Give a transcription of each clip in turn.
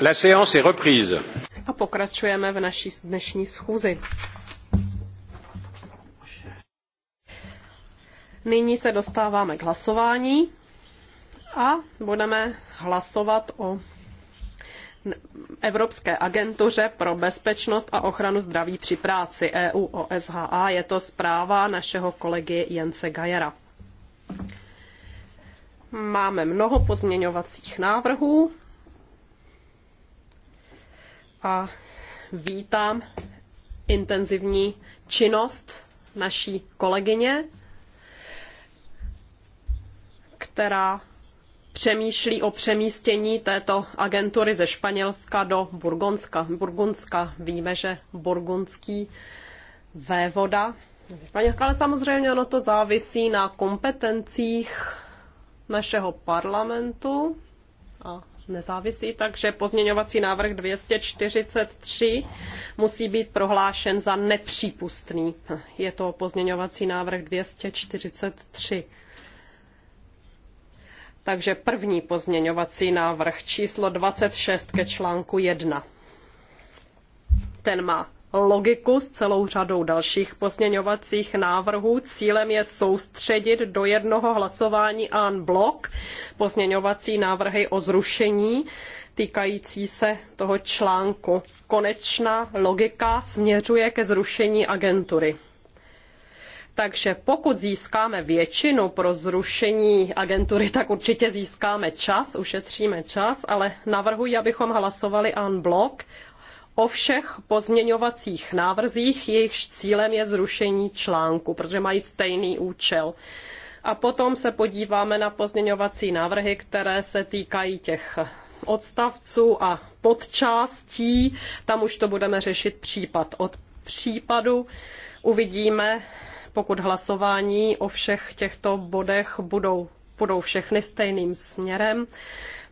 La séance est reprise. A pokračujeme v naší dnešní schůzi. Nyní se dostáváme k hlasování a budeme hlasovat o Evropské agentuře pro bezpečnost a ochranu zdraví při práci EU OSHA. Je to zpráva našeho kolegy Jence Gajera. Máme mnoho pozměňovacích návrhů a vítám intenzivní činnost naší kolegyně, která přemýšlí o přemístění této agentury ze Španělska do Burgonska. Burgundska. Víme, že burgundský vévoda. Španělka, ale samozřejmě ono to závisí na kompetencích našeho parlamentu a nezávisí, takže pozměňovací návrh 243 musí být prohlášen za nepřípustný. Je to pozměňovací návrh 243. Takže první pozměňovací návrh číslo 26 ke článku 1. Ten má logiku s celou řadou dalších pozměňovacích návrhů. Cílem je soustředit do jednoho hlasování en blok pozměňovací návrhy o zrušení týkající se toho článku. Konečná logika směřuje ke zrušení agentury. Takže pokud získáme většinu pro zrušení agentury, tak určitě získáme čas, ušetříme čas, ale navrhuji, abychom hlasovali en bloc o všech pozměňovacích návrzích, jejichž cílem je zrušení článku, protože mají stejný účel. A potom se podíváme na pozměňovací návrhy, které se týkají těch odstavců a podčástí. Tam už to budeme řešit případ od případu. Uvidíme, pokud hlasování o všech těchto bodech budou půjdou všechny stejným směrem,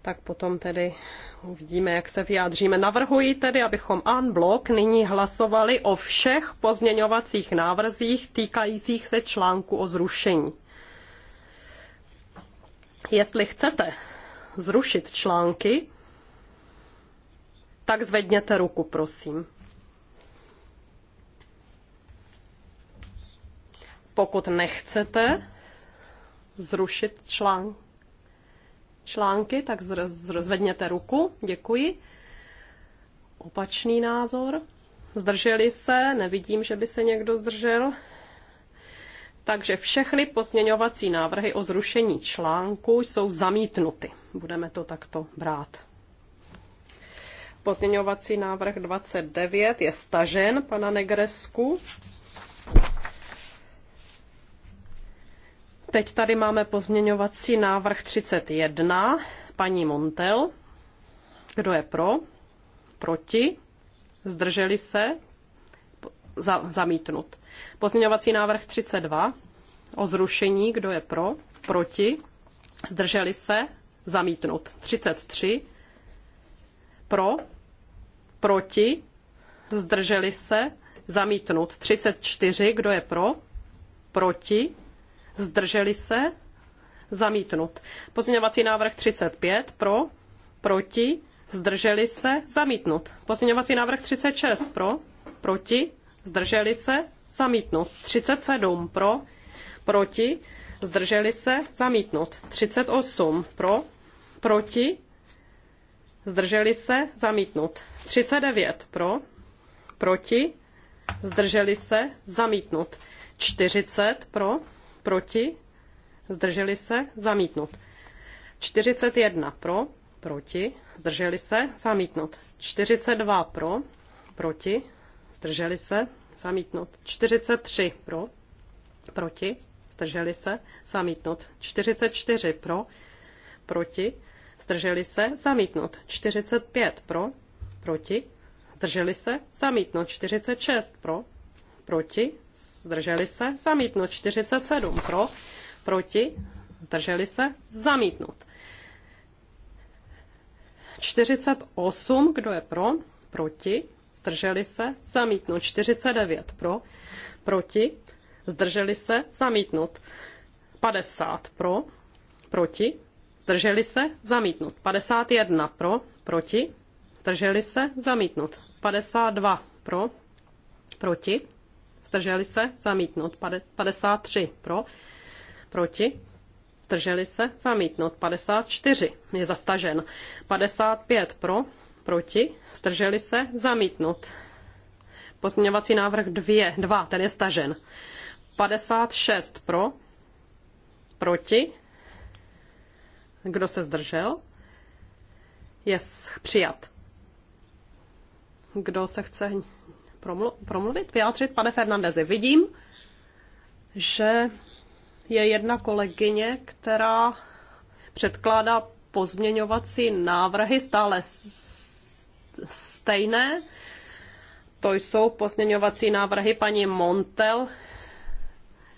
tak potom tedy uvidíme, jak se vyjádříme. Navrhuji tedy, abychom blok nyní hlasovali o všech pozměňovacích návrzích týkajících se článku o zrušení. Jestli chcete zrušit články, tak zvedněte ruku, prosím. Pokud nechcete zrušit články, články, tak zrozvedněte ruku. Děkuji. Opačný názor. Zdrželi se, nevidím, že by se někdo zdržel. Takže všechny pozměňovací návrhy o zrušení článku jsou zamítnuty. Budeme to takto brát. Pozměňovací návrh 29 je stažen pana Negresku. Teď tady máme pozměňovací návrh 31, paní Montel. Kdo je pro? Proti? Zdrželi se? Za, zamítnut. Pozměňovací návrh 32 o zrušení. Kdo je pro? Proti? Zdrželi se? Zamítnut. 33 pro? Proti? Zdrželi se? Zamítnut. 34. Kdo je pro? Proti? zdrželi se, zamítnut. Pozměňovací návrh 35 pro, proti, zdrželi se, zamítnut. Pozměňovací návrh 36 pro, proti, zdrželi se, zamítnut. 37 pro, proti, zdrželi se, zamítnut. 38 pro, proti, zdrželi se, zamítnut. 39 pro, proti, zdrželi se, zamítnut. 40 pro, proti, zdrželi se, zamítnut. 41 pro, proti, zdrželi se, zamítnut. 42 pro, proti, zdrželi se, zamítnut. 43 pro, proti, zdrželi se, zamítnut. 44 pro, proti, zdrželi se, zamítnut. 45 pro, proti, zdrželi se, zamítnut. 46 pro, proti, zdrželi se, zamítnut. 47 pro, proti, zdrželi se, zamítnut. 48, kdo je pro, proti, zdrželi se, zamítnut. 49 pro, proti, zdrželi se, zamítnut. 50 pro, proti, zdrželi se, zamítnut. 51 pro, proti, zdrželi se, zamítnut. 52 pro, proti, zdrželi se, zamítnout 53 pro, proti, zdrželi se, zamítnout 54 je zastažen, 55 pro, proti, zdrželi se, zamítnout. Pozměňovací návrh 2, 2, ten je stažen. 56 pro, proti, kdo se zdržel, je přijat. Kdo se chce promlu- promluvit, vyjádřit, pane Fernandezi. Vidím, že je jedna kolegyně, která předkládá pozměňovací návrhy stále stejné. To jsou pozměňovací návrhy paní Montel,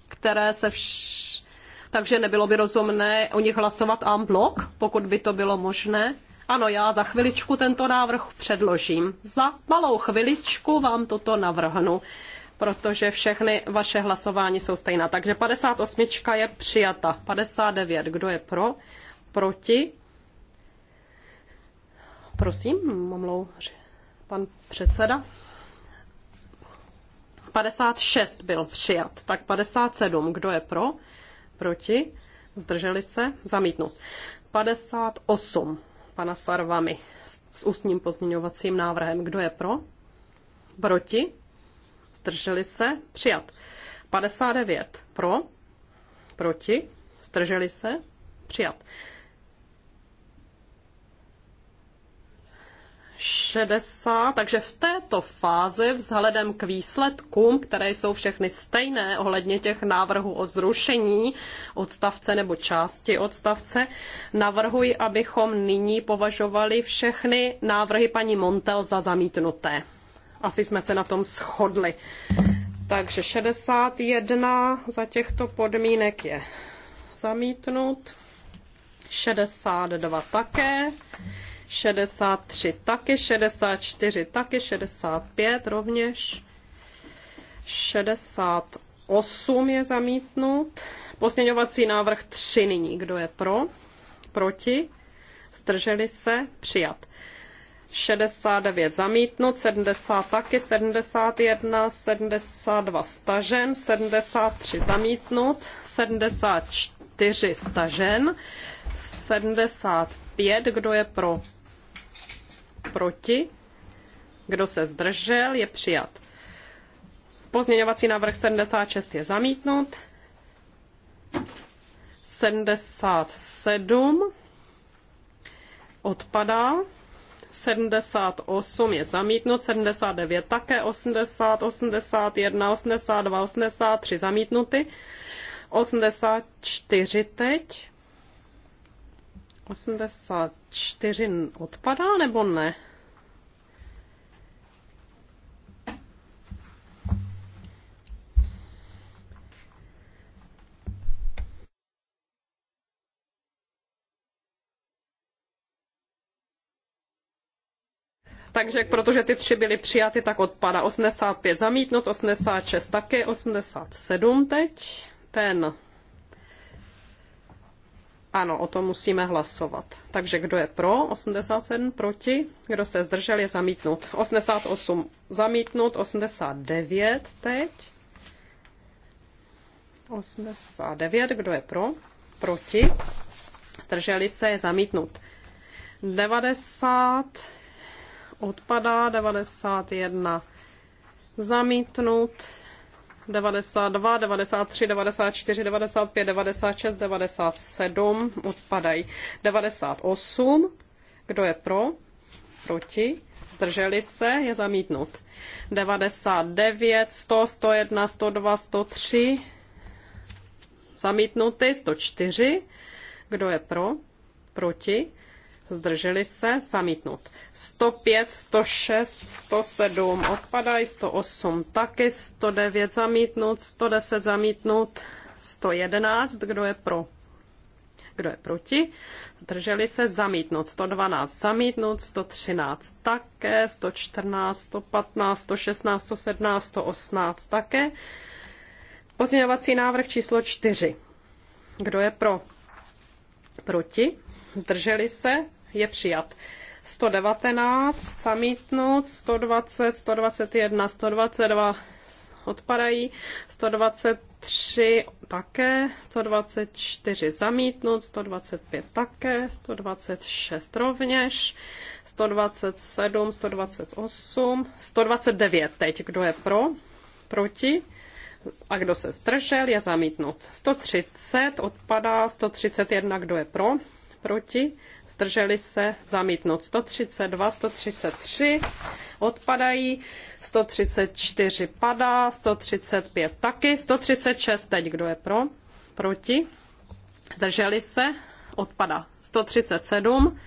které se vš... Takže nebylo by rozumné o nich hlasovat en blok, pokud by to bylo možné. Ano, já za chviličku tento návrh předložím. Za malou chviličku vám toto navrhnu protože všechny vaše hlasování jsou stejná. Takže 58 je přijata. 59, kdo je pro? Proti? Prosím, omlou pan předseda. 56 byl přijat, tak 57, kdo je pro? Proti? Zdrželi se? Zamítnut. 58, pana Sarvami s ústním pozměňovacím návrhem. Kdo je pro? Proti? Zdrželi se? Přijat. 59 pro? Proti? Zdrželi se? Přijat. 60, takže v této fázi vzhledem k výsledkům, které jsou všechny stejné ohledně těch návrhů o zrušení odstavce nebo části odstavce, navrhuji, abychom nyní považovali všechny návrhy paní Montel za zamítnuté. Asi jsme se na tom shodli. Takže 61 za těchto podmínek je zamítnut, 62 také. 63 taky, 64 taky, 65 rovněž, 68 je zamítnut. Posměňovací návrh 3 nyní. Kdo je pro? Proti? Zdrželi se? Přijat. 69 zamítnut, 70 taky, 71, 72 stažen, 73 zamítnut, 74 stažen, 75, kdo je pro? Proti? Kdo se zdržel? Je přijat. Pozměňovací návrh 76 je zamítnut. 77 odpadá. 78 je zamítnut, 79 také, 80, 81, 82, 83 zamítnuty, 84 teď 84 odpadá nebo ne? takže protože ty tři byly přijaty, tak odpada 85 zamítnut, 86 také, 87 teď. Ten ano, o tom musíme hlasovat. Takže kdo je pro? 87 proti. Kdo se zdržel je zamítnut. 88 zamítnut, 89 teď. 89, kdo je pro? Proti. Zdrželi se je zamítnut. 90 odpadá, 91 zamítnut, 92, 93, 94, 95, 96, 97 odpadají. 98, kdo je pro? Proti? Zdrželi se? Je zamítnut. 99, 100, 101, 102, 103 zamítnuty, 104. Kdo je pro? Proti? Zdrželi se? Zamítnut. 105, 106, 107 odpadají, 108 taky, 109 zamítnut, 110 zamítnut, 111, kdo je pro? Kdo je proti? Zdrželi se zamítnout 112, zamítnout 113 také, 114, 115, 116, 117, 118 také. Pozměňovací návrh číslo 4. Kdo je pro? Proti? Zdrželi se? Je přijat. 119 zamítnut, 120, 121, 122 odpadají, 123 také, 124 zamítnut, 125 také, 126 rovněž, 127, 128, 129 teď, kdo je pro, proti, a kdo se zdržel, je zamítnut. 130 odpadá, 131, kdo je pro, proti, zdrželi se zamítnout 132, 133 odpadají, 134 padá, 135 taky, 136 teď kdo je pro, proti, zdrželi se, odpada 137,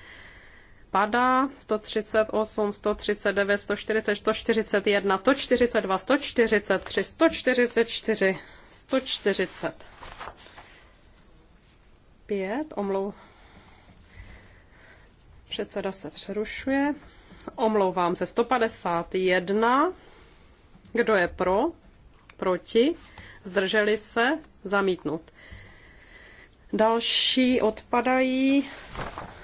padá 138, 139, 140, 141, 142, 143, 144, 140. 5, Předseda se přerušuje. Omlouvám se. 151. Kdo je pro? Proti? Zdrželi se? Zamítnut. Další odpadají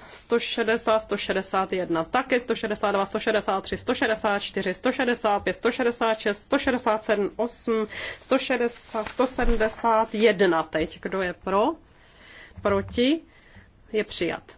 160, 161, také 162, 163, 164, 165, 166, 167, 8, 160, 171 teď. Kdo je pro? Proti? Je přijat.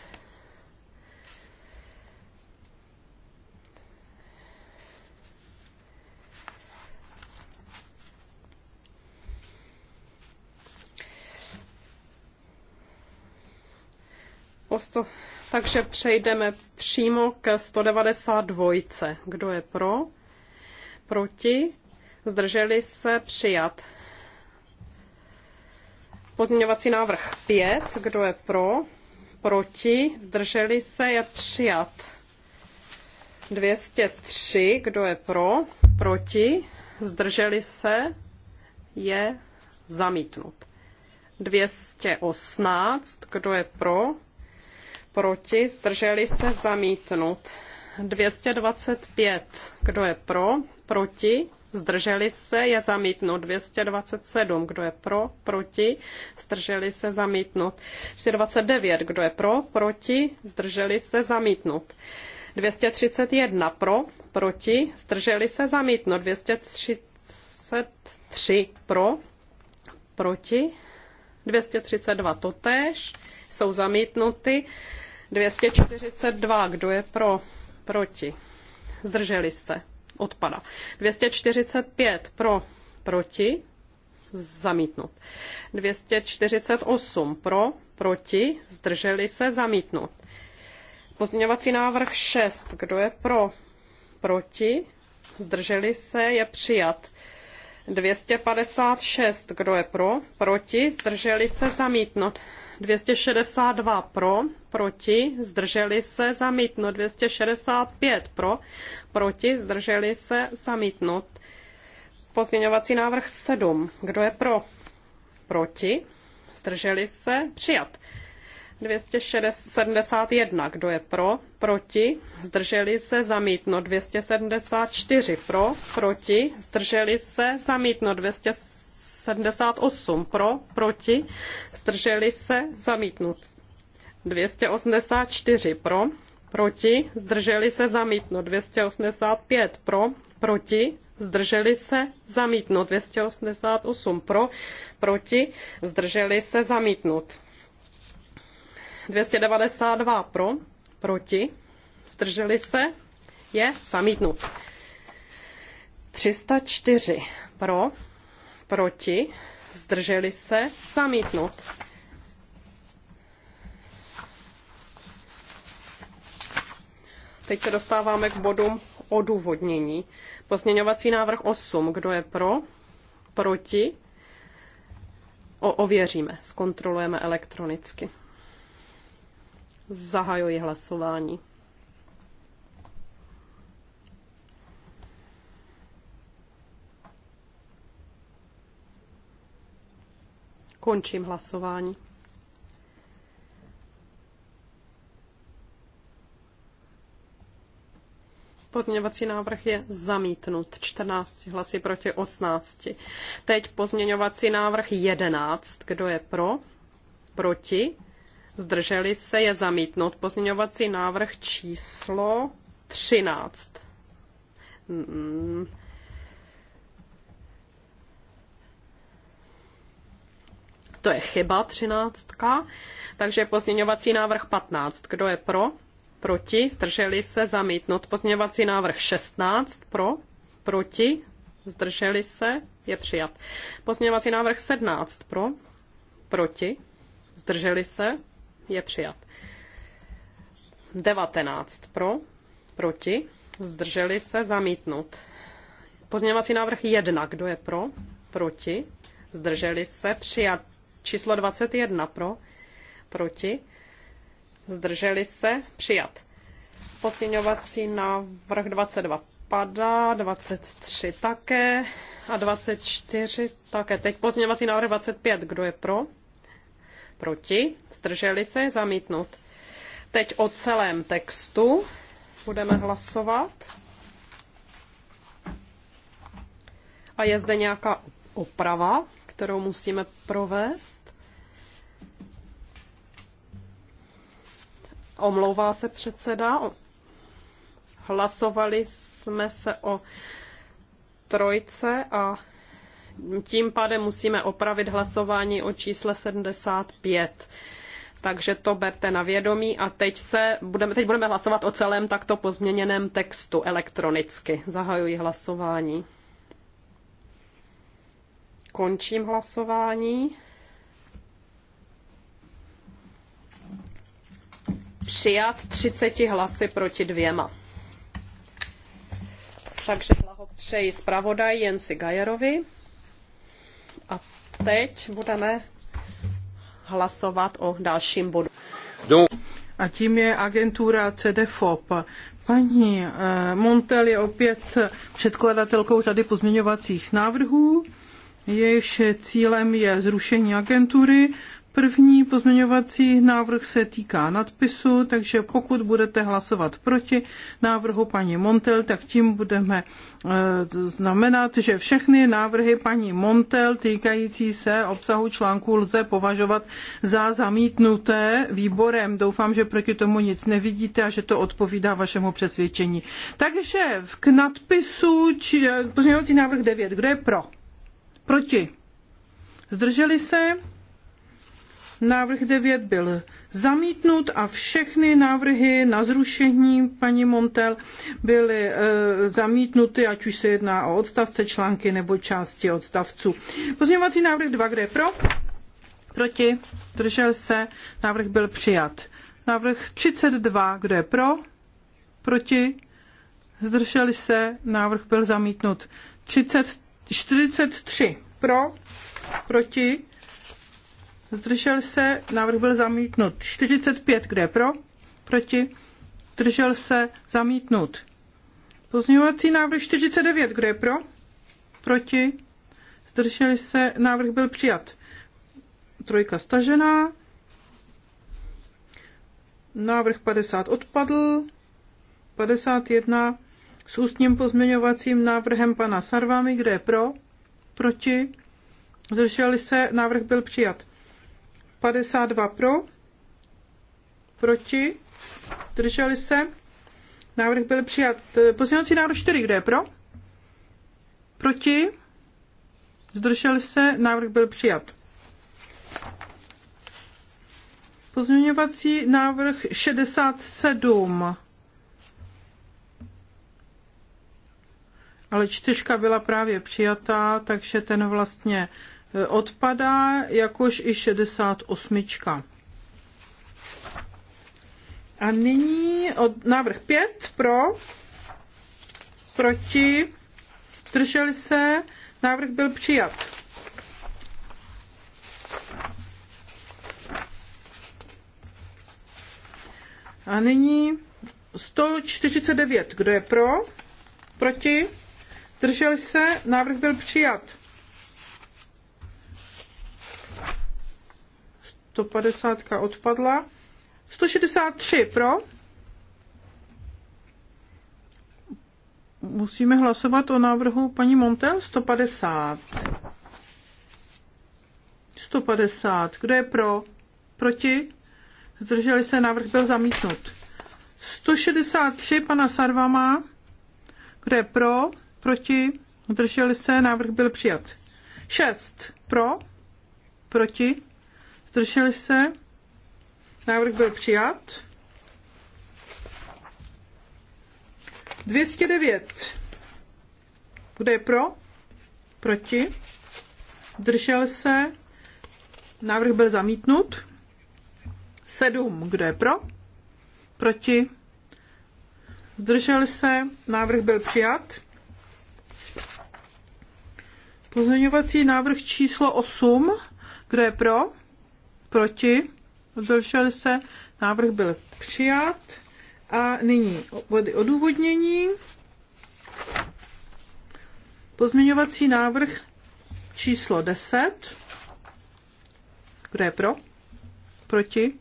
Osto. Takže přejdeme přímo k 192. Kdo je pro? Proti? Zdrželi se přijat. Pozměňovací návrh 5. Kdo je pro? Proti? Zdrželi se je přijat. 203. Kdo je pro? Proti? Zdrželi se je zamítnut. 218. Kdo je pro? proti, zdrželi se zamítnut. 225, kdo je pro, proti, zdrželi se, je zamítnut. 227, kdo je pro, proti, zdrželi se, zamítnut. 229, kdo je pro, proti, zdrželi se, zamítnut. 231 pro, proti, zdrželi se, zamítnut. 233 pro, proti, 232 totéž jsou zamítnuty. 242, kdo je pro, proti, zdrželi se, odpada. 245 pro, proti, zamítnut. 248 pro, proti, zdrželi se, zamítnut. Pozměňovací návrh 6, kdo je pro, proti, zdrželi se, je přijat. 256, kdo je pro, proti, zdrželi se, zamítnut 262 pro, proti, zdrželi se, zamítno. 265 pro, proti, zdrželi se, zamítno. Pozměňovací návrh 7. Kdo je pro? Proti, zdrželi se, přijat. 271. Kdo je pro? Proti? Zdrželi se? Zamítno. 274. Pro? Proti? Zdrželi se? Zamítno. 270. 78 pro, proti, zdrželi se, zamítnut. 284 pro, proti, zdrželi se, zamítnut. 285 pro, proti, zdrželi se, zamítnut. 288 pro, proti, zdrželi se, zamítnut. 292 pro, proti, zdrželi se, je zamítnut. 304 pro, proti, zdrželi se, zamítnut. Teď se dostáváme k bodům odůvodnění. Pozměňovací návrh 8. Kdo je pro? Proti? O, ověříme, zkontrolujeme elektronicky. Zahajuji hlasování. Končím hlasování. Pozměňovací návrh je zamítnut. 14 hlasy proti 18. Teď pozměňovací návrh 11. Kdo je pro? Proti? Zdrželi se je zamítnut. Pozměňovací návrh číslo 13. to je chyba třináctka, takže pozměňovací návrh 15. Kdo je pro? Proti? Zdrželi se? Zamítnout. Pozměňovací návrh 16. Pro? Proti? Zdrželi se? Je přijat. Pozměňovací návrh 17. Pro? Proti? Zdrželi se? Je přijat. 19. Pro? Proti? Zdrželi se? Zamítnout. Pozměňovací návrh 1. Kdo je pro? Proti? Zdrželi se? Přijat. Číslo 21 pro, proti, zdrželi se, přijat. Posměňovací návrh 22 padá, 23 také a 24 také. Teď pozměňovací návrh 25. Kdo je pro? Proti? Zdrželi se? Zamítnut. Teď o celém textu budeme hlasovat. A je zde nějaká oprava kterou musíme provést. Omlouvá se předseda. Hlasovali jsme se o trojce a tím pádem musíme opravit hlasování o čísle 75. Takže to berte na vědomí a teď, se, budeme, teď budeme hlasovat o celém takto pozměněném textu elektronicky. Zahajuji hlasování. Končím hlasování. Přijat 30 hlasy proti dvěma. Takže blahopřeji zpravodaj Jensi Gajerovi. A teď budeme hlasovat o dalším bodu. A tím je agentura CDFOP. Paní eh, Montel je opět předkladatelkou řady pozměňovacích návrhů jejíž cílem je zrušení agentury. První pozměňovací návrh se týká nadpisu, takže pokud budete hlasovat proti návrhu paní Montel, tak tím budeme e, znamenat, že všechny návrhy paní Montel týkající se obsahu článku lze považovat za zamítnuté výborem. Doufám, že proti tomu nic nevidíte a že to odpovídá vašemu přesvědčení. Takže k nadpisu či, e, pozměňovací návrh 9. Kdo je pro? Proti. Zdrželi se. Návrh 9 byl zamítnut a všechny návrhy na zrušení paní Montel byly e, zamítnuty, ať už se jedná o odstavce, články nebo části odstavců. Pozměňovací návrh 2, kde je pro? Proti? Držel se? Návrh byl přijat. Návrh 32, kde je pro? Proti? Zdrželi se? Návrh byl zamítnut. 33 43 pro, proti, zdržel se, návrh byl zamítnut. 45, kde pro, proti, zdržel se, zamítnut. Pozměňovací návrh 49, kde pro, proti, zdrželi se, návrh byl přijat. Trojka stažená, návrh 50 odpadl, 51 s ústním pozměňovacím návrhem pana Sarvami, kde je pro, proti, zdrželi se, návrh byl přijat. 52 pro, proti, zdrželi se, návrh byl přijat. Pozměňovací návrh 4, kde je pro, proti, zdrželi se, návrh byl přijat. Pozměňovací návrh 67 ale čtyřka byla právě přijatá, takže ten vlastně e, odpadá, jakož i 68. A nyní od, návrh 5 pro, proti, drželi se, návrh byl přijat. A nyní 149, kdo je pro, proti, Zdrželi se? Návrh byl přijat. 150 odpadla. 163 pro. Musíme hlasovat o návrhu paní Montel 150. 150. Kdo je pro? Proti? Zdrželi se, návrh byl zamítnut. 163 pana Sarvama. Kdo je pro? proti, zdrželi se, návrh byl přijat. 6 pro, proti, zdrželi se, návrh byl přijat. 209. Kdo je pro? Proti? zdrželi se? Návrh byl zamítnut. 7. Kdo je pro? Proti? Zdržel se? Návrh byl přijat. Pozměňovací návrh číslo 8. Kdo je pro? Proti? Zdrželi se? Návrh byl přijat. A nyní body odůvodnění. Pozměňovací návrh číslo 10. Kdo je pro? Proti?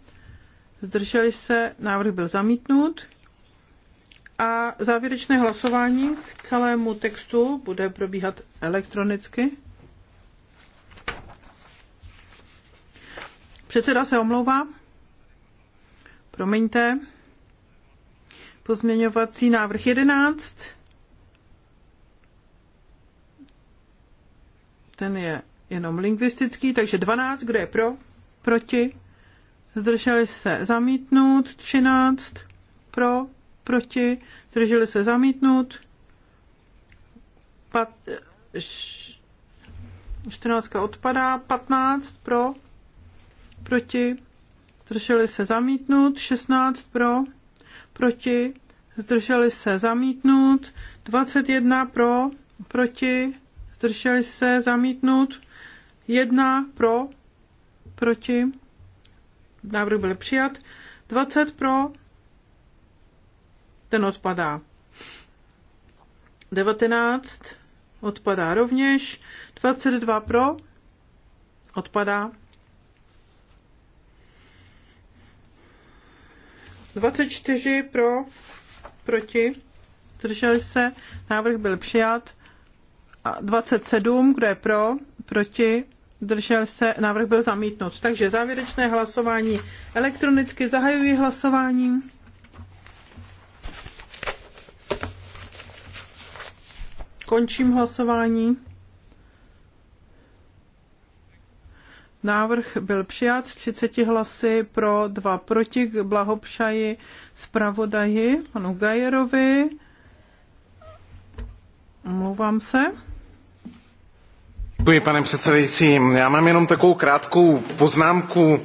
Zdrželi se? Návrh byl zamítnut a závěrečné hlasování k celému textu bude probíhat elektronicky. Předseda se omlouvá. Promiňte. Pozměňovací návrh 11. Ten je jenom lingvistický, takže 12, kdo je pro, proti, zdrželi se zamítnout, 13, pro, proti, drželi se zamítnout. Pat, 14 odpadá, 15 pro, proti, zdrželi se zamítnout, 16 pro, proti, zdrželi se zamítnout, 21 pro, proti, zdrželi se zamítnout, 1 pro, proti, návrh byl přijat, 20 pro, ten odpadá. 19 odpadá rovněž, 22 pro odpadá. 24 pro, proti, zdrželi se, návrh byl přijat. A 27, kdo je pro, proti, zdržel se, návrh byl zamítnut. Takže závěrečné hlasování elektronicky zahajuji hlasování. Končím hlasování. Návrh byl přijat 30 hlasy pro, 2 proti k blahopšaji zpravodaji panu Gajerovi. Omlouvám se. Děkuji, pane předsedající. Já mám jenom takovou krátkou poznámku.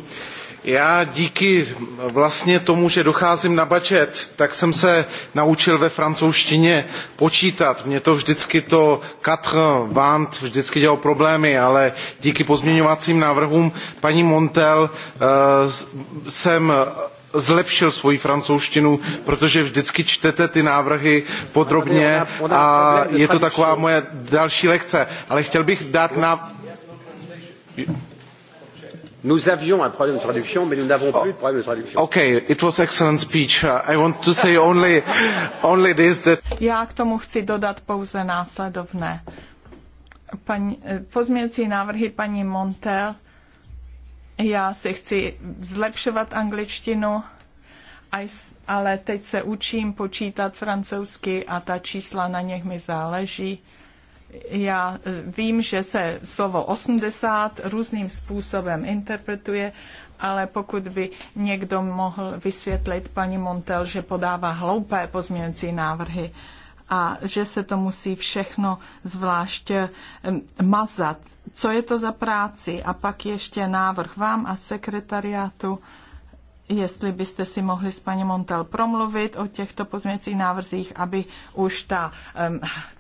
Já díky vlastně tomu, že docházím na budget, tak jsem se naučil ve francouzštině počítat. Mně to vždycky to quatre vant vždycky dělalo problémy, ale díky pozměňovacím návrhům paní Montel eh, jsem zlepšil svoji francouzštinu, protože vždycky čtete ty návrhy podrobně a je to taková moje další lekce. Ale chtěl bych dát na... Nous avions un problème de traduction, mais nous n'avons plus de problème de traduction. Oh, okay, it was excellent speech. Uh, I want to say only, only this that... Já k tomu chci dodat pouze následovné. Paní, eh, pozměnící návrhy paní Montel. Já si chci zlepšovat angličtinu, ale teď se učím počítat francouzsky a ta čísla na nich mi záleží já e, vím, že se slovo 80 různým způsobem interpretuje, ale pokud by někdo mohl vysvětlit paní Montel, že podává hloupé pozměňující návrhy a že se to musí všechno zvlášť e, mazat. Co je to za práci? A pak ještě návrh vám a sekretariátu jestli byste si mohli s paní Montel promluvit o těchto pozměcích návrzích, aby už ta,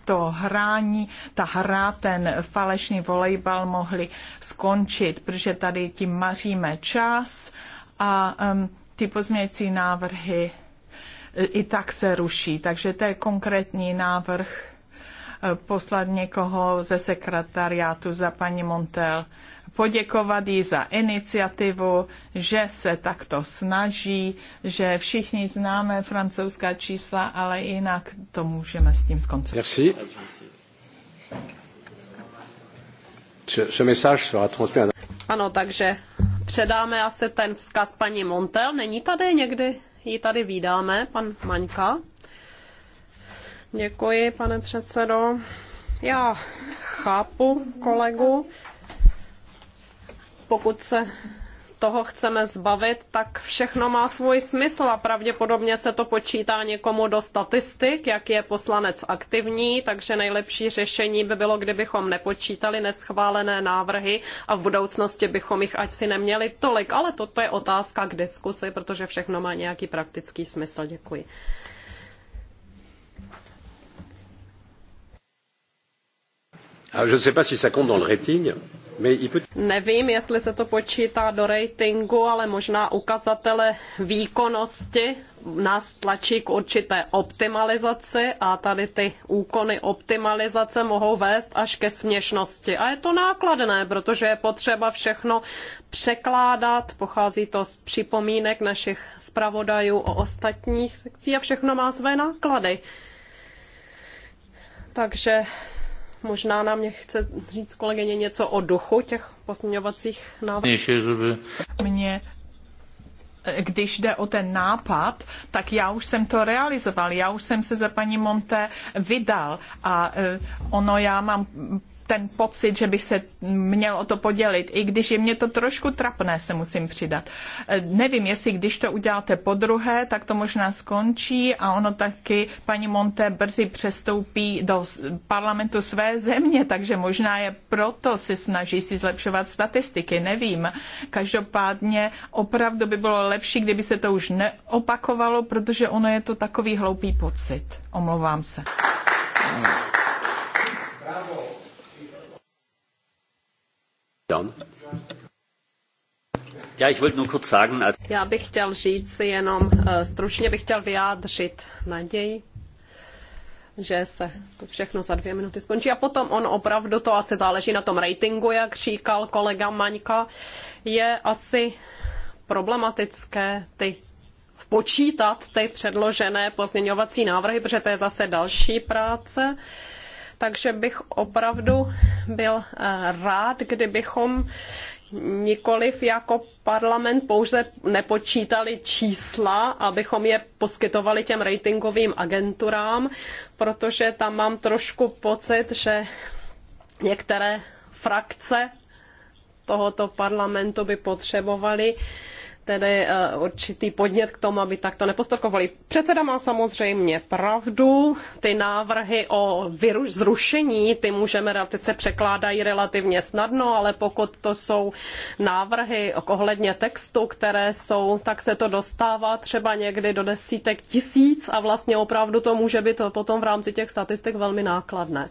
to hrání, ta hra, ten falešný volejbal mohli skončit, protože tady tím maříme čas a ty pozměcí návrhy i tak se ruší. Takže to je konkrétní návrh eh, poslat někoho ze sekretariátu za paní Montel poděkovat jí za iniciativu, že se takto snaží, že všichni známe francouzská čísla, ale jinak to můžeme s tím skoncovat. Merci. Ano, takže předáme asi ten vzkaz paní Montel. Není tady někdy? Ji tady vídáme, pan Maňka. Děkuji, pane předsedo. Já chápu kolegu pokud se toho chceme zbavit, tak všechno má svůj smysl a pravděpodobně se to počítá někomu do statistik, jak je poslanec aktivní, takže nejlepší řešení by bylo, kdybychom nepočítali neschválené návrhy a v budoucnosti bychom jich asi neměli tolik, ale toto je otázka k diskusi, protože všechno má nějaký praktický smysl. Děkuji. Alors, je ne sais pas si ça compte dans le rating. Nevím, jestli se to počítá do ratingu, ale možná ukazatele výkonnosti nás tlačí k určité optimalizaci a tady ty úkony optimalizace mohou vést až ke směšnosti. A je to nákladné, protože je potřeba všechno překládat, pochází to z připomínek našich zpravodajů o ostatních sekcích a všechno má své náklady. Takže Možná nám je chce říct kolegyně něco o duchu těch pozměňovacích návrhů. Mně když jde o ten nápad, tak já už jsem to realizoval, já už jsem se za paní Monte vydal a e, ono já mám ten pocit, že bych se měl o to podělit, i když je mě to trošku trapné, se musím přidat. E, nevím, jestli když to uděláte po druhé, tak to možná skončí a ono taky paní Monte brzy přestoupí do parlamentu své země, takže možná je proto si snaží si zlepšovat statistiky, nevím. Každopádně opravdu by bylo lepší, kdyby se to už neopakovalo, protože ono je to takový hloupý pocit. Omlouvám se. Já bych chtěl říct jenom, eh, stručně bych chtěl vyjádřit naději, že se to všechno za dvě minuty skončí. A potom on opravdu, to asi záleží na tom ratingu, jak říkal kolega Maňka, je asi problematické ty počítat ty předložené pozměňovací návrhy, protože to je zase další práce. Uh, takže bych opravdu byl eh, rád, kdybychom nikoliv jako parlament pouze nepočítali čísla, abychom je poskytovali těm ratingovým agenturám, protože tam mám trošku pocit, že některé frakce tohoto parlamentu by potřebovaly tedy eh, určitý podnět k tomu, aby takto nepostorkovali. Předseda má samozřejmě pravdu, ty návrhy o viru, zrušení, ty můžeme, ty se překládají relativně snadno, ale pokud to jsou návrhy ohledně textu, které jsou, tak se to dostává třeba někdy do desítek tisíc a vlastně opravdu to může být potom v rámci těch statistik velmi nákladné.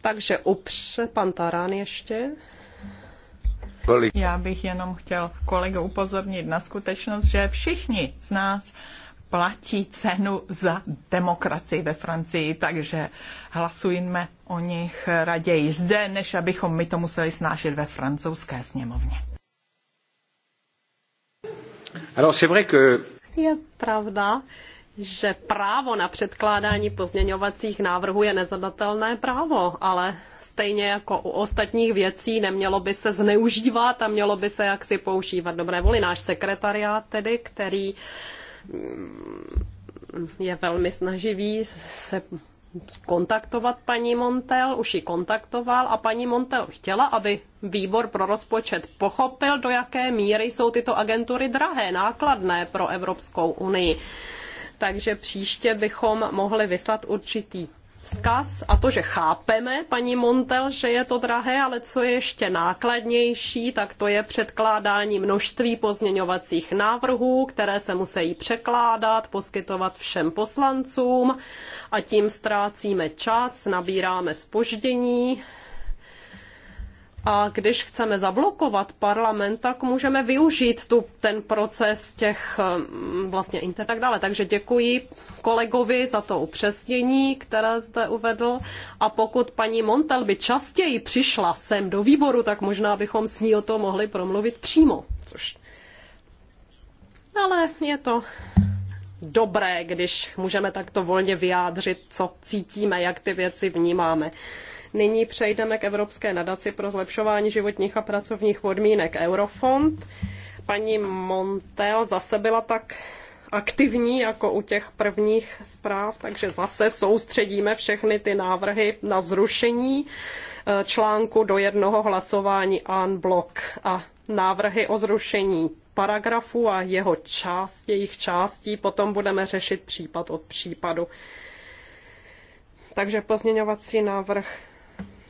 Takže upře, pan Tarán ještě. Já bych jenom chtěl kolegu upozornit na skutečnost, že všichni z nás platí cenu za demokracii ve Francii, takže hlasujme o nich raději zde, než abychom my to museli snášet ve francouzské sněmovně. Je pravda, že právo na předkládání pozměňovacích návrhů je nezadatelné právo, ale stejně jako u ostatních věcí, nemělo by se zneužívat a mělo by se jaksi používat dobré voli. Náš sekretariát tedy, který mm, je velmi snaživý se kontaktovat paní Montel, už ji kontaktoval a paní Montel chtěla, aby výbor pro rozpočet pochopil, do jaké míry jsou tyto agentury drahé, nákladné pro Evropskou unii. Takže příště bychom mohli vyslat určitý vzkaz a to, že chápeme, paní Montel, že je to drahé, ale co je ještě nákladnější, tak to je předkládání množství pozměňovacích návrhů, které se musí překládat, poskytovat všem poslancům a tím ztrácíme čas, nabíráme spoždění a když chceme zablokovat parlament, tak můžeme využít tu, ten proces těch mm, vlastně inter tak dále. Takže děkuji kolegovi za to upřesnění, které zde uvedl. A pokud paní Montel by častěji přišla sem do výboru, tak možná bychom s ní o to mohli promluvit přímo. Což... Ale je to dobré, když můžeme takto volně vyjádřit, co cítíme, jak ty věci vnímáme. Nyní přejdeme k Evropské nadaci pro zlepšování životních a pracovních podmínek Eurofond. Paní Montel zase byla tak aktivní jako u těch prvních zpráv, takže zase soustředíme všechny ty návrhy na zrušení eh, článku do jednoho hlasování en blok a návrhy o zrušení paragrafu a jeho část, jejich částí, potom budeme řešit případ od případu. Takže pozměňovací návrh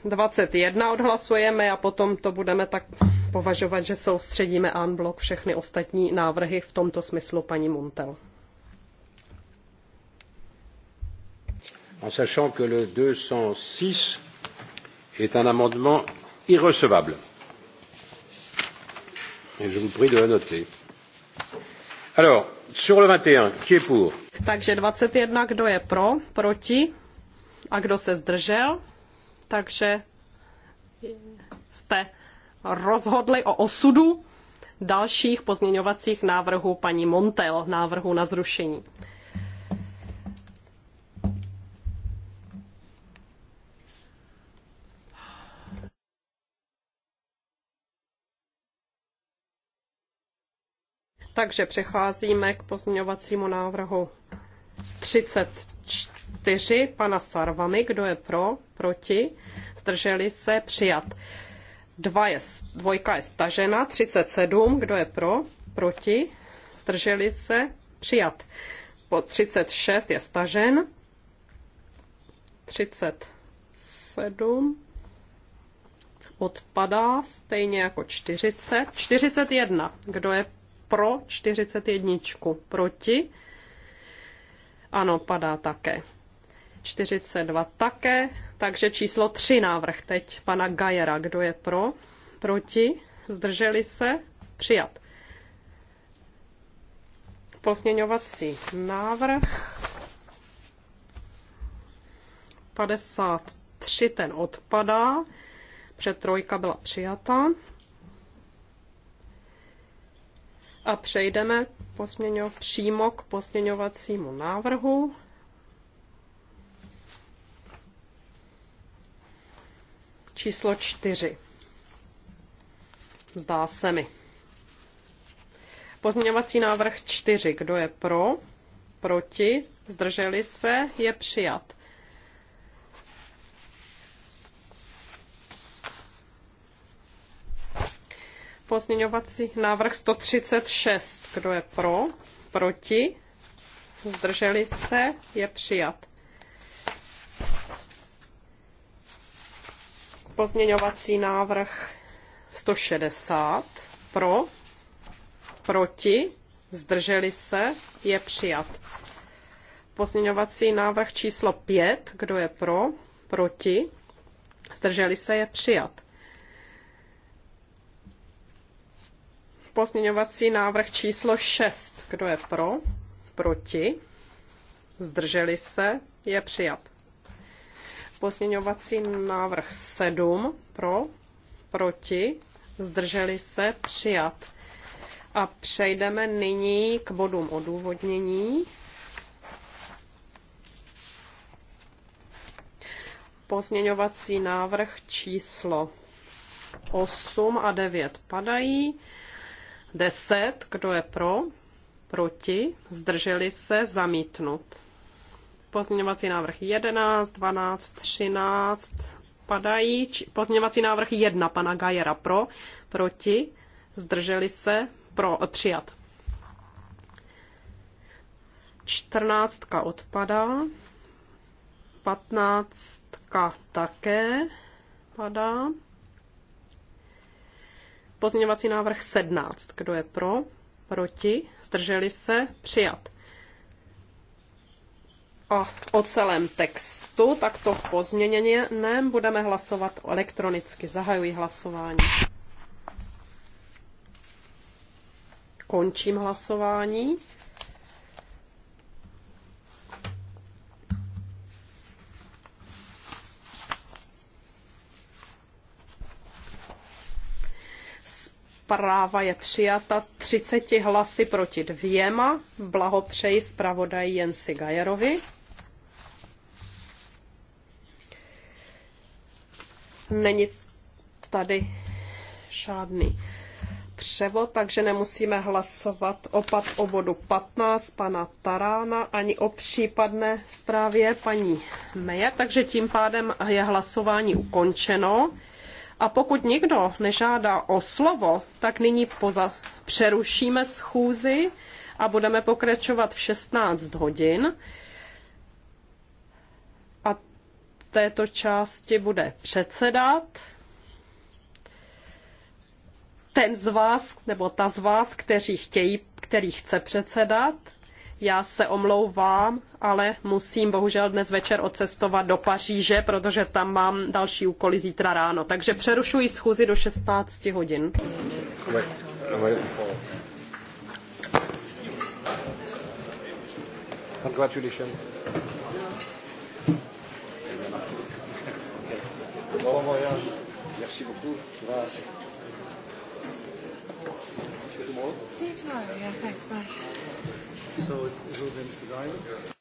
21 odhlasujeme a potom to budeme tak považovat, že soustředíme unblock všechny ostatní návrhy v tomto smyslu paní Montel. en sachant que le deux est un amendement irrecevable. Et je vous prie de le noter. Alors, sur le 21, qui est pour Takže 21, kdo je pro, proti a kdo se zdržel? takže jste rozhodli o osudu dalších pozměňovacích návrhů paní Montel, návrhu na zrušení. Takže přecházíme k pozměňovacímu návrhu 34. 4 pana Sarvamy, kdo je pro, proti, zdrželi se, přijat. Dva je, dvojka je stažena, 37, kdo je pro, proti, zdrželi se, přijat. Po 36 je stažen, 37 odpadá, stejně jako 40. 41, kdo je pro 41, proti, ano, padá také. 42 také, takže číslo 3 návrh teď pana Gajera. Kdo je pro? Proti? Zdrželi se? Přijat. Pozměňovací návrh 53, ten odpadá, před trojka byla přijata. A přejdeme posměňo, přímo k posměňovacímu návrhu Číslo čtyři. Zdá se mi. Pozměňovací návrh čtyři. Kdo je pro? Proti? Zdrželi se? Je přijat. Pozměňovací návrh 136. Kdo je pro? Proti? Zdrželi se? Je přijat. Pozměňovací návrh 160 pro, proti, zdrželi se, je přijat. Pozměňovací návrh číslo 5, kdo je pro, proti, zdrželi se, je přijat. Pozměňovací návrh číslo 6, kdo je pro, proti, zdrželi se, je přijat. Pozměňovací návrh 7 pro, proti, zdrželi se, přijat. A přejdeme nyní k bodům odůvodnění. Pozměňovací návrh číslo 8 a 9 padají. 10, kdo je pro, proti, zdrželi se, zamítnut pozměňovací návrh 11, 12, 13 padají. Pozměňovací návrh 1 pana Gajera pro, proti, zdrželi se, pro, přijat. 14 odpadá, 15 také padá. Pozměňovací návrh 17. Kdo je pro? Proti? Zdrželi se? Přijat a o celém textu, tak to v pozměněném budeme hlasovat elektronicky. Zahajuji hlasování. Končím hlasování. Zpráva je přijata 30 hlasy proti dvěma. Blahopřeji zpravodaji Jensi Gajerovi. Není tady žádný převod, takže nemusíme hlasovat opat o bodu 15 pana Tarána ani o případné zprávě paní Meje, takže tím pádem je hlasování ukončeno. A pokud nikdo nežádá o slovo, tak nyní poza, přerušíme schůzi a budeme pokračovat v 16 hodin této části bude předsedat. Ten z vás, nebo ta z vás, kteří chtějí, který chce předsedat, já se omlouvám, ale musím bohužel dnes večer odcestovat do Paříže, protože tam mám další úkoly zítra ráno. Takže přerušuji schůzi do 16 hodin. Congratulations. Bon voyage. Merci beaucoup. Courage. you tomorrow. See you tomorrow. Yeah, thanks. Bye. So Mr. Diamond.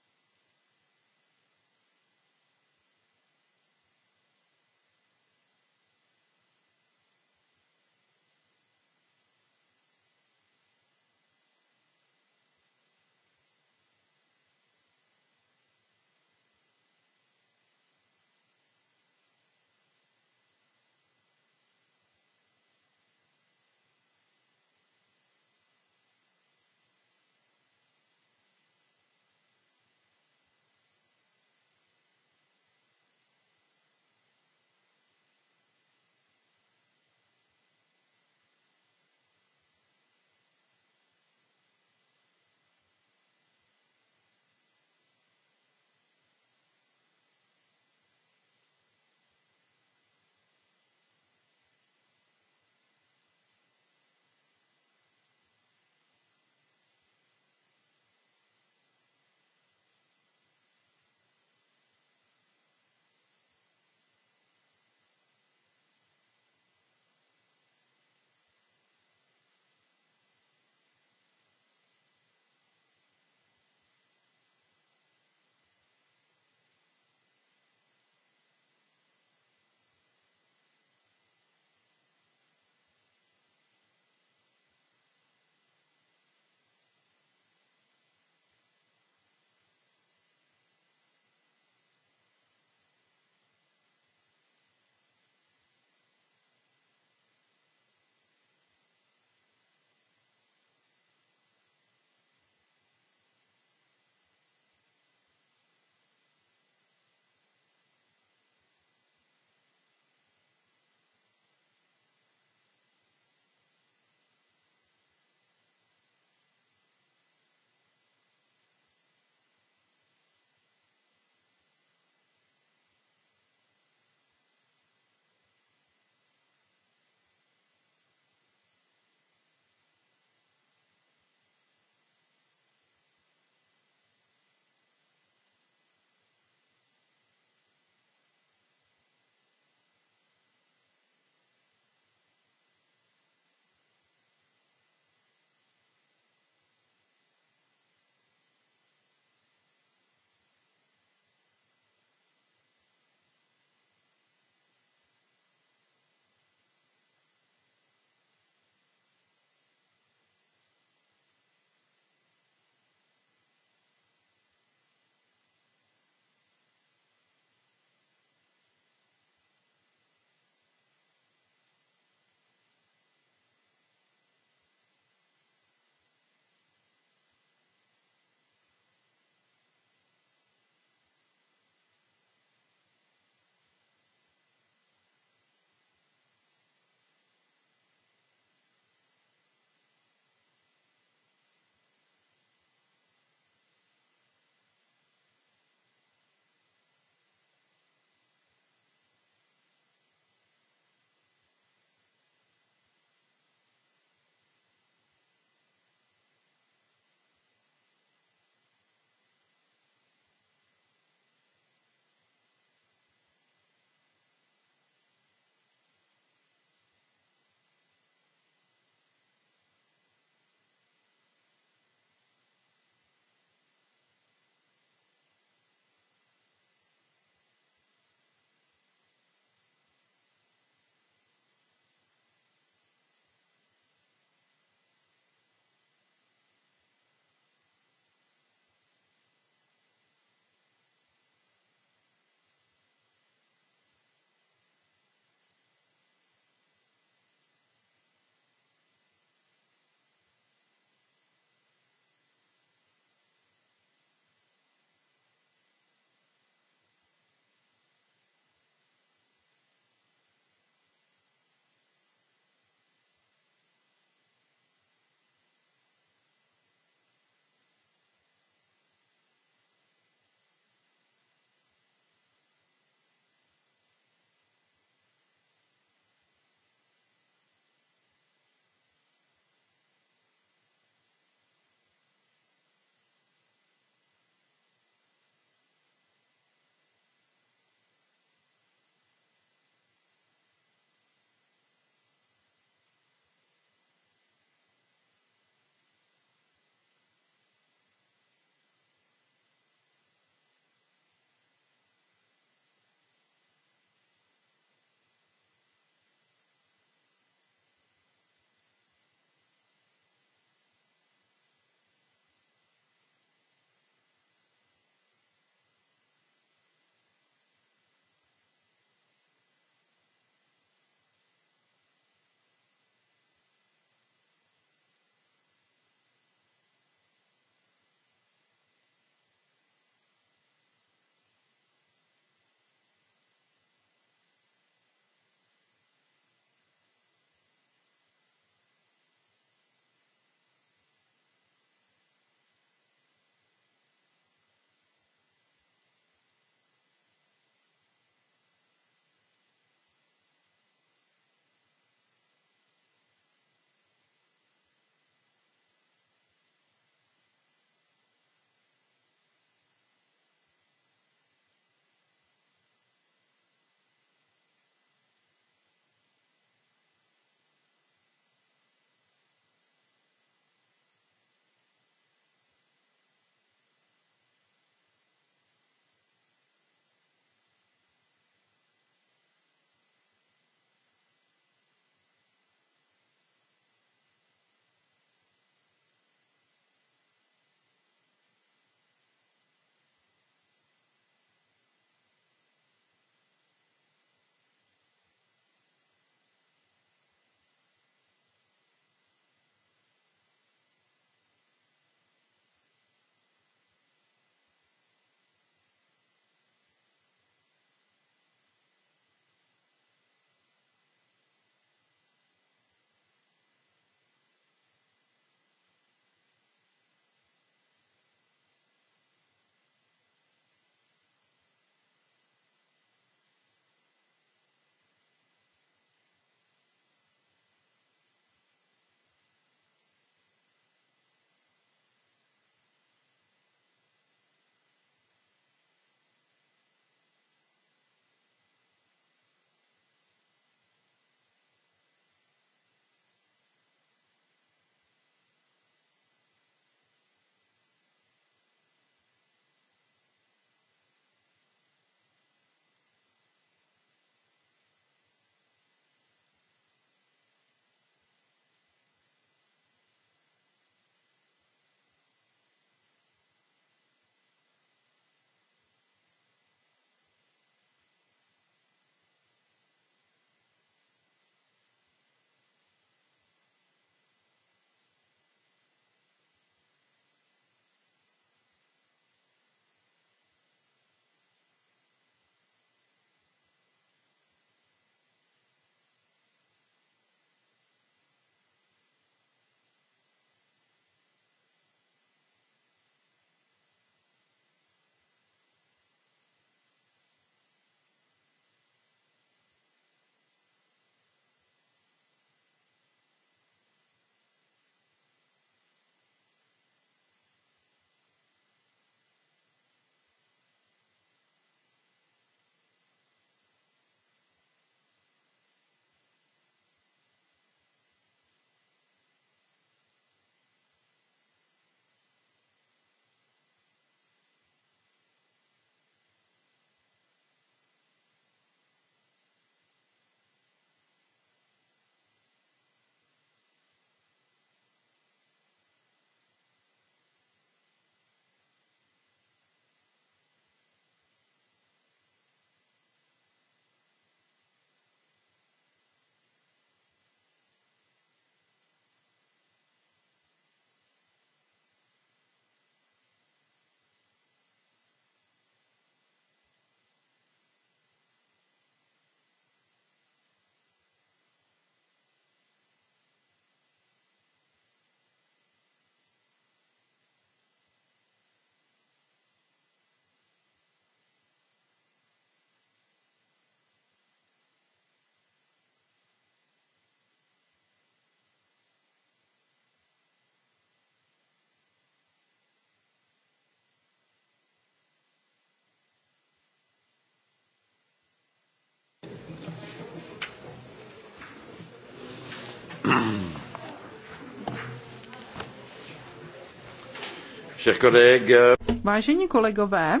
Vážení kolegové,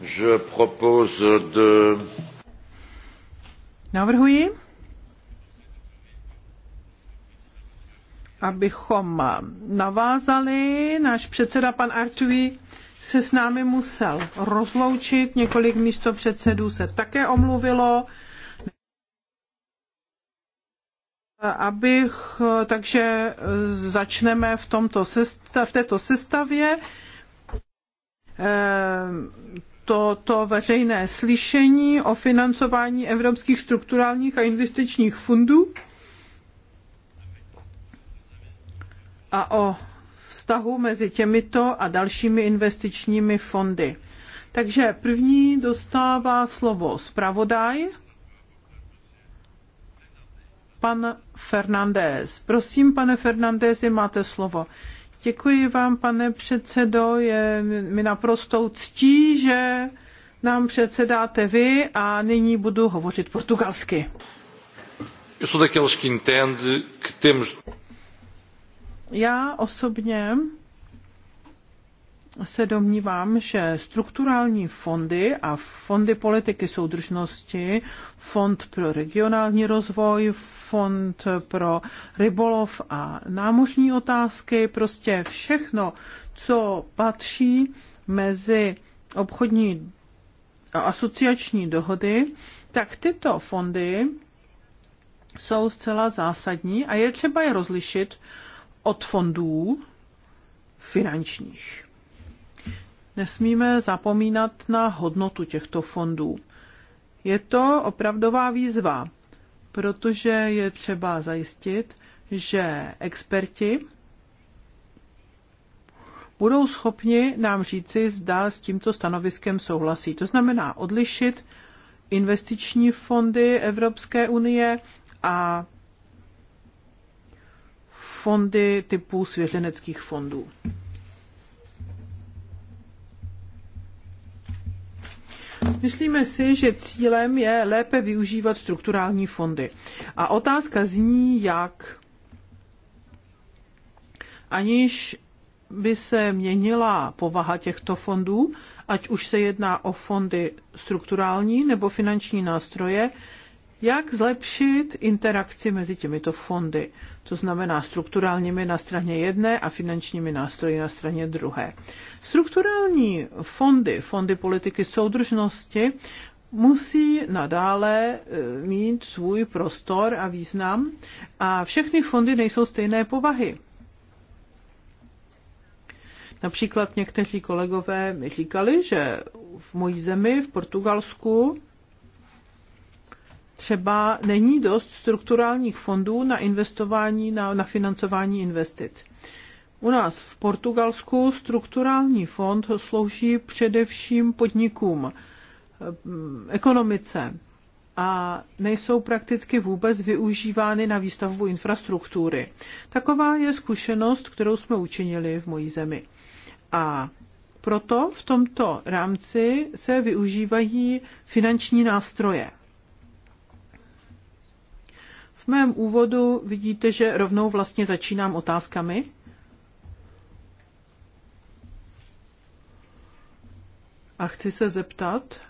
je propose de... navrhuji, abychom navázali. Náš předseda pan Artui se s námi musel rozloučit, několik místo předsedů se také omluvilo. abych, takže začneme v, tomto v této sestavě eh, toto veřejné slyšení o financování evropských strukturálních a investičních fondů a o vztahu mezi těmito a dalšími investičními fondy. Takže první dostává slovo zpravodaj pan Fernandez. Prosím, pane Fernandezi, máte slovo. Děkuji vám, pane předsedo, je mi naprostou ctí, že nám předsedáte vy a nyní budu hovořit portugalsky. Já osobně se domnívám, že strukturální fondy a fondy politiky soudržnosti, fond pro regionální rozvoj, fond pro rybolov a námořní otázky, prostě všechno, co patří mezi obchodní a asociační dohody, tak tyto fondy jsou zcela zásadní a je třeba je rozlišit od fondů finančních nesmíme zapomínat na hodnotu těchto fondů. Je to opravdová výzva, protože je třeba zajistit, že experti budou schopni nám říci, zda s tímto stanoviskem souhlasí. To znamená odlišit investiční fondy Evropské unie a fondy typu svěřeneckých fondů. Myslíme si, že cílem je lépe využívat strukturální fondy. A otázka zní, jak aniž by se měnila povaha těchto fondů, ať už se jedná o fondy strukturální nebo finanční nástroje, jak zlepšit interakci mezi těmito fondy, to znamená strukturálními na straně jedné a finančními nástroji na straně druhé. Strukturální fondy, fondy politiky soudržnosti, musí nadále e, mít svůj prostor a význam a všechny fondy nejsou stejné povahy. Například někteří kolegové mi říkali, že v mojí zemi, v Portugalsku, třeba není dost strukturálních fondů na investování, na, na financování investic. U nás v Portugalsku strukturální fond slouží především podnikům, eh, ekonomice a nejsou prakticky vůbec využívány na výstavbu infrastruktury. Taková je zkušenost, kterou jsme učinili v mojí zemi. A proto v tomto rámci se využívají finanční nástroje mém úvodu vidíte, že rovnou vlastně začínám otázkami. A chci se zeptat,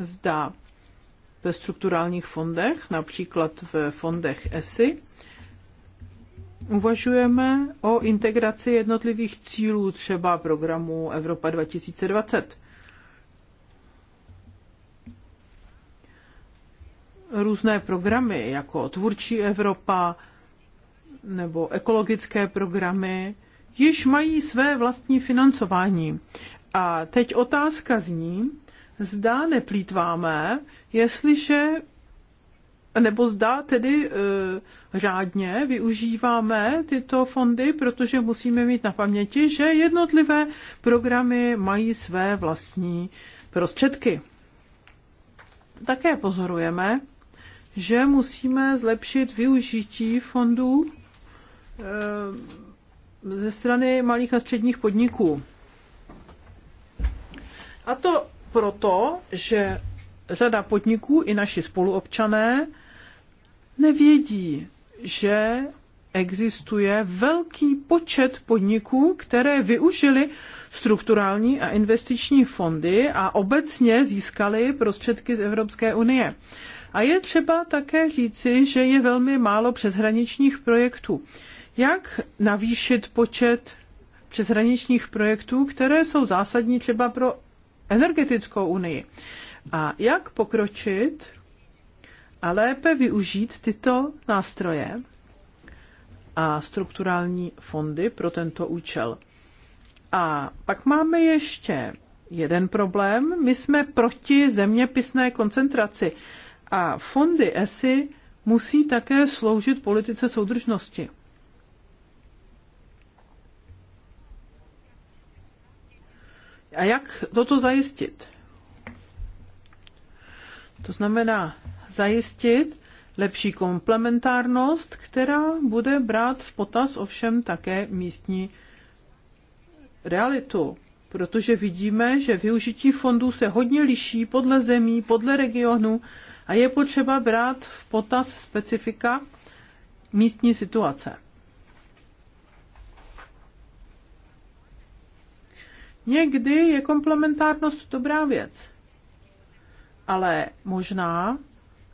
zda ve strukturálních fondech, například v fondech ESI, uvažujeme o integraci jednotlivých cílů třeba programu Evropa 2020. různé programy, jako Tvůrčí Evropa nebo ekologické programy, již mají své vlastní financování. A teď otázka zní, zda neplýtváme, jestliže nebo zdá tedy e, řádně využíváme tyto fondy, protože musíme mít na paměti, že jednotlivé programy mají své vlastní prostředky. Také pozorujeme, že musíme zlepšit využití fondů eh, ze strany malých a středních podniků. A to proto, že řada podniků i naši spoluobčané nevědí, že existuje velký počet podniků, které využili strukturální a investiční fondy a obecně získali prostředky z Evropské unie. A je třeba také říci, že je velmi málo přeshraničních projektů. Jak navýšit počet přeshraničních projektů, které jsou zásadní třeba pro energetickou unii? A jak pokročit a lépe využít tyto nástroje a strukturální fondy pro tento účel? A pak máme ještě jeden problém. My jsme proti zeměpisné koncentraci. A fondy ESI musí také sloužit politice soudržnosti. A jak toto zajistit? To znamená zajistit lepší komplementárnost, která bude brát v potaz ovšem také místní realitu, protože vidíme, že využití fondů se hodně liší podle zemí, podle regionu a je potřeba brát v potaz specifika místní situace. Někdy je komplementárnost dobrá věc, ale možná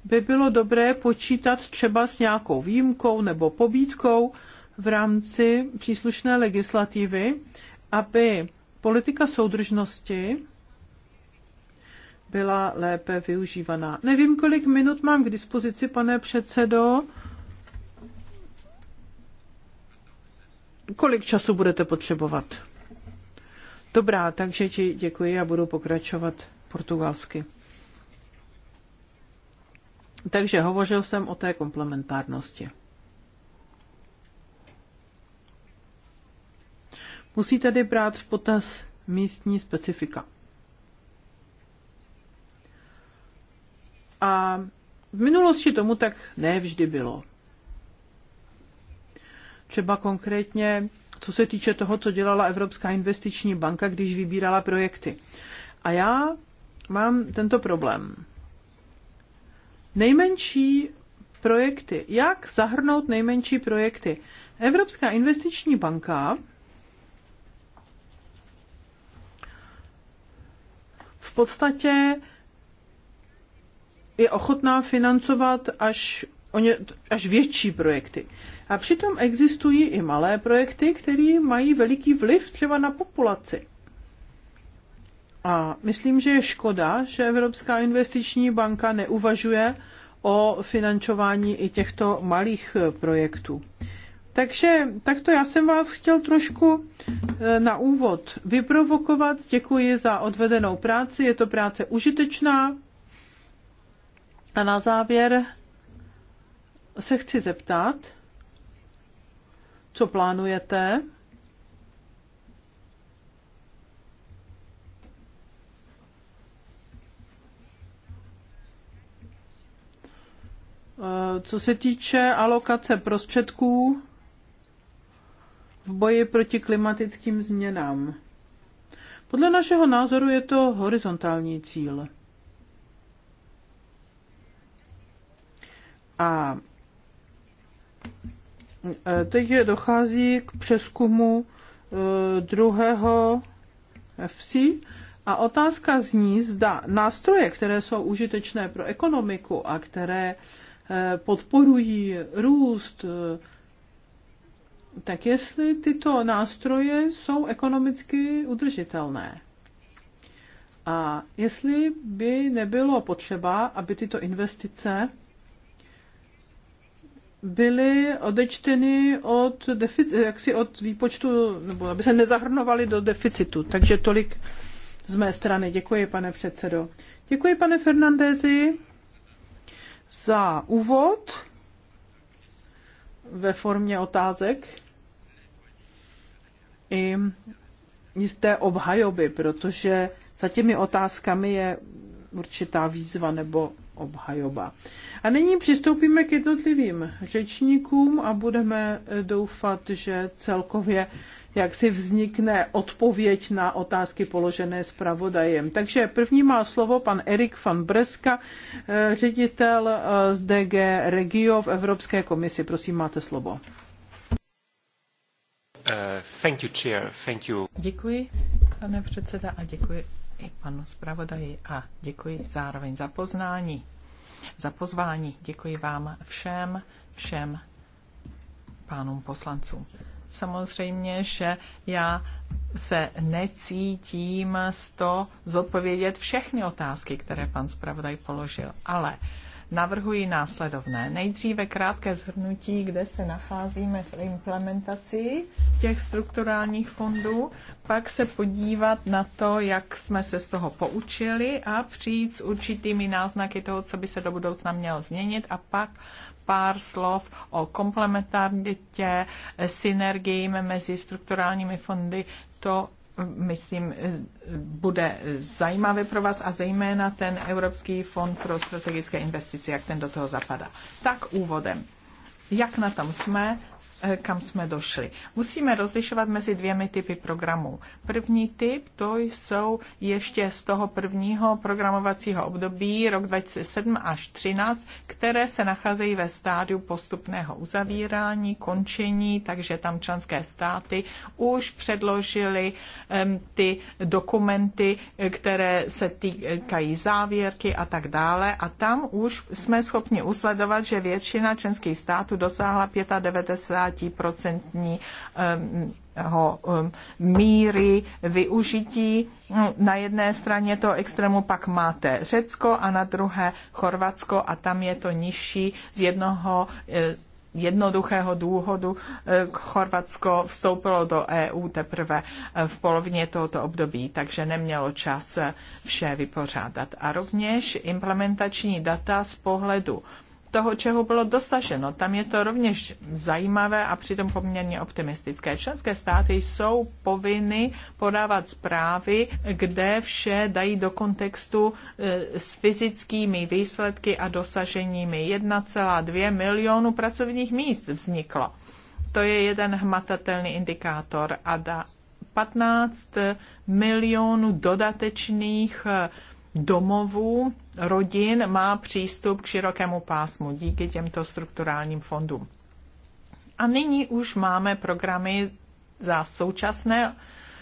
by bylo dobré počítat třeba s nějakou výjimkou nebo pobídkou v rámci příslušné legislativy, aby politika soudržnosti byla lépe využívaná. Nevím, kolik minut mám k dispozici, pane předsedo. Kolik času budete potřebovat? Dobrá, takže ti děkuji a budu pokračovat portugalsky. Takže hovořil jsem o té komplementárnosti. Musí tedy brát v potaz místní specifika. A v minulosti tomu tak nevždy bylo. Třeba konkrétně, co se týče toho, co dělala Evropská investiční banka, když vybírala projekty. A já mám tento problém. Nejmenší projekty. Jak zahrnout nejmenší projekty? Evropská investiční banka v podstatě je ochotná financovat až, ně, až větší projekty. A přitom existují i malé projekty, které mají veliký vliv třeba na populaci. A myslím, že je škoda, že Evropská investiční banka neuvažuje o financování i těchto malých eh, projektů. Takže takto já jsem vás chtěl trošku eh, na úvod vyprovokovat. Děkuji za odvedenou práci, je to práce užitečná, a na závěr se chci zeptat, co plánujete? Eh, co se týče alokace prostředků v boji proti klimatickým změnám. Podle našeho názoru je to horizontální cíl. A e, teď dochází k přeskumu e, druhého FC a otázka zní, zda nástroje, které jsou užitečné pro ekonomiku a které e, podporují růst, tak jestli tyto nástroje jsou ekonomicky udržitelné. A jestli by nebylo potřeba, aby tyto investice byly odečteny od, defici, jaksi od výpočtu, nebo aby se nezahrnovaly do deficitu. Takže tolik z mé strany. Děkuji, pane předsedo. Děkuji, pane Fernandézi, za úvod ve formě otázek i jisté obhajoby, protože za těmi otázkami je určitá výzva nebo obhajoba. A nyní přistoupíme k jednotlivým řečníkům a budeme eh, doufat, že celkově jak si vznikne odpověď na otázky položené zpravodajem. Takže první má slovo pan Erik van Breska, eh, ředitel eh, z DG Regio v Evropské komisi. Prosím, máte slovo. Uh, thank you, chair. Thank you. Děkuji, pane předseda, a děkuji i panu zpravodaji a děkuji zároveň za poznání, za pozvání. Děkuji vám všem, všem pánům poslancům. Samozřejmě, že já se necítím z to zodpovědět všechny otázky, které pan zpravodaj položil, ale navrhuji následovné. Nejdříve krátké zhrnutí, kde se nacházíme v implementaci těch strukturálních fondů, pak se podívat na to, jak jsme se z toho poučili a přijít s určitými náznaky toho, co by se do budoucna mělo změnit a pak pár slov o komplementaritě, synergii mezi strukturálními fondy. To myslím, bude zajímavé pro vás a zejména ten Evropský fond pro strategické investice, jak ten do toho zapadá. Tak úvodem. Jak na tom jsme? Eh, kam jsme došli. Musíme rozlišovat mezi dvěmi typy programů. První typ, to jsou ještě z toho prvního programovacího období rok 2007 až 2013, které se nacházejí ve stádiu postupného uzavírání, končení, takže tam členské státy už předložili um, ty dokumenty, eh, které se týkají závěrky a tak dále. A tam už jsme schopni usledovat, že většina členských států dosáhla 95 50% um, míry využití. No, na jedné straně to extrému pak máte Řecko a na druhé Chorvatsko a tam je to nižší z jednoho eh, jednoduchého důvodu eh, Chorvatsko vstoupilo do EU teprve eh, v polovině tohoto období, takže nemělo čas vše vypořádat. A rovněž implementační data z pohledu toho, čeho bylo dosaženo. Tam je to rovněž zajímavé a přitom poměrně optimistické. Členské státy jsou povinny podávat zprávy, kde vše dají do kontextu e, s fyzickými výsledky a dosaženími. 1,2 milionu pracovních míst vzniklo. To je jeden hmatatelný indikátor a da 15 milionů dodatečných e, domovů rodin má přístup k širokému pásmu díky těmto strukturálním fondům. A nyní už máme programy za současné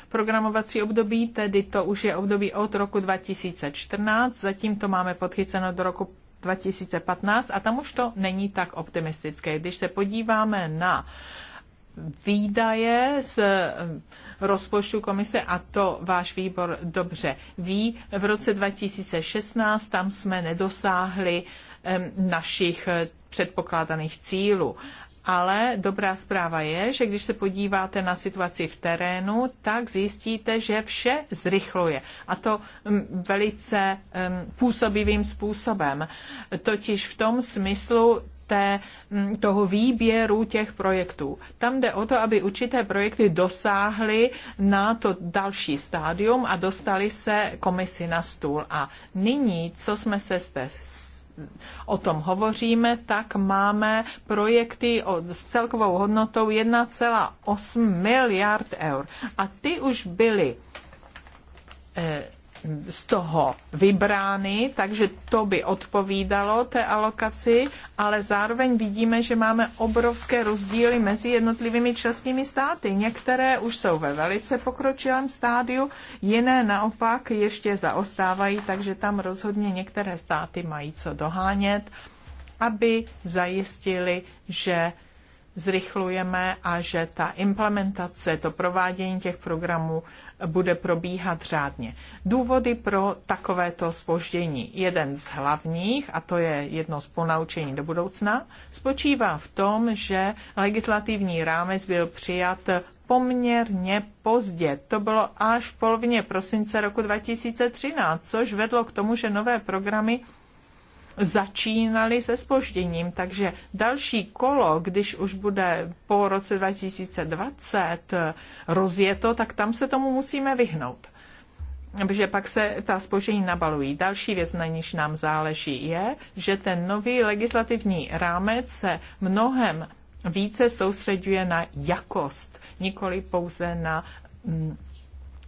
programovací období, tedy to už je období od roku 2014, zatím to máme podchyceno do roku 2015 a tam už to není tak optimistické. Když se podíváme na výdaje z rozpočtu komise a to váš výbor dobře ví. V roce 2016 tam jsme nedosáhli našich eh, předpokládaných cílů. Ale dobrá zpráva je, že když se podíváte na situaci v terénu, tak zjistíte, že vše zrychluje. A to mm, velice působivým způsobem. Totiž v tom smyslu, té, mm, toho výběru těch projektů. Tam jde o to, aby určité projekty dosáhly na to další stádium a dostali se komisi na stůl. A nyní, co jsme se s té o tom hovoříme, tak máme projekty s celkovou hodnotou 1,8 miliard eur. A ty už byly eh, z toho vybrány, takže to by odpovídalo té alokaci, ale zároveň vidíme, že máme obrovské rozdíly mezi jednotlivými českými státy. Některé už jsou ve velice pokročilém stádiu, jiné naopak ještě zaostávají, takže tam rozhodně některé státy mají co dohánět, aby zajistili, že zrychlujeme a že ta implementace, to provádění těch programů bude probíhat řádně. Důvody pro takovéto spoždění. Jeden z hlavních, a to je jedno z ponaučení do budoucna, spočívá v tom, že legislativní rámec byl přijat poměrně pozdě. To bylo až v polovině prosince roku 2013, což vedlo k tomu, že nové programy začínali se spožděním, takže další kolo, když už bude po roce 2020 rozjeto, tak tam se tomu musíme vyhnout. Protože pak se ta spoždění nabalují. Další věc, na níž nám záleží, je, že ten nový legislativní rámec se mnohem více soustředuje na jakost, nikoli pouze na mm,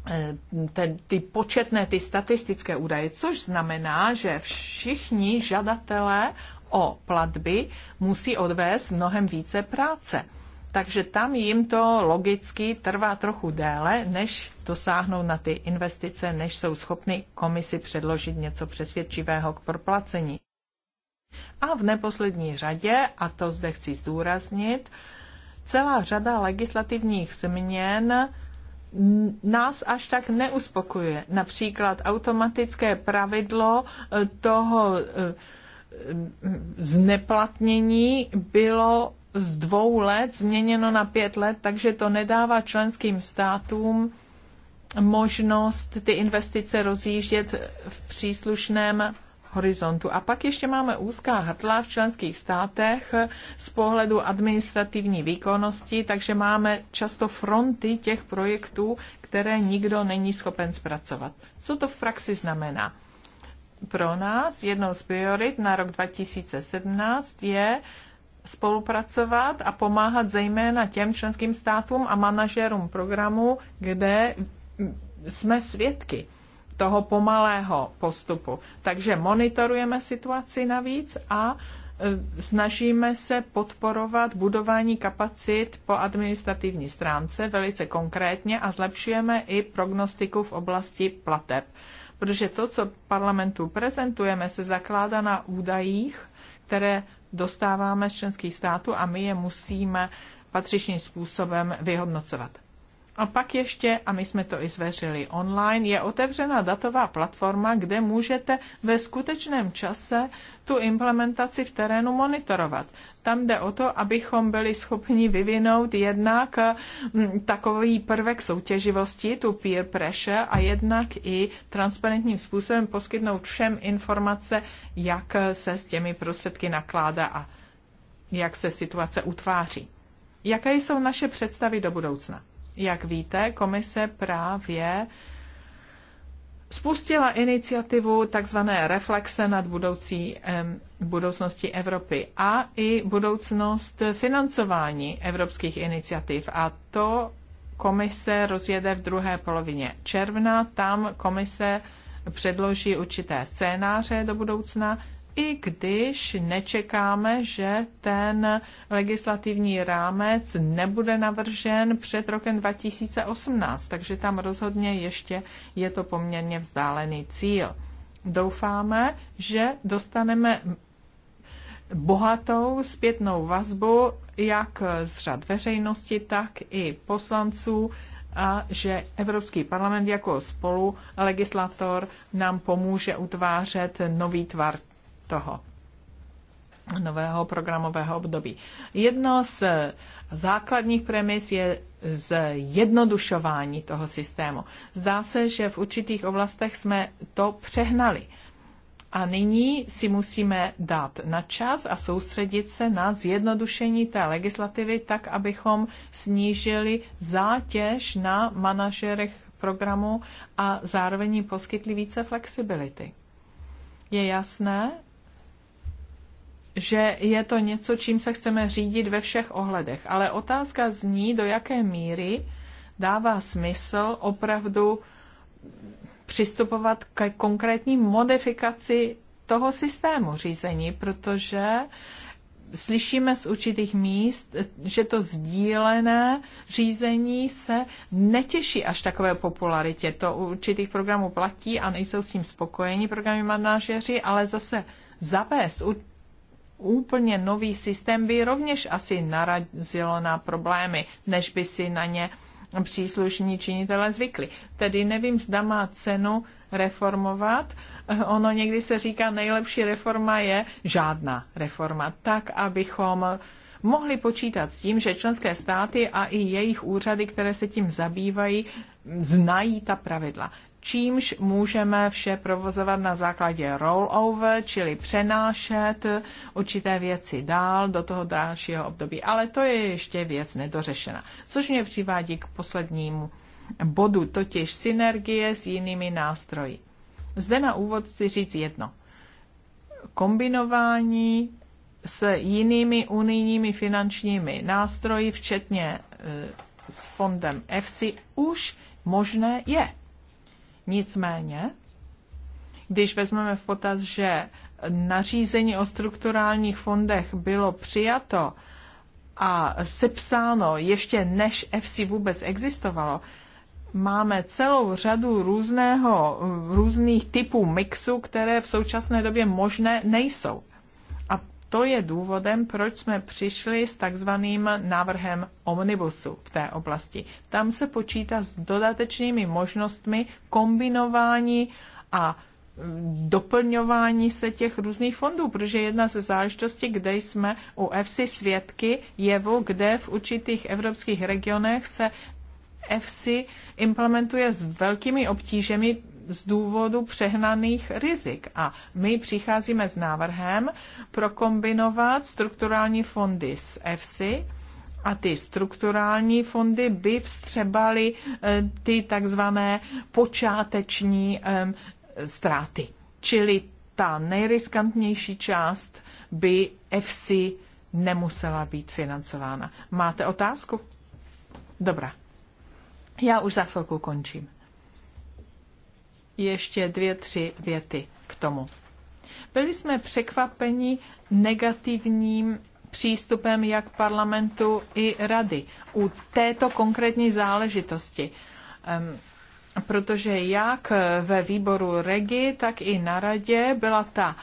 Eh, ten, ty početné, ty statistické údaje, což znamená, že všichni žadatelé o platby musí odvést mnohem více práce. Takže tam jim to logicky trvá trochu déle, než dosáhnou na ty investice, než jsou schopny komisi předložit něco přesvědčivého k proplacení. A v neposlední řadě, a to zde chci zdůraznit, celá řada legislativních změn nás až tak neuspokuje. Například automatické pravidlo eh, toho eh, zneplatnění bylo z dvou let změněno na pět let, takže to nedává členským státům možnost ty investice rozjíždět v příslušném horizontu. A pak ještě máme úzká hrdla v členských státech z pohledu administrativní výkonnosti, takže máme často fronty těch projektů, které nikdo není schopen zpracovat. Co to v praxi znamená? Pro nás jednou z priorit na rok 2017 je spolupracovat a pomáhat zejména těm členským státům a manažerům programu, kde jsme svědky toho pomalého postupu. Takže monitorujeme situaci navíc a e, snažíme se podporovat budování kapacit po administrativní stránce velice konkrétně a zlepšujeme i prognostiku v oblasti plateb. Protože to, co parlamentu prezentujeme, se zakládá na údajích, které dostáváme z členských států a my je musíme patřičným způsobem vyhodnocovat. A pak ještě, a my jsme to i zveřili online, je otevřena datová platforma, kde můžete ve skutečném čase tu implementaci v terénu monitorovat. Tam jde o to, abychom byli schopni vyvinout jednak mm, takový prvek soutěživosti, tu peer pressure, a jednak i transparentním způsobem poskytnout všem informace, jak se s těmi prostředky nakládá a jak se situace utváří. Jaké jsou naše představy do budoucna? Jak víte, komise právě spustila iniciativu tzv. reflexe nad budoucí, budoucností Evropy a i budoucnost financování evropských iniciativ. A to komise rozjede v druhé polovině června. Tam komise předloží určité scénáře do budoucna i když nečekáme, že ten legislativní rámec nebude navržen před rokem 2018, takže tam rozhodně ještě je to poměrně vzdálený cíl. Doufáme, že dostaneme bohatou zpětnou vazbu jak z řad veřejnosti, tak i poslanců a že Evropský parlament jako spolu legislator nám pomůže utvářet nový tvar toho nového programového období. Jedno z základních premis je zjednodušování toho systému. Zdá se, že v určitých oblastech jsme to přehnali. A nyní si musíme dát na čas a soustředit se na zjednodušení té legislativy tak, abychom snížili zátěž na manažerech programu a zároveň poskytli více flexibility. Je jasné, že je to něco, čím se chceme řídit ve všech ohledech. Ale otázka zní, do jaké míry dává smysl opravdu přistupovat ke konkrétní modifikaci toho systému řízení, protože slyšíme z určitých míst, že to sdílené řízení se netěší až takové popularitě. To u určitých programů platí a nejsou s tím spokojeni programy manažeři, ale zase zavést úplně nový systém by rovněž asi narazilo na problémy, než by si na ně příslušní činitele zvykli. Tedy nevím, zda má cenu reformovat. Ono někdy se říká, nejlepší reforma je žádná reforma, tak abychom mohli počítat s tím, že členské státy a i jejich úřady, které se tím zabývají, znají ta pravidla čímž můžeme vše provozovat na základě rollover, čili přenášet určité věci dál do toho dalšího období. Ale to je ještě věc nedořešena. Což mě přivádí k poslednímu bodu, totiž synergie s jinými nástroji. Zde na úvod chci říct jedno. Kombinování s jinými unijními finančními nástroji, včetně eh, s fondem EFSI, už možné je Nicméně, když vezmeme v potaz, že nařízení o strukturálních fondech bylo přijato a sepsáno ještě než FC vůbec existovalo, máme celou řadu různého, různých typů mixu, které v současné době možné nejsou to je důvodem, proč jsme přišli s takzvaným návrhem omnibusu v té oblasti. Tam se počítá s dodatečnými možnostmi kombinování a doplňování se těch různých fondů, protože jedna ze záležitostí, kde jsme u EFSI svědky, je kde v určitých evropských regionech se EFSI implementuje s velkými obtížemi, z důvodu přehnaných rizik. A my přicházíme s návrhem prokombinovat strukturální fondy s EFSI a ty strukturální fondy by vstřebaly eh, ty takzvané počáteční ztráty. Čili ta nejriskantnější část by EFSI nemusela být financována. Máte otázku? Dobrá. Já už za chvilku končím ještě dvě, tři věty k tomu. Byli jsme překvapeni negativním přístupem jak parlamentu i rady u této konkrétní záležitosti. Protože jak ve výboru Regi, tak i na radě byla ta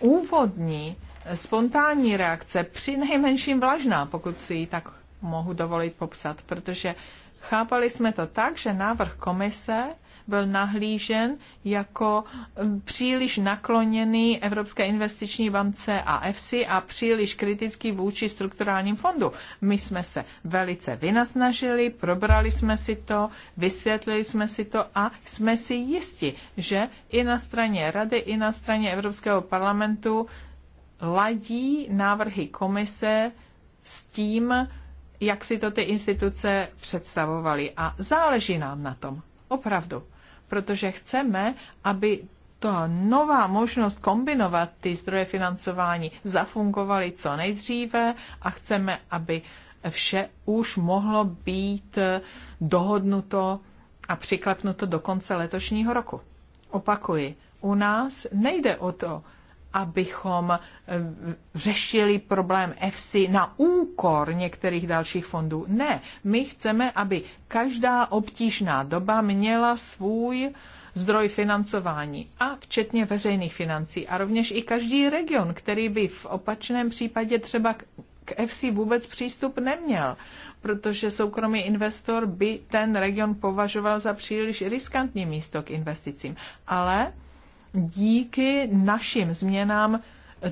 úvodní spontánní reakce při nejmenším vlažná, pokud si ji tak mohu dovolit popsat, protože chápali jsme to tak, že návrh komise byl nahlížen jako hm, příliš nakloněný Evropské investiční bance a EFSI a příliš kritický vůči strukturálním fondu. My jsme se velice vynasnažili, probrali jsme si to, vysvětlili jsme si to a jsme si jisti, že i na straně Rady, i na straně Evropského parlamentu ladí návrhy komise s tím, jak si to ty instituce představovaly. A záleží nám na tom. Opravdu protože chceme, aby ta nová možnost kombinovat ty zdroje financování zafungovaly co nejdříve a chceme, aby vše už mohlo být dohodnuto a přiklepnuto do konce letošního roku. Opakuji, u nás nejde o to, abychom eh, řešili problém EFSI na úkor některých dalších fondů. Ne, my chceme, aby každá obtížná doba měla svůj zdroj financování a včetně veřejných financí a rovněž i každý region, který by v opačném případě třeba k EFSI vůbec přístup neměl, protože soukromý investor by ten region považoval za příliš riskantní místo k investicím. Ale díky našim změnám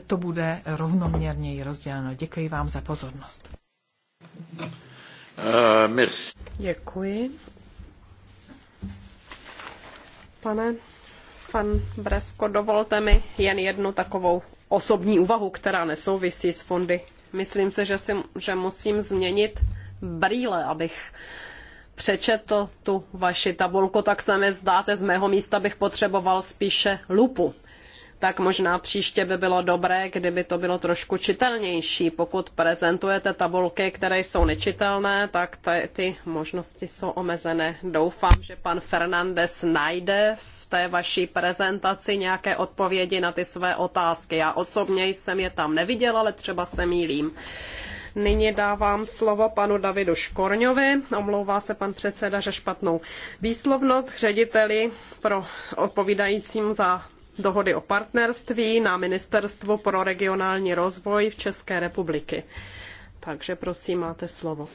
to bude rovnoměrněji rozděleno. Děkuji vám za pozornost. Uh, merci. Děkuji. Pane pan Bresko, dovolte mi jen jednu takovou osobní úvahu, která nesouvisí s fondy. Myslím se, že, si, že musím změnit brýle, abych přečetl tu vaši tabulku, tak se mi zdá, že z mého místa bych potřeboval spíše lupu. Tak možná příště by bylo dobré, kdyby to bylo trošku čitelnější. Pokud prezentujete tabulky, které jsou nečitelné, tak ty možnosti jsou omezené. Doufám, že pan Fernandez najde v té vaší prezentaci nějaké odpovědi na ty své otázky. Já osobně jsem je tam neviděl, ale třeba se mýlím. Nyní dávám slovo panu Davidu Škorňovi. Omlouvá se pan předseda, že špatnou výslovnost řediteli pro odpovídajícím za dohody o partnerství na Ministerstvo pro regionální rozvoj v České republiky. Takže prosím, máte slovo.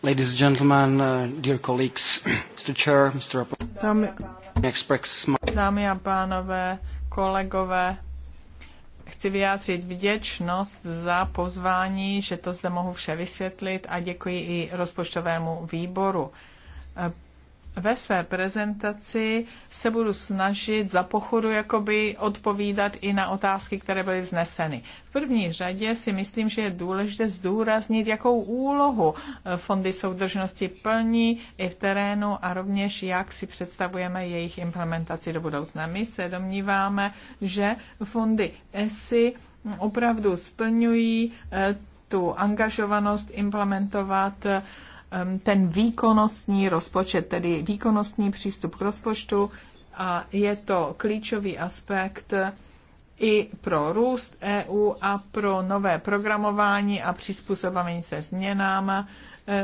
Ladies and gentlemen, uh, dear colleagues, Mr. Chair, Mr. Dámy, dámy a pánové, kolegové, chci vyjádřit vděčnost za pozvání, že to zde mohu vše vysvětlit a děkuji i rozpočtovému výboru ve své prezentaci se budu snažit za pochodu jakoby odpovídat i na otázky, které byly zneseny. V první řadě si myslím, že je důležité zdůraznit, jakou úlohu eh, fondy soudržnosti plní i v terénu a rovněž jak si představujeme jejich implementaci do budoucna. My se domníváme, že fondy ESI opravdu splňují eh, tu angažovanost implementovat eh, ten výkonnostní rozpočet, tedy výkonnostní přístup k rozpočtu a je to klíčový aspekt i pro růst EU a pro nové programování a přizpůsobování se změnám.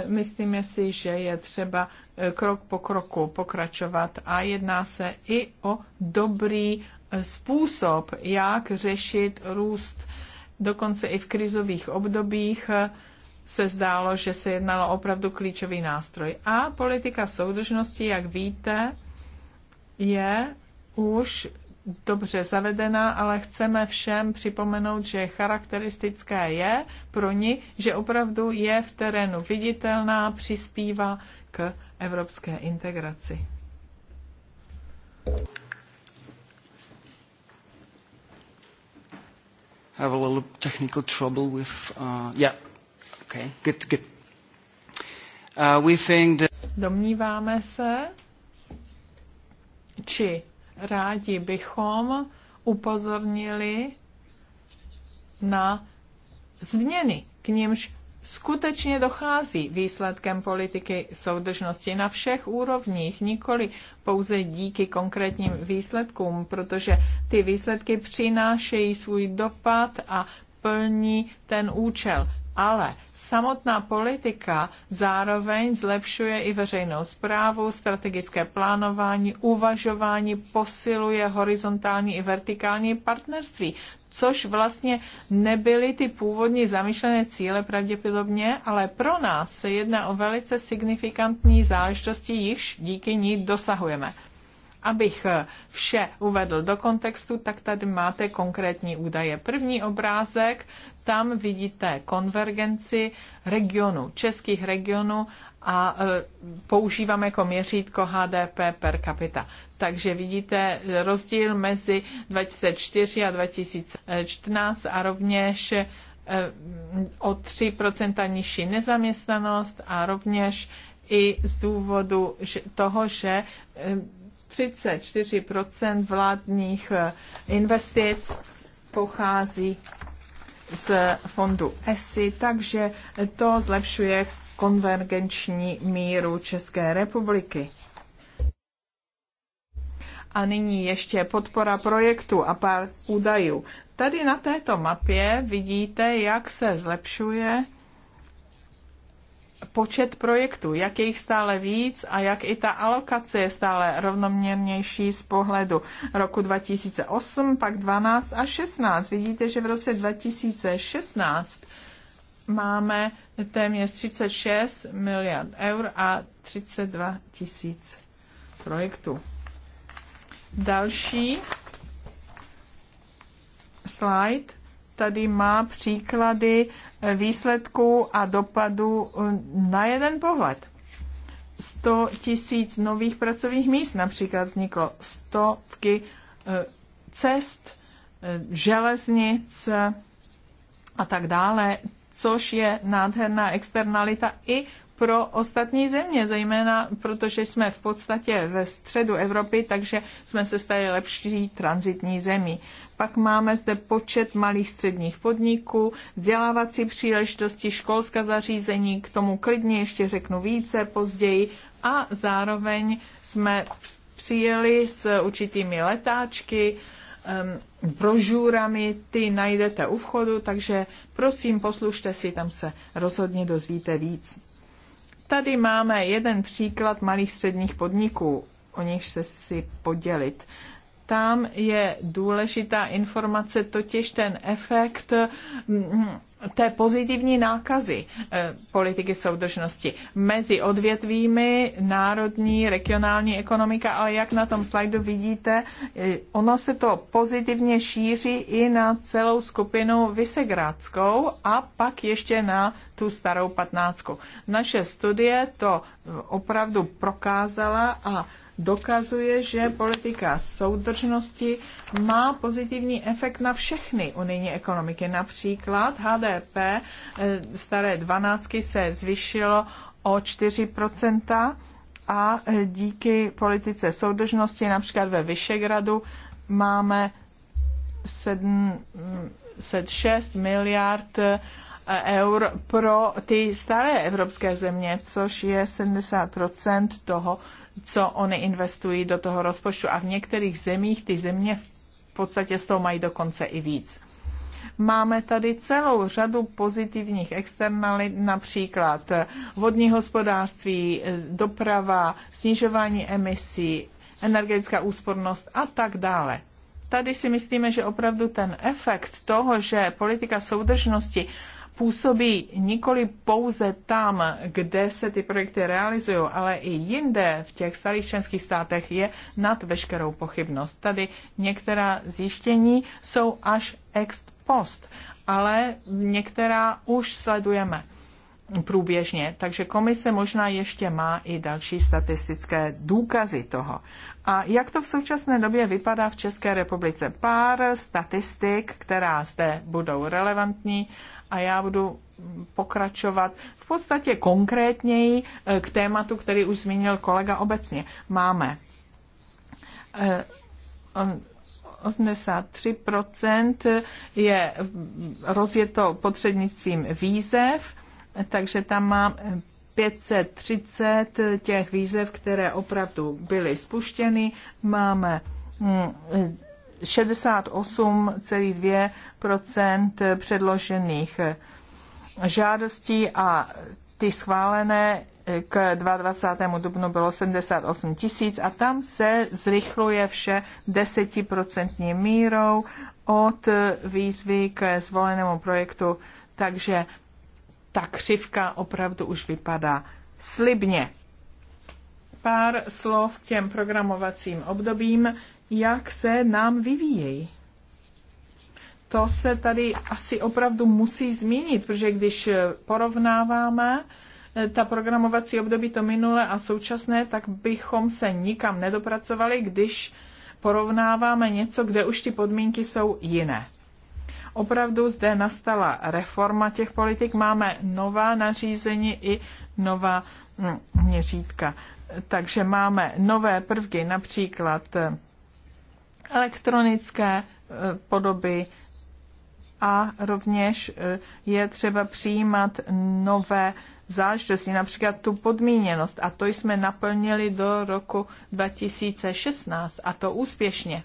Myslíme si, že je třeba e, krok po kroku pokračovat a jedná se i o dobrý e, způsob, jak řešit růst dokonce i v krizových obdobích se zdálo, že se jednalo opravdu klíčový nástroj. A politika soudržnosti, jak víte, je už dobře zavedena, ale chceme všem připomenout, že charakteristické je pro ní, že opravdu je v terénu viditelná, přispívá k evropské integraci. Have a little technical trouble with, uh, yeah. Okay, good, good. Uh, we think that... Domníváme se, či rádi bychom upozornili na změny, k nímž skutečně dochází výsledkem politiky soudržnosti na všech úrovních, nikoli pouze díky konkrétním výsledkům, protože ty výsledky přinášejí svůj dopad a plní ten účel. Ale samotná politika zároveň zlepšuje i veřejnou zprávu, strategické plánování, uvažování, posiluje horizontální i vertikální partnerství, což vlastně nebyly ty původní zamýšlené cíle pravděpodobně, ale pro nás se jedná o velice signifikantní záležitosti, již díky ní dosahujeme. Abych eh, vše uvedl do kontextu, tak tady máte konkrétní údaje. První obrázek, tam vidíte konvergenci regionu, českých regionů a eh, používáme jako měřítko HDP per capita. Takže vidíte eh, rozdíl mezi 2004 a 2014 a rovněž o 3% nižší nezaměstnanost a rovněž i z důvodu toho, že 34 vládních eh, investic pochází z fondu ESI, takže to zlepšuje konvergenční míru České republiky. A nyní ještě podpora projektu a pár údajů. Tady na této mapě vidíte, jak se zlepšuje počet projektů, jak je jich stále víc a jak i ta alokace je stále rovnoměrnější z pohledu roku 2008, pak 12 a 16. Vidíte, že v roce 2016 máme téměř 36 miliard eur a 32 tisíc projektů. Další slide tady má příklady eh, výsledků a dopadů eh, na jeden pohled. 100 tisíc nových pracovních míst například vzniklo, stovky eh, cest, železnic a tak dále, což je nádherná externalita i pro ostatní země, zejména protože jsme v podstatě ve středu Evropy, takže jsme se stali lepší transitní zemí. Pak máme zde počet malých středních podniků, vzdělávací příležitosti, školská zařízení, k tomu klidně ještě řeknu více později a zároveň jsme přijeli s určitými letáčky, um, brožurami, ty najdete u vchodu, takže prosím, poslušte si, tam se rozhodně dozvíte víc. Tady máme jeden příklad malých středních podniků, o nich se si podělit. Tam je důležitá informace, totiž ten efekt mm, té pozitivní nákazy eh, politiky soudržnosti mezi odvětvími národní, regionální ekonomika, ale jak na tom slajdu vidíte, eh, ono se to pozitivně šíří i na celou skupinu Vysegrádskou a pak ještě na tu starou patnáctku. Naše studie to opravdu prokázala a dokazuje, že politika soudržnosti má pozitivní efekt na všechny unijní ekonomiky. Například HDP eh, staré 12 se zvyšilo o 4 a eh, díky politice soudržnosti například ve Vyšegradu máme 6 mm, miliard eh, eur pro ty staré evropské země, což je 70% toho, co oni investují do toho rozpočtu. A v některých zemích ty země v podstatě s toho mají dokonce i víc. Máme tady celou řadu pozitivních externalit, například vodní hospodářství, doprava, snižování emisí, energetická úspornost a tak dále tady si myslíme, že opravdu ten efekt toho, že politika soudržnosti působí nikoli pouze tam, kde se ty projekty realizují, ale i jinde v těch starých členských státech je nad veškerou pochybnost. Tady některá zjištění jsou až ex post, ale některá už sledujeme průběžně, takže komise možná ještě má i další statistické důkazy toho. A jak to v současné době vypadá v České republice? Pár statistik, která zde budou relevantní, a já budu pokračovat v podstatě konkrétněji eh, k tématu, který už zmínil kolega obecně. Máme 83% eh, je rozjeto potřednictvím výzev, takže tam mám 530 těch výzev, které opravdu byly spuštěny. Máme mm, 68,2 předložených žádostí a ty schválené k 22. dubnu bylo 78 tisíc a tam se zrychluje vše desetiprocentní mírou od výzvy ke zvolenému projektu, takže ta křivka opravdu už vypadá slibně. Pár slov k těm programovacím obdobím jak se nám vyvíjejí. To se tady asi opravdu musí zmínit, protože když porovnáváme eh, ta programovací období to minulé a současné, tak bychom se nikam nedopracovali, když porovnáváme něco, kde už ty podmínky jsou jiné. Opravdu zde nastala reforma těch politik, máme nová nařízení i nová hm, měřítka. Takže máme nové prvky, například eh, elektronické eh, podoby a rovněž eh, je třeba přijímat nové záležitosti, například tu podmíněnost. A to jsme naplnili do roku 2016 a to úspěšně.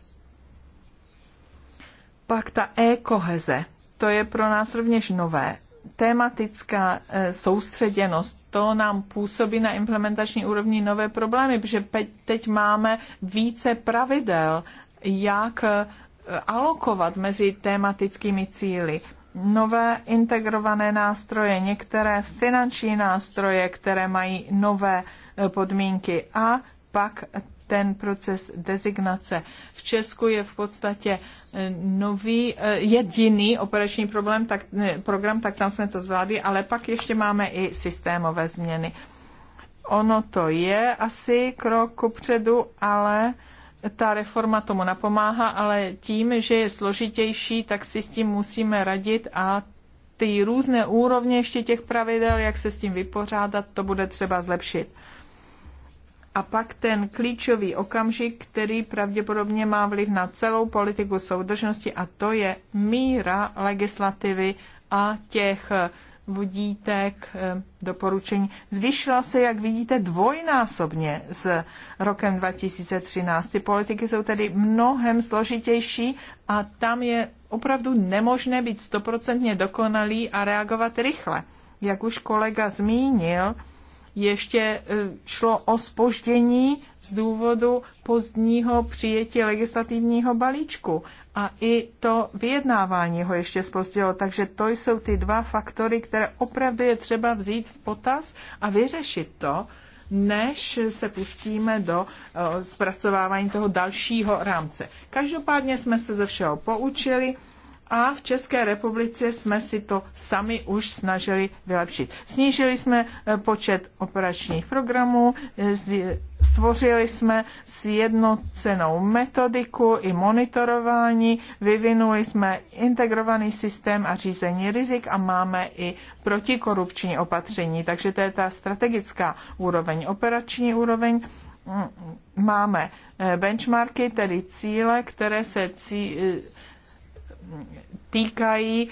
Pak ta e-koheze, to je pro nás rovněž nové. Tématická eh, soustředěnost, to nám působí na implementační úrovni nové problémy, protože teď máme více pravidel jak eh, alokovat mezi tematickými cíly nové integrované nástroje, některé finanční nástroje, které mají nové eh, podmínky a pak ten proces designace. V Česku je v podstatě eh, nový, jediný operační problém, tak, program, tak tam jsme to zvládli, ale pak ještě máme i systémové změny. Ono to je asi krok kupředu, ale ta reforma tomu napomáhá, ale tím, že je složitější, tak si s tím musíme radit a ty různé úrovně ještě těch pravidel, jak se s tím vypořádat, to bude třeba zlepšit. A pak ten klíčový okamžik, který pravděpodobně má vliv na celou politiku soudržnosti, a to je míra legislativy a těch vodítek, eh, doporučení, zvyšila se, jak vidíte, dvojnásobně s rokem 2013. Ty politiky jsou tedy mnohem složitější a tam je opravdu nemožné být stoprocentně dokonalý a reagovat rychle. Jak už kolega zmínil, ještě eh, šlo o spoždění z důvodu pozdního přijetí legislativního balíčku a i to vyjednávání ho ještě spozdilo. Takže to jsou ty dva faktory, které opravdu je třeba vzít v potaz a vyřešit to, než se pustíme do eh, zpracovávání toho dalšího rámce. Každopádně jsme se ze všeho poučili a v České republice jsme si to sami už snažili vylepšit. Snížili jsme eh, počet operačních programů, eh, stvořili jsme sjednocenou metodiku i monitorování, vyvinuli jsme integrovaný systém a řízení rizik a máme i protikorupční opatření. Takže to je ta strategická úroveň, operační úroveň mm, máme eh, benchmarky, tedy cíle, které se cí, týkají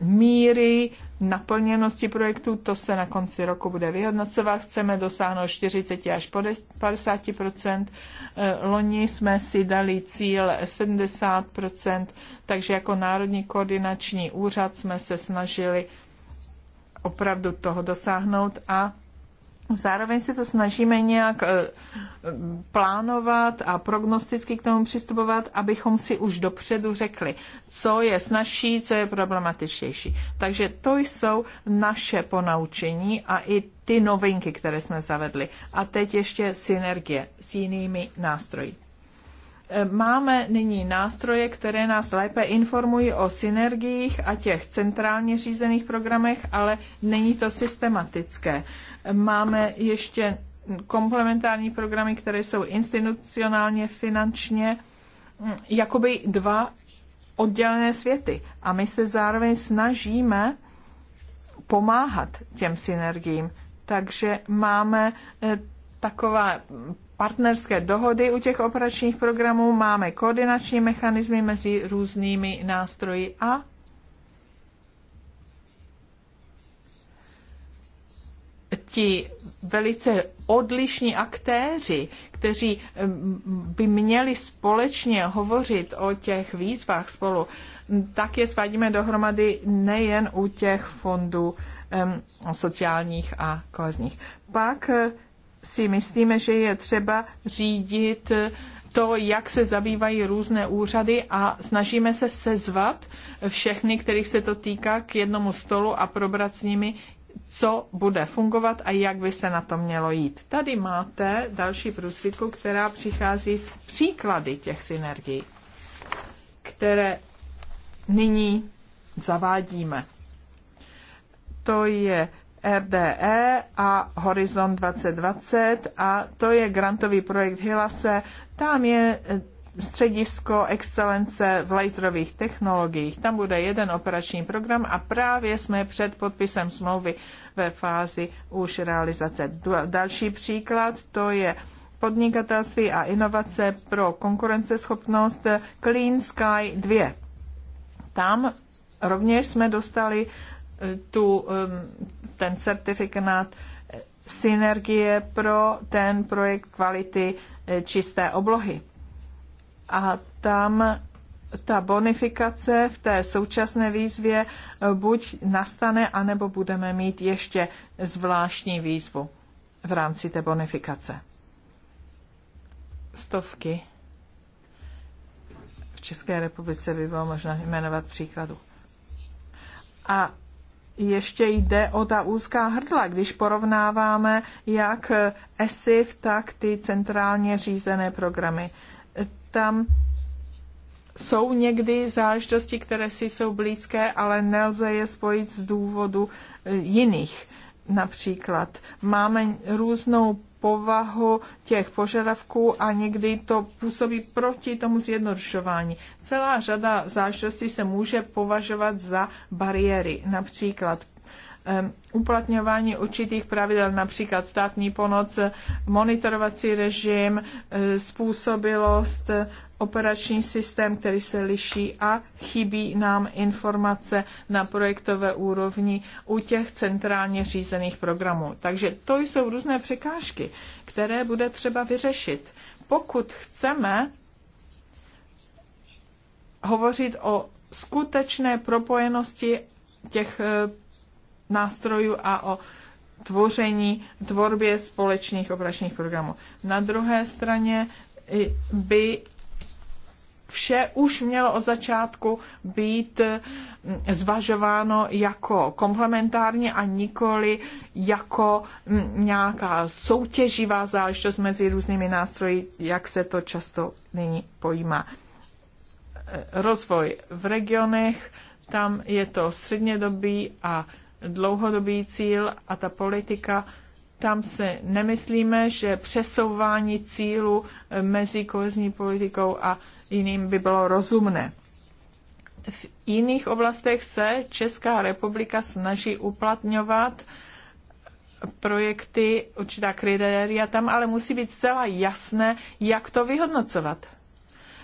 míry naplněnosti projektu, to se na konci roku bude vyhodnocovat. Chceme dosáhnout 40 až 50 e, Loni jsme si dali cíl 70 takže jako Národní koordinační úřad jsme se snažili opravdu toho dosáhnout a Zároveň se to snažíme nějak e, plánovat a prognosticky k tomu přistupovat, abychom si už dopředu řekli, co je snažší, co je problematičtější. Takže to jsou naše ponaučení a i ty novinky, které jsme zavedli. A teď ještě synergie s jinými nástroji. E, máme nyní nástroje, které nás lépe informují o synergiích a těch centrálně řízených programech, ale není to systematické. Máme ještě komplementární programy, které jsou institucionálně, finančně, mm, jakoby dva oddělené světy. A my se zároveň snažíme pomáhat těm synergiím. Takže máme e, takové partnerské dohody u těch operačních programů, máme koordinační mechanismy mezi různými nástroji a ti velice odlišní aktéři, kteří by měli společně hovořit o těch výzvách spolu, tak je svádíme dohromady nejen u těch fondů um, sociálních a kozních. Pak eh, si myslíme, že je třeba řídit eh, to, jak se zabývají různé úřady a snažíme se sezvat všechny, kterých se to týká, k jednomu stolu a probrat s nimi, co bude fungovat a jak by se na to mělo jít. Tady máte další průsvitku, která přichází z příklady těch synergií, které nyní zavádíme. To je RDE a Horizon 2020 a to je grantový projekt Hilase. Tam je středisko excelence v laserových technologiích. Tam bude jeden operační program a právě jsme před podpisem smlouvy ve fázi už realizace. Další příklad to je podnikatelství a inovace pro konkurenceschopnost Clean Sky 2. Tam rovněž jsme dostali eh, tu, ten certifikát eh, synergie pro ten projekt kvality eh, čisté oblohy a tam ta bonifikace v té současné výzvě buď nastane, anebo budeme mít ještě zvláštní výzvu v rámci té bonifikace. Stovky. V České republice by bylo možná jmenovat příkladu. A ještě jde o ta úzká hrdla, když porovnáváme jak ESIF, tak ty centrálně řízené programy tam jsou někdy záležitosti, které si jsou blízké, ale nelze je spojit z důvodu e, jiných. Například máme různou povahu těch požadavků a někdy to působí proti tomu zjednodušování. Celá řada záležitostí se může považovat za bariéry, například uplatňování určitých pravidel, například státní pomoc, monitorovací režim, eh, způsobilost, operační systém, který se liší a chybí nám informace na projektové úrovni u těch centrálně řízených programů. Takže to jsou různé překážky, které bude třeba vyřešit. Pokud chceme hovořit o skutečné propojenosti těch eh, nástrojů a o tvoření, tvorbě společných operačních programů. Na druhé straně by vše už mělo od začátku být mm, zvažováno jako komplementárně a nikoli jako mm, nějaká soutěživá záležitost mezi různými nástroji, jak se to často nyní pojímá. E, rozvoj v regionech, tam je to střednědobý a dlouhodobý cíl a ta politika, tam se nemyslíme, že přesouvání cílu eh, mezi kohezní politikou a jiným by bylo rozumné. V jiných oblastech se Česká republika snaží uplatňovat projekty, určitá kritéria tam, ale musí být zcela jasné, jak to vyhodnocovat.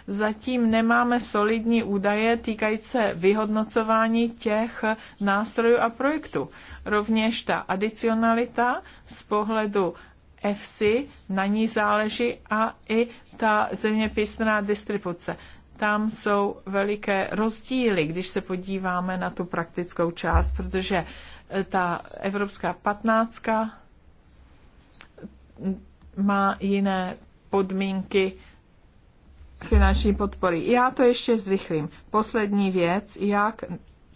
Zatím nemáme solidní údaje týkající se vyhodnocování těch nástrojů a projektů. Rovněž ta adicionalita z pohledu EFSI, na ní záleží a i ta zeměpisná distribuce. Tam jsou veliké rozdíly, když se podíváme na tu praktickou část, protože eh, ta evropská patnáctka mm, má jiné podmínky finanční podpory. Já to ještě zrychlím. Poslední věc, jak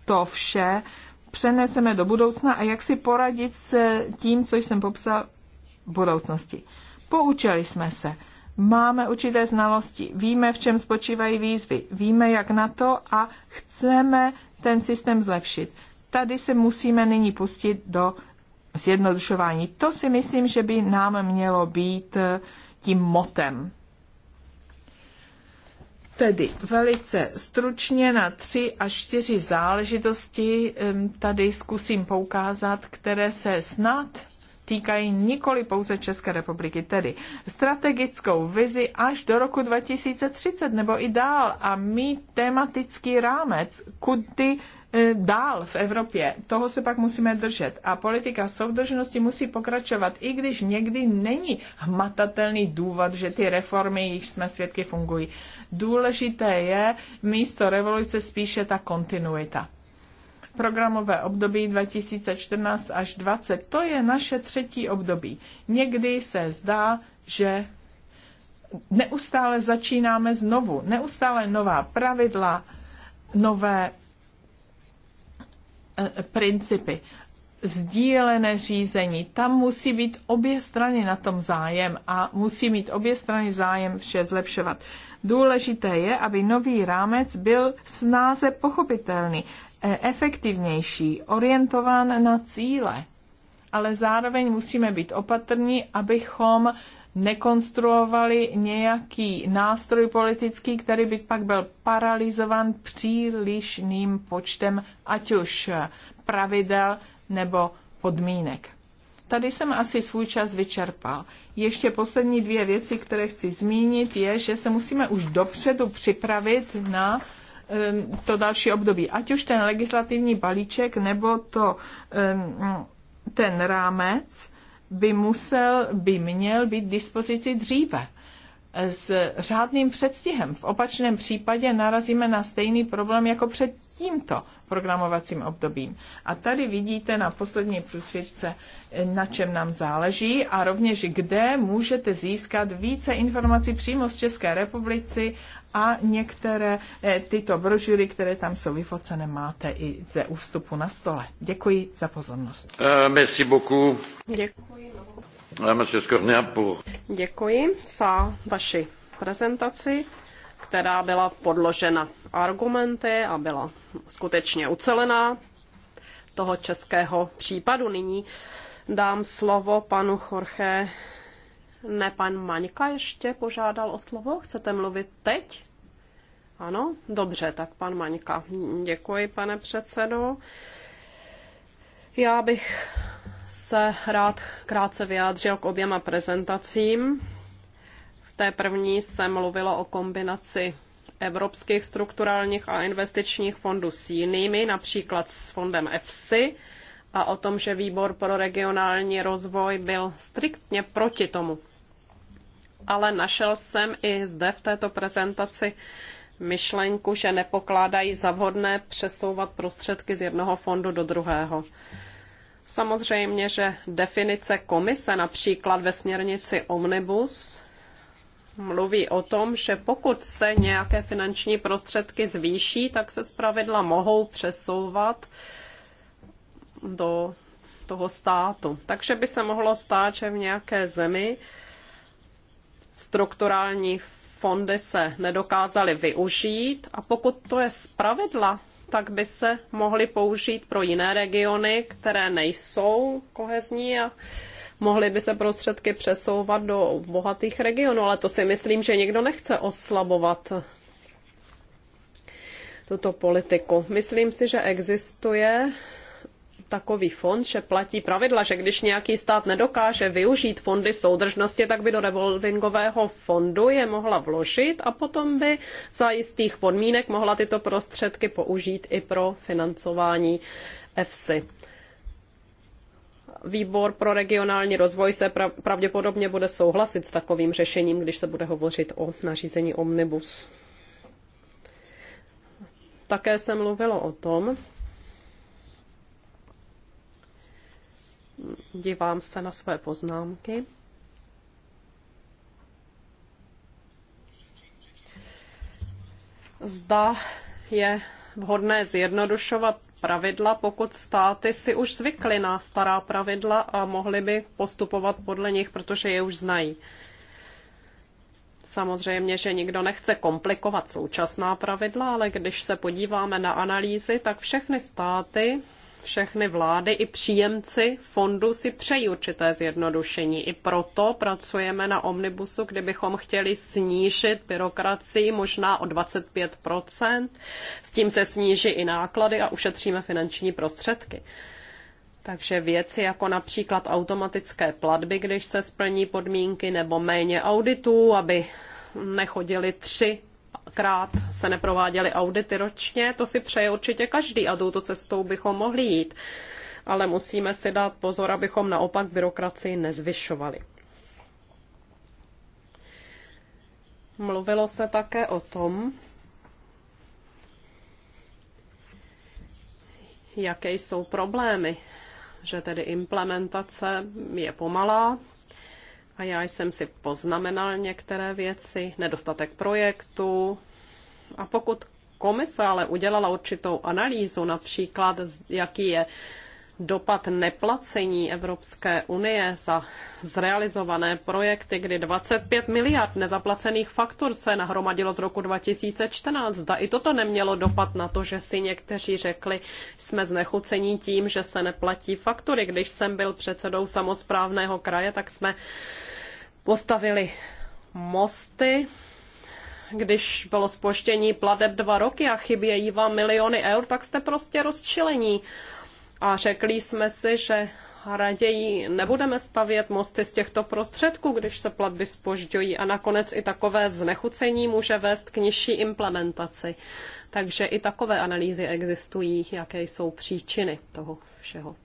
to vše přeneseme do budoucna a jak si poradit s tím, co jsem popsal v budoucnosti. Poučili jsme se. Máme určité znalosti, víme, v čem spočívají výzvy, víme, jak na to a chceme ten systém zlepšit. Tady se musíme nyní pustit do zjednodušování. To si myslím, že by nám mělo být eh, tím motem Tedy velice stručně na tři až čtyři záležitosti tady zkusím poukázat, které se snad týkají nikoli pouze České republiky, tedy strategickou vizi až do roku 2030 nebo i dál a mít tematický rámec, kudy e, dál v Evropě. Toho se pak musíme držet. A politika soudržnosti musí pokračovat, i když někdy není hmatatelný důvod, že ty reformy, jichž jsme svědky, fungují. Důležité je místo revoluce spíše ta kontinuita programové období 2014 až 2020. To je naše třetí období. Někdy se zdá, že neustále začínáme znovu. Neustále nová pravidla, nové eh, principy. Sdílené řízení, tam musí být obě strany na tom zájem a musí mít obě strany zájem vše zlepšovat. Důležité je, aby nový rámec byl snáze pochopitelný efektivnější, orientován na cíle. Ale zároveň musíme být opatrní, abychom nekonstruovali nějaký nástroj politický, který by pak byl paralizovan přílišným počtem ať už pravidel nebo podmínek. Tady jsem asi svůj čas vyčerpal. Ještě poslední dvě věci, které chci zmínit, je, že se musíme už dopředu připravit na Um, to další období. Ať už ten legislativní balíček nebo to, um, ten rámec by musel, by měl být k dispozici dříve s řádným předstihem. V opačném případě narazíme na stejný problém jako před tímto programovacím obdobím. A tady vidíte na poslední průsvědce, na čem nám záleží a rovněž kde můžete získat více informací přímo z České republiky a některé eh, tyto brožury, které tam jsou vyfocené, máte i ze ústupu na stole. Děkuji za pozornost. Uh, merci beaucoup. Děkuji. Eh, Děkuji za vaši prezentaci která byla podložena argumenty a byla skutečně ucelená toho českého případu. Nyní dám slovo panu Jorge. Ne, pan Maňka ještě požádal o slovo. Chcete mluvit teď? Ano, dobře, tak pan Maňka. Děkuji, pane předsedo. Já bych se rád krátce vyjádřil k oběma prezentacím té první se mluvilo o kombinaci evropských strukturálních a investičních fondů s jinými, například s fondem EFSI, a o tom, že výbor pro regionální rozvoj byl striktně proti tomu. Ale našel jsem i zde v této prezentaci myšlenku, že nepokládají za vhodné přesouvat prostředky z jednoho fondu do druhého. Samozřejmě, že definice komise například ve směrnici Omnibus mluví o tom, že pokud se nějaké finanční prostředky zvýší, tak se zpravidla mohou přesouvat do toho státu. Takže by se mohlo stát, že v nějaké zemi strukturální fondy se nedokázaly využít a pokud to je zpravidla, tak by se mohly použít pro jiné regiony, které nejsou kohezní a mohly by se prostředky přesouvat do bohatých regionů, ale to si myslím, že nikdo nechce oslabovat tuto politiku. Myslím si, že existuje takový fond, že platí pravidla, že když nějaký stát nedokáže využít fondy soudržnosti, tak by do revolvingového fondu je mohla vložit a potom by za jistých podmínek mohla tyto prostředky použít i pro financování EFSI výbor pro regionální rozvoj se pravděpodobně bude souhlasit s takovým řešením, když se bude hovořit o nařízení omnibus. Také se mluvilo o tom, dívám se na své poznámky, zda je vhodné zjednodušovat pravidla, pokud státy si už zvykly na stará pravidla a mohly by postupovat podle nich, protože je už znají. Samozřejmě, že nikdo nechce komplikovat současná pravidla, ale když se podíváme na analýzy, tak všechny státy všechny vlády i příjemci fondu si přejí určité zjednodušení. I proto pracujeme na omnibusu, kdybychom chtěli snížit byrokracii možná o 25%. S tím se sníží i náklady a ušetříme finanční prostředky. Takže věci jako například automatické platby, když se splní podmínky, nebo méně auditů, aby nechodili tři krát se neprováděly audity ročně, to si přeje určitě každý a touto cestou bychom mohli jít. Ale musíme si dát pozor, abychom naopak byrokracii nezvyšovali. Mluvilo se také o tom, jaké jsou problémy, že tedy implementace je pomalá, a já jsem si poznamenal některé věci, nedostatek projektu. A pokud komise ale udělala určitou analýzu, například jaký je dopad neplacení Evropské unie za zrealizované projekty, kdy 25 miliard nezaplacených faktur se nahromadilo z roku 2014. Zda i toto nemělo dopad na to, že si někteří řekli, jsme znechucení tím, že se neplatí faktury. Když jsem byl předsedou samozprávného kraje, tak jsme postavili mosty, když bylo spoštění plateb dva roky a chybějí vám miliony eur, tak jste prostě rozčilení. A řekli jsme si, že raději nebudeme stavět mosty z těchto prostředků, když se platby spožďují a nakonec i takové znechucení může vést k nižší implementaci. Takže i takové analýzy existují, jaké jsou příčiny toho všeho.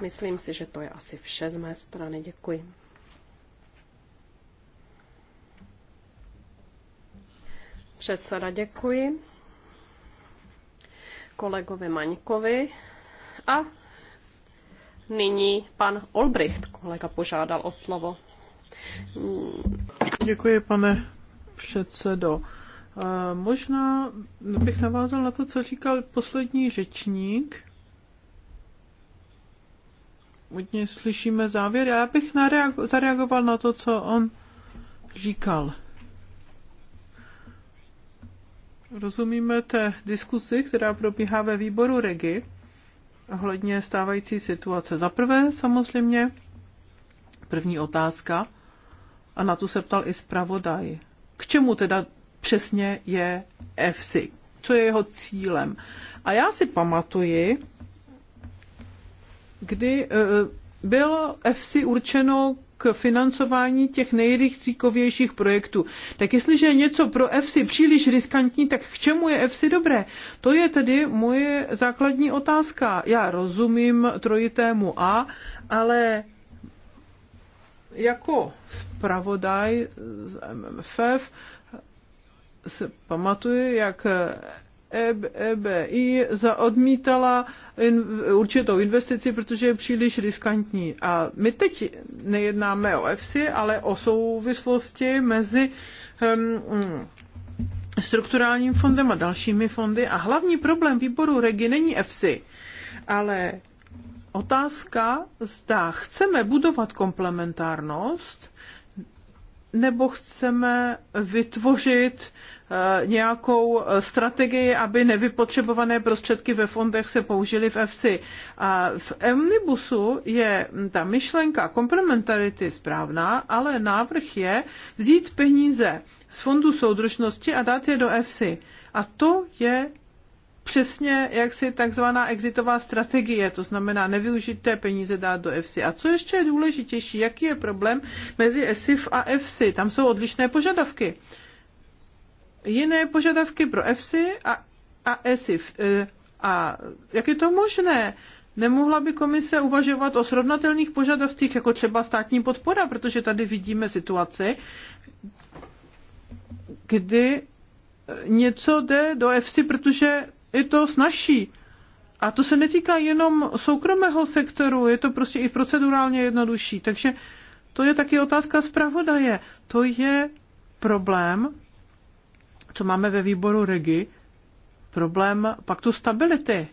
Myslím si, že to je asi vše z mé strany. Děkuji. Předseda, děkuji kolegovi Maňkovi a nyní pan Olbricht, kolega, požádal o slovo. Děkuji, pane předsedo. Eh, možná bych navázal na to, co říkal poslední řečník. Hodně slyšíme závěr. Já bych zareagoval na to, co on říkal. rozumíme té diskusi, která probíhá ve výboru REGI ohledně stávající situace. Za prvé samozřejmě první otázka, a na tu se ptal i zpravodaj. K čemu teda přesně je EFSI? Co je jeho cílem? A já si pamatuji, kdy eh, bylo EFSI určeno k financování těch nejrychcíkovějších projektů. Tak jestliže je něco pro EFSI příliš riskantní, tak k čemu je EFSI dobré? To je tedy moje základní otázka. Já rozumím trojitému A, ale jako zpravodaj z MMFF se pamatuju, jak EBI zaodmítala určitou investici, protože je příliš riskantní. A my teď nejednáme o EFSI, ale o souvislosti mezi strukturálním fondem a dalšími fondy. A hlavní problém výboru REGI není EFSI, ale otázka, zda chceme budovat komplementárnost, nebo chceme vytvořit Eh, nějakou eh, strategii, aby nevypotřebované prostředky ve fondech se použily v EFSI. A v Omnibusu je hm, ta myšlenka komplementarity správná, ale návrh je vzít peníze z fondu soudržnosti a dát je do EFSI. A to je přesně jaksi takzvaná exitová strategie, to znamená nevyužité peníze dát do EFSI. A co ještě je důležitější, jaký je problém mezi ESIF a EFSI? Tam jsou odlišné požadavky jiné požadavky pro EFSI a, a ESIF. Eh, a jak je to možné? Nemohla by komise uvažovat o srovnatelných požadavcích, jako třeba státní podpora, protože tady vidíme situaci, kdy eh, něco jde do EFSI, protože je to snažší. A to se netýká jenom soukromého sektoru, je to prostě i procedurálně jednodušší. Takže to je taky otázka zpravodaje. To je problém, co máme ve výboru REGI, problém paktu stability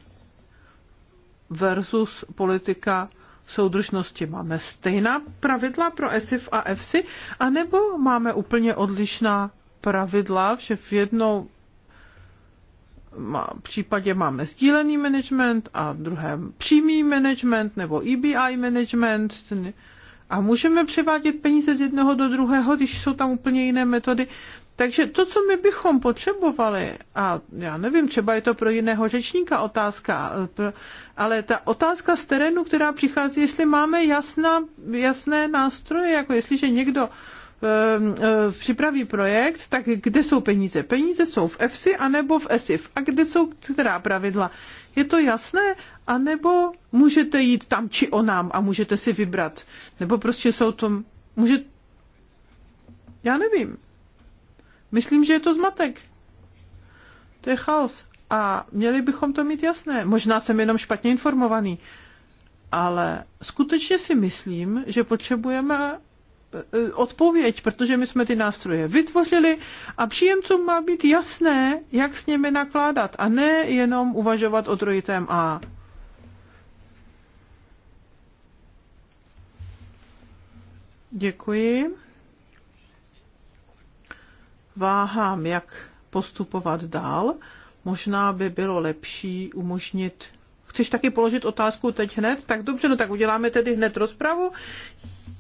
versus politika soudržnosti. Máme stejná pravidla pro ESIF a EFSI, anebo máme úplně odlišná pravidla, že v jednou má, případě máme sdílený management a v druhém přímý management nebo EBI management a můžeme převádět peníze z jednoho do druhého, když jsou tam úplně jiné metody. Takže to, co my bychom potřebovali, a já nevím, třeba je to pro jiného řečníka otázka, ale ta otázka z terénu, která přichází, jestli máme jasná, jasné nástroje, jako jestliže někdo ehm, ehm, připraví projekt, tak kde jsou peníze? Peníze jsou v EFSI anebo v ESIF. A kde jsou která pravidla? Je to jasné? A nebo můžete jít tam či onám a můžete si vybrat? Nebo prostě jsou to... Může... Já nevím. Myslím, že je to zmatek. To je chaos. A měli bychom to mít jasné. Možná jsem jenom špatně informovaný. Ale skutečně si myslím, že potřebujeme e, e, odpověď, protože my jsme ty nástroje vytvořili a příjemcům má být jasné, jak s nimi nakládat a ne jenom uvažovat o trojitém A. Děkuji váhám, jak postupovat dál. Možná by bylo lepší umožnit. Chceš taky položit otázku teď hned? Tak dobře, no tak uděláme tedy hned rozpravu.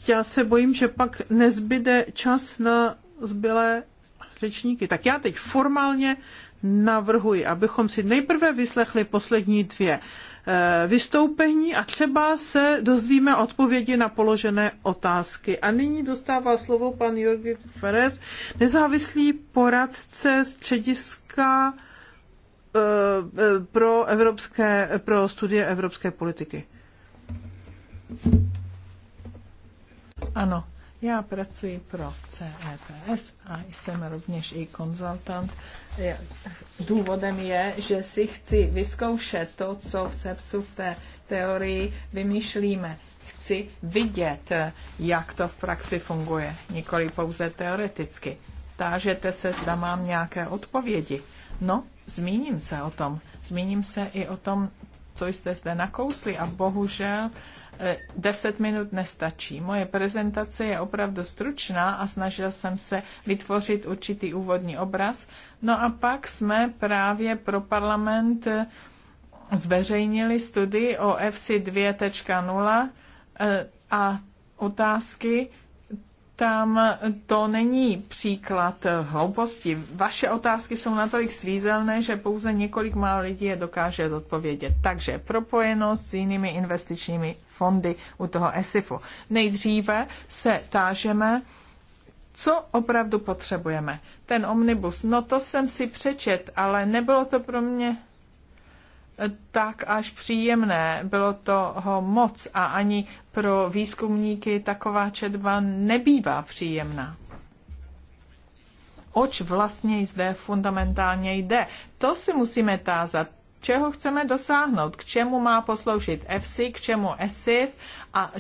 Já se bojím, že pak nezbyde čas na zbylé řečníky. Tak já teď formálně navrhuji, abychom si nejprve vyslechli poslední dvě eh, vystoupení a třeba se dozvíme odpovědi na položené otázky. A nyní dostává slovo pan Jorgi Ferez, nezávislý poradce střediska eh, eh, pro, evropské, pro studie evropské politiky. Ano, já pracuji pro CEPS a jsem rovněž i konzultant. Důvodem je, že si chci vyzkoušet to, co v CEPSu v té teorii vymýšlíme. Chci vidět, jak to v praxi funguje, nikoli pouze teoreticky. Tážete se, zda mám nějaké odpovědi. No, zmíním se o tom. Zmíním se i o tom, co jste zde nakousli a bohužel Eh, deset minut nestačí. Moje prezentace je opravdu stručná a snažil jsem se vytvořit určitý úvodní obraz. No a pak jsme právě pro parlament eh, zveřejnili studii o FC 2.0 eh, a otázky, tam to není příklad hlouposti. Vaše otázky jsou natolik svízelné, že pouze několik málo lidí je dokáže odpovědět. Takže propojenost s jinými investičními fondy u toho ESIFu. Nejdříve se tážeme, co opravdu potřebujeme. Ten omnibus, no to jsem si přečet, ale nebylo to pro mě tak až příjemné. Bylo toho moc a ani pro výzkumníky taková četba nebývá příjemná. Oč vlastně zde fundamentálně jde? To si musíme tázat. Čeho chceme dosáhnout? K čemu má posloužit EFSI, k čemu ESIF a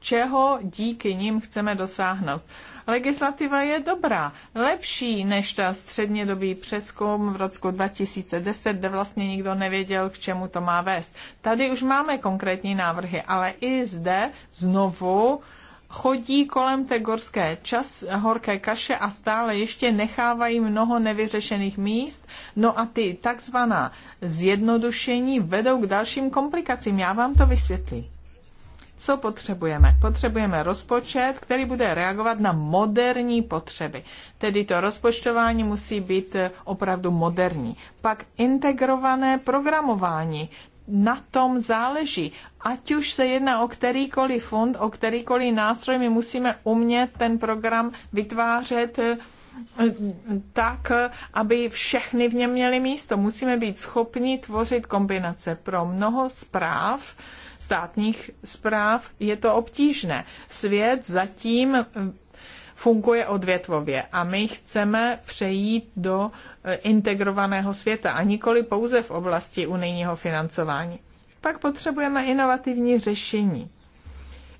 čeho díky nim chceme dosáhnout? Legislativa je dobrá, lepší než ta střednědobý přeskum v roce 2010, kde vlastně nikdo nevěděl, k čemu to má vést. Tady už máme konkrétní návrhy, ale i zde znovu chodí kolem té gorské čas, horké kaše a stále ještě nechávají mnoho nevyřešených míst. No a ty takzvaná zjednodušení vedou k dalším komplikacím. Já vám to vysvětlím. Co potřebujeme? Potřebujeme rozpočet, který bude reagovat na moderní potřeby. Tedy to rozpočtování musí být eh, opravdu moderní. Pak integrované programování na tom záleží. Ať už se jedná o kterýkoliv fond, o kterýkoliv nástroj, my musíme umět ten program vytvářet eh, tak, aby všechny v něm měly místo. Musíme být schopni tvořit kombinace pro mnoho zpráv, státních zpráv je to obtížné. Svět zatím eh, funguje odvětvově a my chceme přejít do eh, integrovaného světa a nikoli pouze v oblasti unijního financování. Pak potřebujeme inovativní řešení.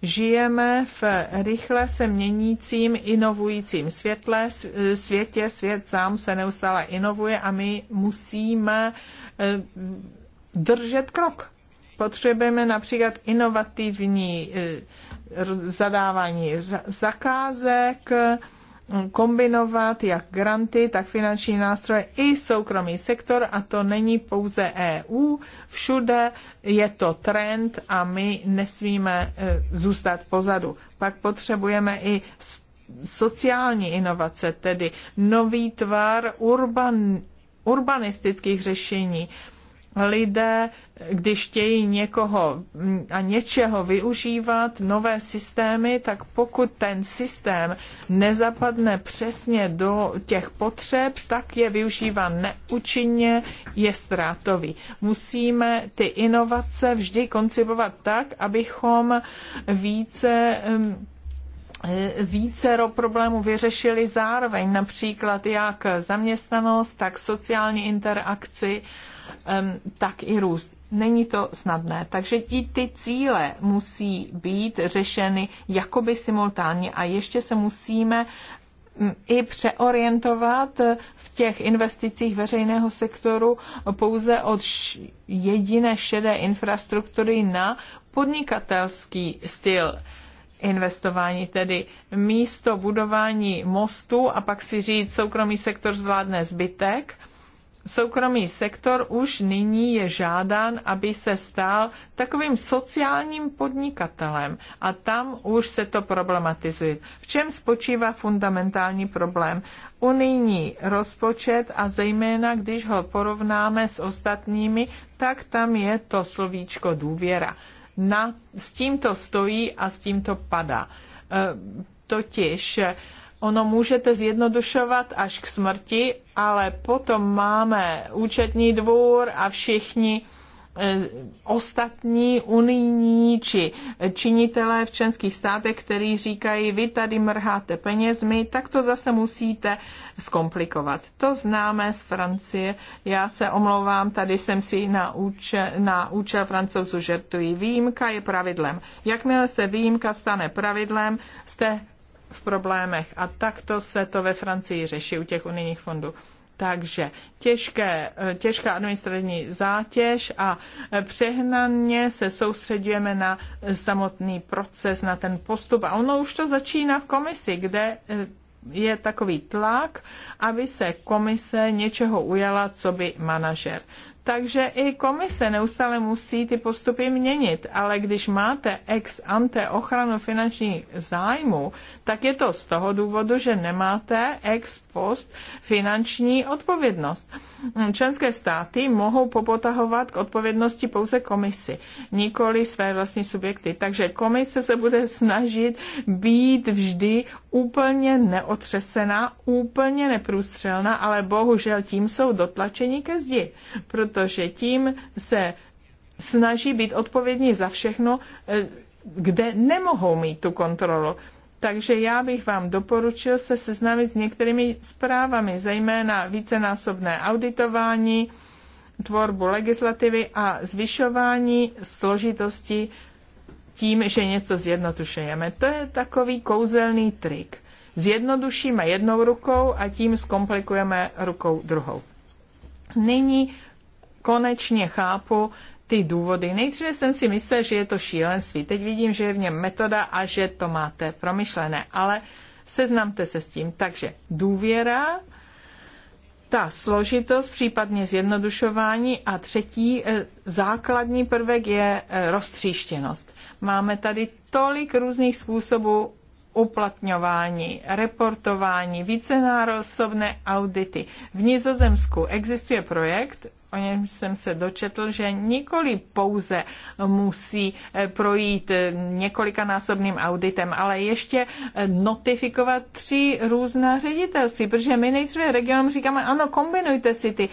Žijeme v rychle se měnícím, inovujícím světle, eh, světě, svět sám se neustále inovuje a my musíme držet krok Potřebujeme například inovativní eh, zadávání zakázek, mm, kombinovat jak granty, tak finanční nástroje i soukromý sektor a to není pouze EU. Všude je to trend a my nesmíme eh, zůstat pozadu. Pak potřebujeme i sociální inovace, tedy nový tvar urban, urbanistických řešení, lidé, když chtějí někoho a něčeho využívat, nové systémy, tak pokud ten systém nezapadne přesně do těch potřeb, tak je využívan neúčinně, je ztrátový. Musíme ty inovace vždy koncipovat tak, abychom více vícero problémů vyřešili zároveň, například jak zaměstnanost, tak sociální interakci Um, tak i růst. Není to snadné, takže i ty cíle musí být řešeny jakoby simultánně a ještě se musíme mm, i přeorientovat v těch investicích veřejného sektoru pouze od jediné šedé infrastruktury na podnikatelský styl investování, tedy místo budování mostu a pak si říct, soukromý sektor zvládne zbytek, soukromý sektor už nyní je žádán, aby se stal takovým sociálním podnikatelem a tam už se to problematizuje. V čem spočívá fundamentální problém? Unijní rozpočet a zejména, když ho porovnáme s ostatními, tak tam je to slovíčko důvěra. Na, s tím to stojí a s tím to padá. E, totiž Ono můžete zjednodušovat až k smrti, ale potom máme účetní dvůr a všichni e, ostatní unijní či činitelé v členských státech, kteří říkají, vy tady mrháte penězmi, tak to zase musíte zkomplikovat. To známe z Francie. Já se omlouvám, tady jsem si na, úče, na účel francouzů žertují. Výjimka je pravidlem. Jakmile se výjimka stane pravidlem, jste v problémech. A takto se to ve Francii řeší u těch unijních fondů. Takže těžké, eh, těžká administrativní zátěž a eh, přehnaně se soustředujeme na eh, samotný proces, na ten postup. A ono už to začíná v komisi, kde je takový tlak, aby se komise něčeho ujala, co by manažer. Takže i komise neustále musí ty postupy měnit, ale když máte ex ante ochranu finančních zájmů, tak je to z toho důvodu, že nemáte ex post finanční odpovědnost členské státy mohou popotahovat k odpovědnosti pouze komisi, nikoli své vlastní subjekty. Takže komise se bude snažit být vždy úplně neotřesená, úplně neprůstřelná, ale bohužel tím jsou dotlačení ke zdi, protože tím se snaží být odpovědní za všechno, eh, kde nemohou mít tu kontrolu. Takže já bych vám doporučil se seznámit s některými zprávami, zejména vícenásobné auditování, tvorbu legislativy a zvyšování složitosti tím, že něco zjednodušujeme. To je takový kouzelný trik. Zjednodušíme jednou rukou a tím zkomplikujeme rukou druhou. Nyní konečně chápu, ty důvody. Nejdříve jsem si myslel, že je to šílenství. Teď vidím, že je v něm metoda a že to máte promyšlené, ale seznamte se s tím. Takže důvěra, ta složitost, případně zjednodušování a třetí eh, základní prvek je eh, roztříštěnost. Máme tady tolik různých způsobů uplatňování, reportování, vícenárosobné audity. V Nizozemsku existuje projekt, o něm jsem se dočetl, že nikoli pouze musí eh, projít eh, několikanásobným auditem, ale ještě eh, notifikovat tři různá ředitelství, protože my nejdříve regionům říkáme, ano, kombinujte si ty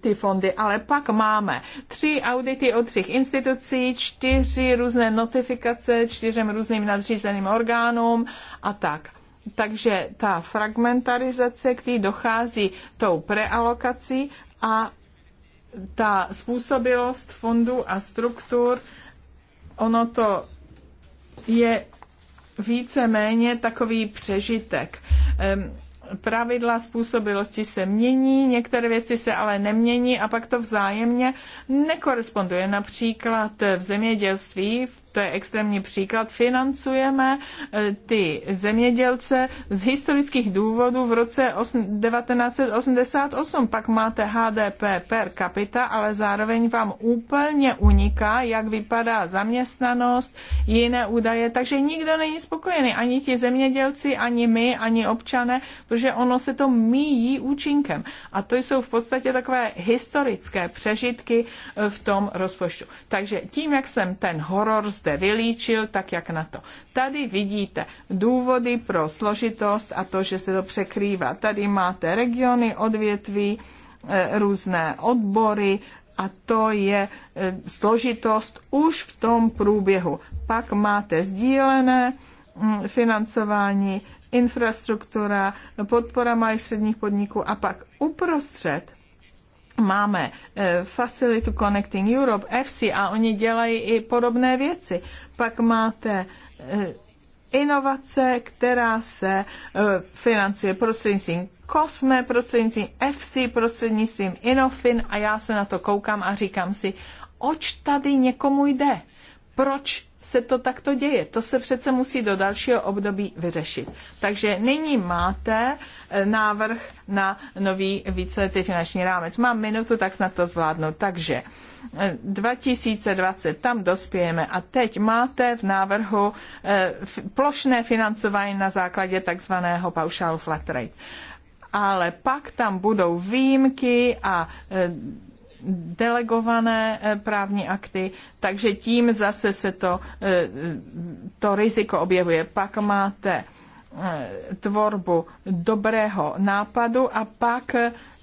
ty fondy, ale pak máme tři audity od třech institucí, čtyři různé notifikace čtyřem různým nadřízeným orgánům a tak. Takže ta fragmentarizace, který dochází tou prealokací a ta způsobilost fondů a struktur, ono to je více-méně takový přežitek. Pravidla způsobilosti se mění, některé věci se ale nemění a pak to vzájemně nekoresponduje. Například v zemědělství v to je extrémní příklad, financujeme eh, ty zemědělce z historických důvodů v roce 1988. Pak máte HDP per capita, ale zároveň vám úplně uniká, jak vypadá zaměstnanost, jiné údaje, takže nikdo není spokojený, ani ti zemědělci, ani my, ani občané, protože ono se to míjí účinkem. A to jsou v podstatě takové historické přežitky eh, v tom rozpočtu. Takže tím, jak jsem ten horor jste vylíčil, tak jak na to. Tady vidíte důvody pro složitost a to, že se to překrývá. Tady máte regiony, odvětví, eh, různé odbory, a to je eh, složitost už v tom průběhu. Pak máte sdílené mm, financování, infrastruktura, podpora malých středních podniků a pak uprostřed máme eh, facilitu Connecting Europe, FC a oni dělají i podobné věci. Pak máte eh, inovace, která se eh, financuje prostřednictvím COSME, prostřednictvím FC, prostřednictvím INOFIN a já se na to koukám a říkám si, oč tady někomu jde? Proč se to takto děje. To se přece musí do dalšího období vyřešit. Takže nyní máte eh, návrh na nový víceletý finanční rámec. Mám minutu, tak snad to zvládnu. Takže 2020, eh, tam dospějeme a teď máte v návrhu eh, plošné financování na základě takzvaného paušálu flat rate. Ale pak tam budou výjimky a delegované eh, právní akty, takže tím zase se to, eh, to riziko objevuje. Pak máte eh, tvorbu dobrého nápadu a pak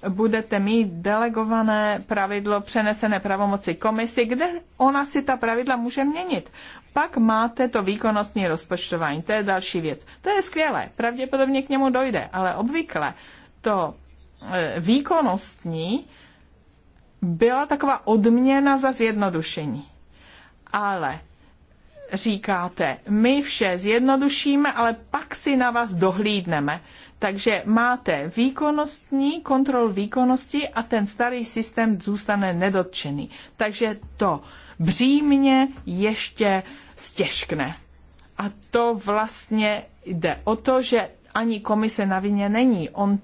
budete mít delegované pravidlo přenesené pravomoci komisi, kde ona si ta pravidla může měnit. Pak máte to výkonnostní rozpočtování, to je další věc. To je skvělé, pravděpodobně k němu dojde, ale obvykle to výkonnostní byla taková odměna za zjednodušení. Ale říkáte, my vše zjednodušíme, ale pak si na vás dohlídneme. Takže máte výkonnostní kontrol výkonnosti a ten starý systém zůstane nedotčený. Takže to břímně ještě stěžkne. A to vlastně jde o to, že ani komise na vině není. On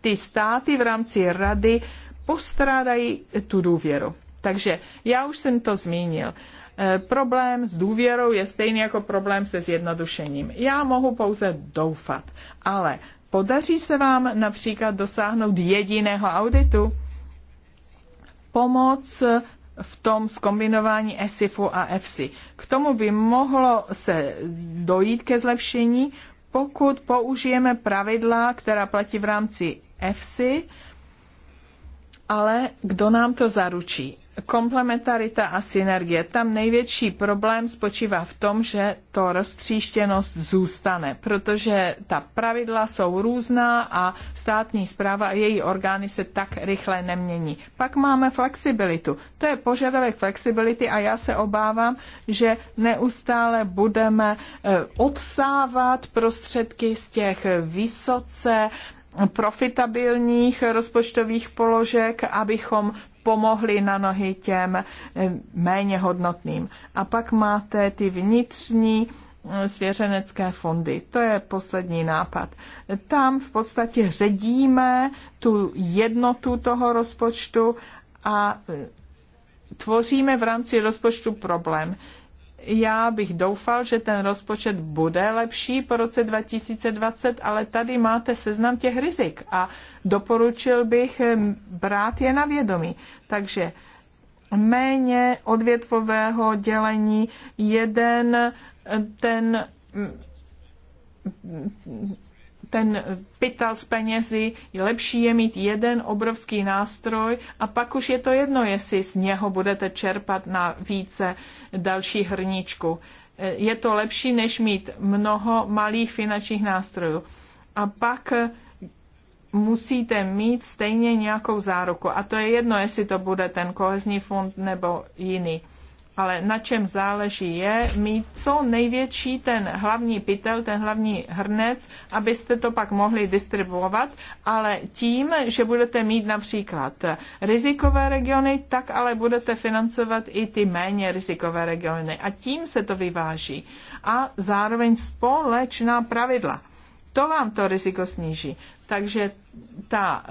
ty státy v rámci rady postrádají tu důvěru. Takže já už jsem to zmínil. Eh, problém s důvěrou je stejný jako problém se zjednodušením. Já mohu pouze doufat, ale podaří se vám například dosáhnout jediného auditu? Pomoc v tom skombinování ESIFu a EFSI. K tomu by mohlo se dojít ke zlepšení, pokud použijeme pravidla, která platí v rámci EFSI, ale kdo nám to zaručí? Komplementarita a synergie. Tam největší problém spočívá v tom, že to roztříštěnost zůstane, protože ta pravidla jsou různá a státní zpráva a její orgány se tak rychle nemění. Pak máme flexibilitu. To je požadavek flexibility a já se obávám, že neustále budeme eh, odsávat prostředky z těch vysoce profitabilních rozpočtových položek, abychom pomohli na nohy těm eh, méně hodnotným. A pak máte ty vnitřní eh, svěřenecké fondy. To je poslední nápad. Tam v podstatě ředíme tu jednotu toho rozpočtu a eh, tvoříme v rámci rozpočtu problém já bych doufal, že ten rozpočet bude lepší po roce 2020, ale tady máte seznam těch rizik a doporučil bych brát je na vědomí. Takže méně odvětvového dělení, jeden eh, ten mm, ten pytel s penězi, je lepší je mít jeden obrovský nástroj a pak už je to jedno, jestli z něho budete čerpat na více další hrničku. Je to lepší, než mít mnoho malých finančních nástrojů. A pak musíte mít stejně nějakou záruku. A to je jedno, jestli to bude ten kohezní fond nebo jiný ale na čem záleží je mít co největší ten hlavní pytel, ten hlavní hrnec, abyste to pak mohli distribuovat, ale tím, že budete mít například rizikové regiony, tak ale budete financovat i ty méně rizikové regiony a tím se to vyváží. A zároveň společná pravidla. To vám to riziko sníží. Takže ta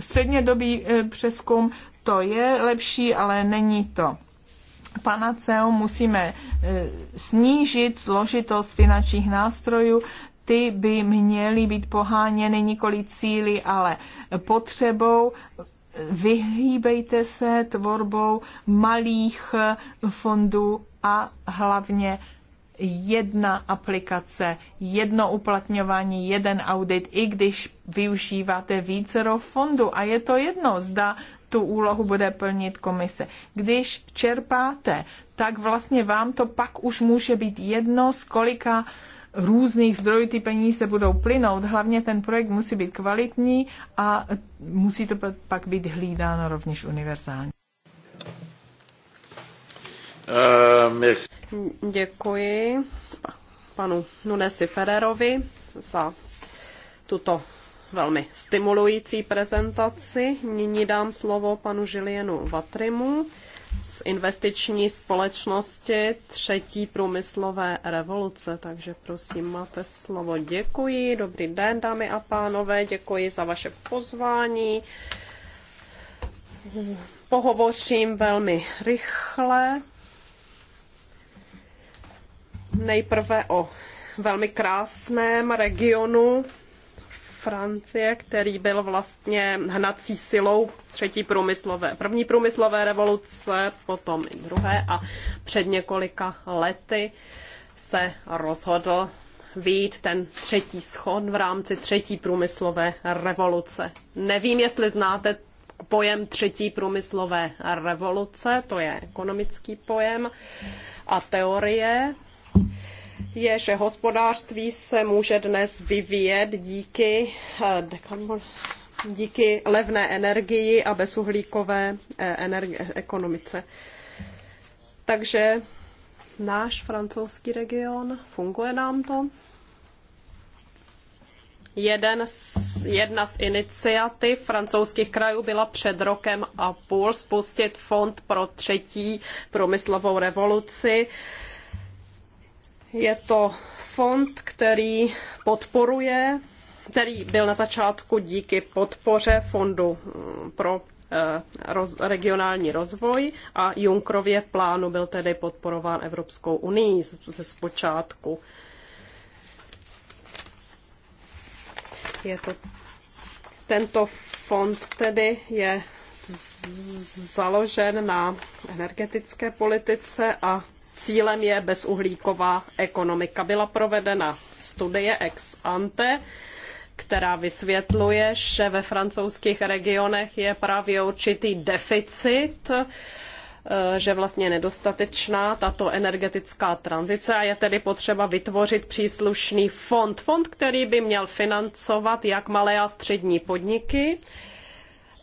střednědobý eh, přeskum, to je lepší, ale není to panaceum, musíme e, snížit složitost finančních nástrojů, ty by měly být poháněny nikoli cíly, ale potřebou. Vyhýbejte se tvorbou malých fondů a hlavně jedna aplikace, jedno uplatňování, jeden audit, i když využíváte vícero fondů. A je to jedno, zda tu úlohu bude plnit komise. Když čerpáte, tak vlastně vám to pak už může být jedno, z kolika různých zdrojů ty peníze budou plynout. Hlavně ten projekt musí být kvalitní a musí to pak být hlídáno rovněž univerzálně. Ehm, Děkuji panu Nunesi Federovi za tuto velmi stimulující prezentaci. Nyní dám slovo panu Žilienu Vatrimu z investiční společnosti třetí průmyslové revoluce. Takže prosím, máte slovo. Děkuji. Dobrý den, dámy a pánové. Děkuji za vaše pozvání. Pohovořím velmi rychle. Nejprve o velmi krásném regionu Francie, který byl vlastně hnací silou třetí průmyslové, první průmyslové revoluce, potom i druhé a před několika lety se rozhodl výjít ten třetí schod v rámci třetí průmyslové revoluce. Nevím, jestli znáte pojem třetí průmyslové revoluce, to je ekonomický pojem a teorie je, že hospodářství se může dnes vyvíjet díky, eh, díky levné energii a bezuhlíkové eh, ekonomice. Takže náš francouzský region, funguje nám to? Jeden z, jedna z iniciativ francouzských krajů byla před rokem a půl spustit fond pro třetí průmyslovou revoluci. Uh, je to fond, který podporuje, který byl na začátku díky podpoře Fondu mm, pro eh, roz, regionální rozvoj a Junkrově plánu byl tedy podporován Evropskou unii ze zpočátku. Je to, tento fond tedy je založen na energetické politice a Cílem je bezuhlíková ekonomika. Byla provedena studie ex ante, která vysvětluje, že ve francouzských regionech je právě určitý deficit eh, že vlastně nedostatečná tato energetická tranzice a je tedy potřeba vytvořit příslušný fond. Fond, který by měl financovat jak malé a střední podniky,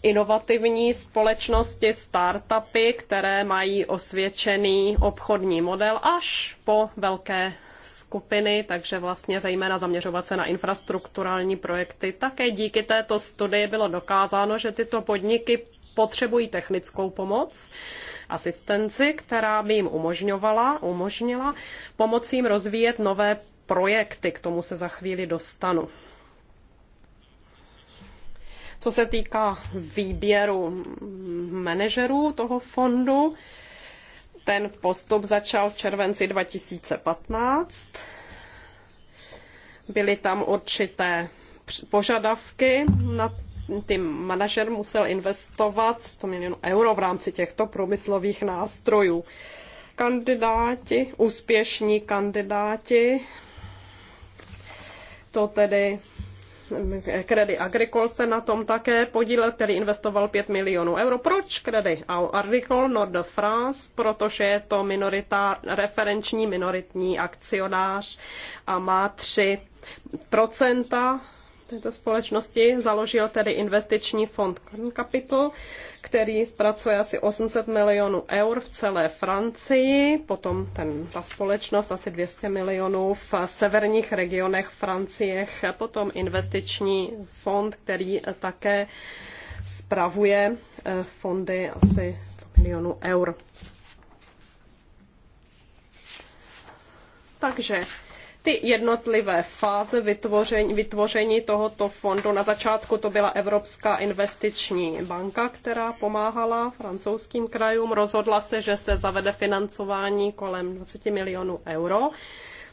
inovativní společnosti, startupy, které mají osvědčený obchodní model až po velké skupiny, takže vlastně zejména zaměřovat se na infrastrukturální projekty. Také díky této studii bylo dokázáno, že tyto podniky potřebují technickou pomoc, asistenci, která by jim umožňovala, umožnila pomoci jim rozvíjet nové projekty. K tomu se za chvíli dostanu. Co se týká výběru manažerů toho fondu, ten postup začal v červenci 2015. Byly tam určité požadavky na ty manažer musel investovat 100 milionů euro v rámci těchto průmyslových nástrojů. Kandidáti, úspěšní kandidáti, to tedy Kredy Agricole se na tom také podílel, který investoval 5 milionů euro. Proč Kredy Agricole Nord de France? Protože je to minoritár, referenční minoritní akcionář a má 3 procenta této společnosti založil tedy investiční fond Capital, který zpracuje asi 800 milionů eur v celé Francii, potom ten, ta společnost asi 200 milionů v severních regionech Francie, potom investiční fond, který také spravuje eh, fondy asi 100 milionů eur. Takže ty jednotlivé fáze vytvoření, vytvoření tohoto fondu. Na začátku to byla Evropská investiční banka, která pomáhala francouzským krajům. Rozhodla se, že se zavede financování kolem 20 milionů euro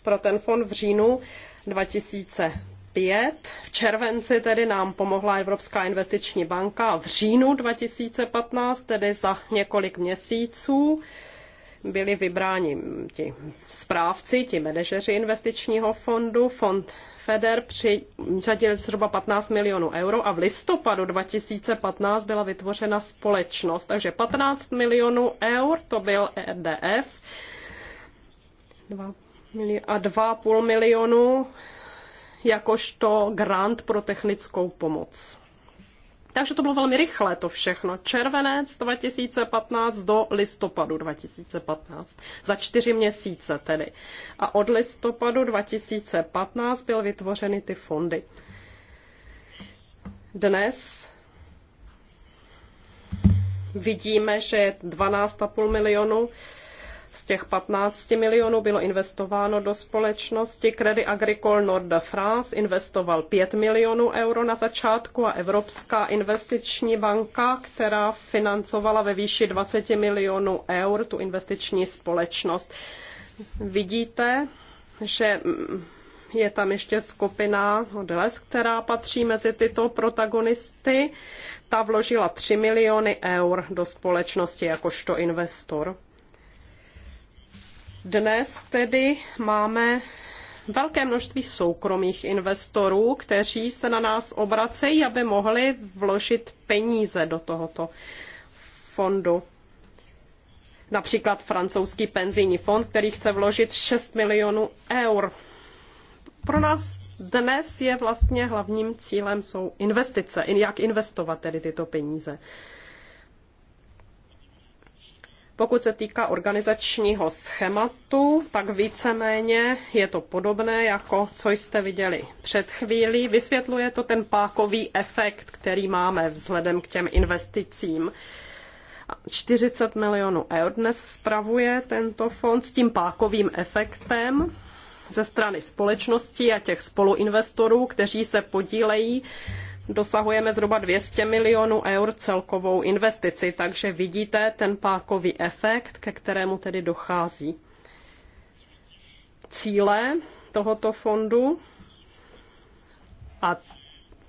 pro ten fond v říjnu 2005. V červenci tedy nám pomohla Evropská investiční banka v říjnu 2015, tedy za několik měsíců byli vybráni ti správci, ti manažeři investičního fondu. Fond FEDER přiřadil zhruba 15 milionů euro a v listopadu 2015 byla vytvořena společnost. Takže 15 milionů eur to byl EDF a 2,5 milionu jakožto grant pro technickou pomoc. Takže to bylo velmi rychle to všechno. Červenec 2015 do listopadu 2015. Za čtyři měsíce tedy. A od listopadu 2015 byly vytvořeny ty fondy. Dnes vidíme, že je 12,5 milionů z těch 15 milionů bylo investováno do společnosti. Credit Agricole Nord de France investoval 5 milionů euro na začátku a Evropská investiční banka, která financovala ve výši 20 milionů eur tu investiční společnost. Vidíte, že je tam ještě skupina Odeles, která patří mezi tyto protagonisty. Ta vložila 3 miliony eur do společnosti jakožto investor. Dnes tedy máme velké množství soukromých investorů, kteří se na nás obracejí, aby mohli vložit peníze do tohoto fondu. Například francouzský penzijní fond, který chce vložit 6 milionů eur. Pro nás dnes je vlastně hlavním cílem jsou investice, jak investovat tedy tyto peníze. Pokud se týká organizačního schématu, tak víceméně je to podobné, jako co jste viděli před chvílí. Vysvětluje to ten pákový efekt, který máme vzhledem k těm investicím. 40 milionů eur dnes spravuje tento fond s tím pákovým efektem ze strany společnosti a těch spoluinvestorů, kteří se podílejí dosahujeme zhruba 200 milionů eur celkovou investici, takže vidíte ten pákový efekt, ke kterému tedy dochází. Cíle tohoto fondu a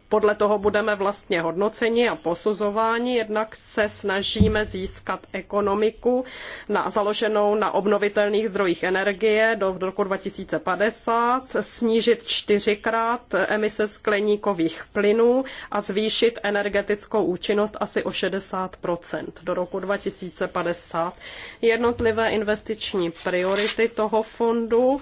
podle toho budeme vlastně hodnoceni a posuzováni. Jednak se snažíme získat ekonomiku na, založenou na obnovitelných zdrojích energie do, do roku 2050, snížit čtyřikrát emise skleníkových plynů a zvýšit energetickou účinnost asi o 60 do roku 2050. Jednotlivé investiční priority toho fondu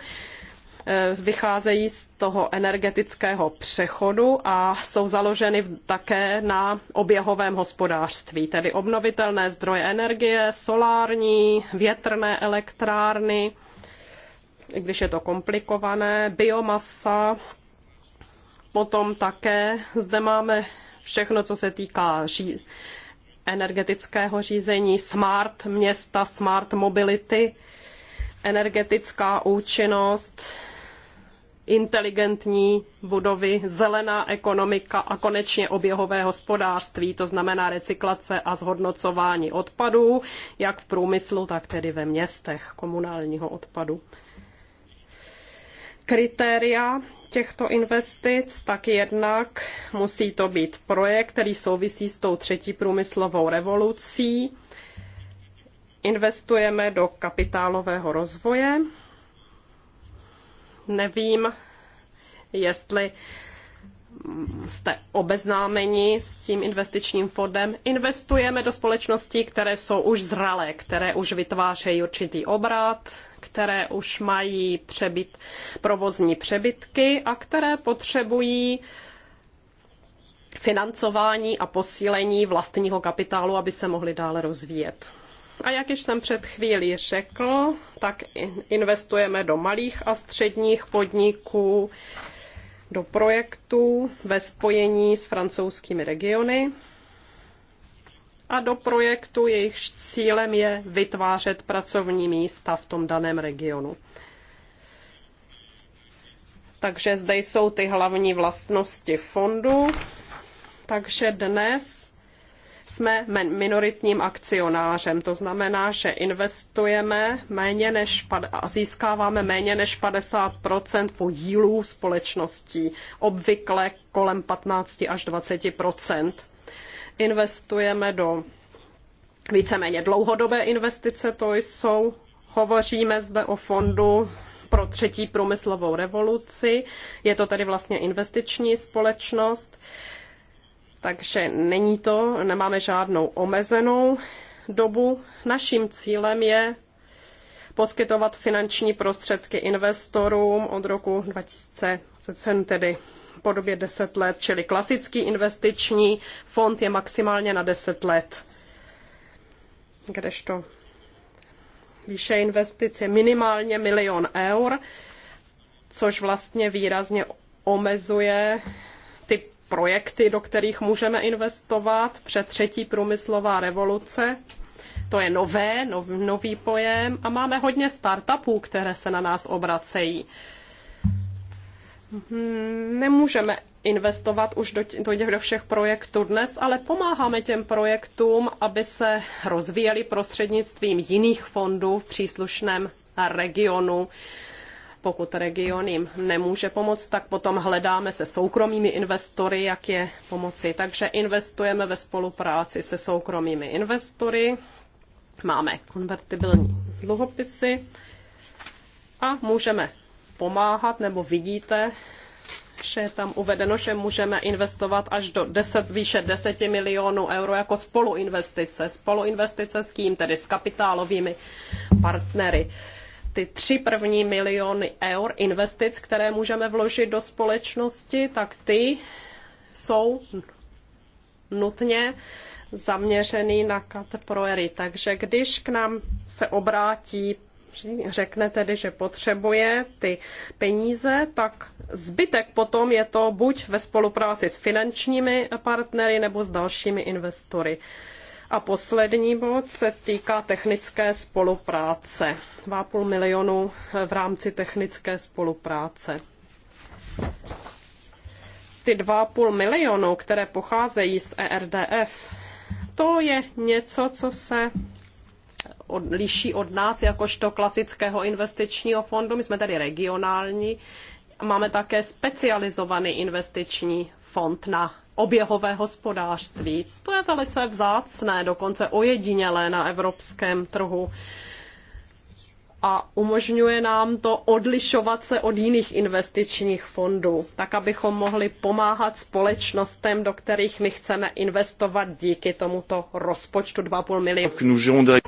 Eh, vycházejí z toho energetického přechodu a jsou založeny také na oběhovém hospodářství, tedy obnovitelné zdroje energie, solární, větrné elektrárny, i když je to komplikované, biomasa, potom také zde máme všechno, co se týká ří- energetického řízení, smart města, smart mobility, energetická účinnost, inteligentní budovy, zelená ekonomika a konečně oběhové hospodářství, to znamená recyklace a zhodnocování odpadů, jak v průmyslu, tak tedy ve městech komunálního odpadu. Kritéria těchto investic, tak jednak musí to být projekt, který souvisí s tou třetí průmyslovou revolucí. Investujeme do kapitálového rozvoje, Nevím, jestli jste obeznámeni s tím investičním fondem. Investujeme do společností, které jsou už zralé, které už vytvářejí určitý obrat, které už mají přebyt, provozní přebytky a které potřebují financování a posílení vlastního kapitálu, aby se mohly dále rozvíjet. A jak již jsem před chvílí řekl, tak investujeme do malých a středních podniků, do projektů ve spojení s francouzskými regiony a do projektu, jejichž cílem je vytvářet pracovní místa v tom daném regionu. Takže zde jsou ty hlavní vlastnosti fondu. Takže dnes jsme minoritním akcionářem. To znamená, že investujeme méně než, a získáváme méně než 50 podílů společností, obvykle kolem 15 až 20 Investujeme do víceméně dlouhodobé investice, to jsou, hovoříme zde o fondu pro třetí průmyslovou revoluci. Je to tedy vlastně investiční společnost. Uh, takže není to, nemáme žádnou omezenou dobu. Naším cílem je poskytovat finanční prostředky investorům od roku 2000, tedy v podobě 10 let, čili klasický investiční fond je maximálně na 10 let. Kdežto výše investice? je minimálně milion eur, což vlastně výrazně omezuje projekty, do kterých můžeme investovat před třetí průmyslová revoluce. To je nové, nov, nový pojem a máme hodně startupů, které se na nás obracejí. Hmm, nemůžeme investovat už do, do, do všech projektů dnes, ale pomáháme těm projektům, aby se rozvíjeli prostřednictvím jiných fondů v příslušném regionu pokud region jim nemůže pomoct, tak potom hledáme se soukromými investory, jak je pomoci. Takže investujeme ve spolupráci se soukromými investory. Máme konvertibilní dluhopisy a můžeme pomáhat, nebo vidíte, že je tam uvedeno, že můžeme investovat až do 10, výše 10 milionů euro jako spoluinvestice. Spoluinvestice s kým? Tedy s kapitálovými partnery ty tři první miliony eur investic, které můžeme vložit do společnosti, tak ty jsou nutně zaměřený na kategorii. Takže když k nám se obrátí, řekne tedy, že potřebuje ty peníze, tak zbytek potom je to buď ve spolupráci s finančními partnery nebo s dalšími investory. A poslední bod se týká technické spolupráce. 2,5 milionu v rámci technické spolupráce ty 2,5 milionu, které pocházejí z ERDF, to je něco, co se od, liší od nás jakožto klasického investičního fondu. My jsme tady regionální. Máme také specializovaný investiční fond na oběhové hospodářství. To je velice vzácné, dokonce ojedinělé na evropském trhu a umožňuje nám to odlišovat se od jiných investičních fondů, tak abychom mohli pomáhat společnostem, do kterých my chceme investovat díky tomuto rozpočtu 2,5 milionů.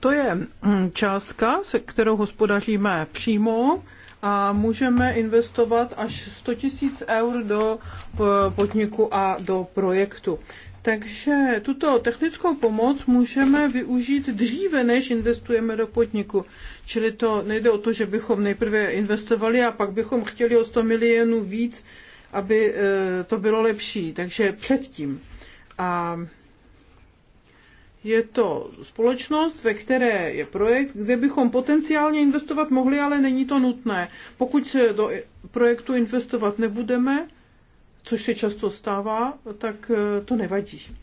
To je mm, částka, se kterou hospodaříme přímo a můžeme investovat až 100 000 eur do eh, podniku a do projektu. Takže tuto technickou pomoc můžeme využít dříve, než investujeme do podniku. Čili to nejde o to, že bychom nejprve investovali a pak bychom chtěli o 100 milionů víc, aby eh, to bylo lepší. Takže předtím. A je to společnost, ve které je projekt, kde bychom potenciálně investovat mohli, ale není to nutné. Pokud se do projektu investovat nebudeme, což se často stává, tak eh, to nevadí.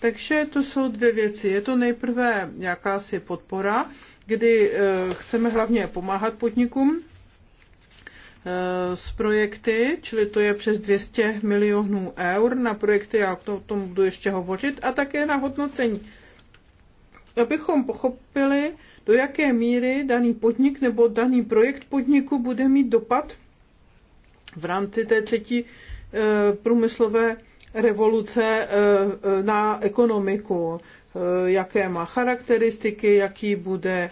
Takže to jsou dvě věci. Je to nejprve jakási podpora, kdy eh, chceme hlavně pomáhat podnikům, s eh, projekty, čili to je přes 200 milionů eur na projekty, já o tom budu ještě hovořit, a také na hodnocení. Abychom pochopili, do jaké míry daný podnik nebo daný projekt podniku bude mít dopad v rámci té třetí eh, průmyslové revoluce eh, na ekonomiku, jaké má charakteristiky, jaký bude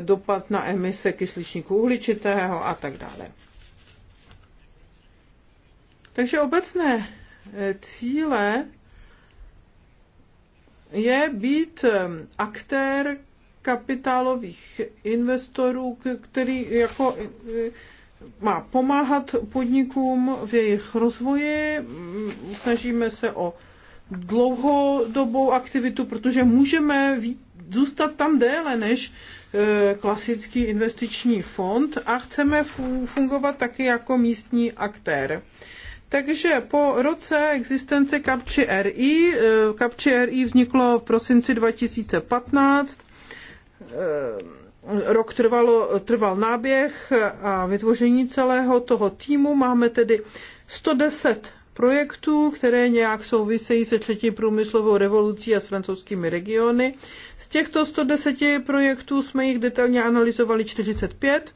dopad na emise kysličníku uhličitého a tak dále. Takže obecné eh, cíle je být eh, aktér kapitálových investorů, který jako eh, má pomáhat podnikům v jejich rozvoji. Mm, snažíme se o dlouhodobou aktivitu, protože můžeme zůstat tam déle než klasický investiční fond a chceme fungovat taky jako místní aktér. Takže po roce existence Kapči RI, Kapči RI vzniklo v prosinci 2015, eh, rok trvalo, trval náběh a vytvoření celého toho týmu. Máme tedy 110 projektů, které nějak souvisejí se třetí průmyslovou revolucí a s francouzskými regiony. Z těchto 110 projektů jsme jich detailně analyzovali 45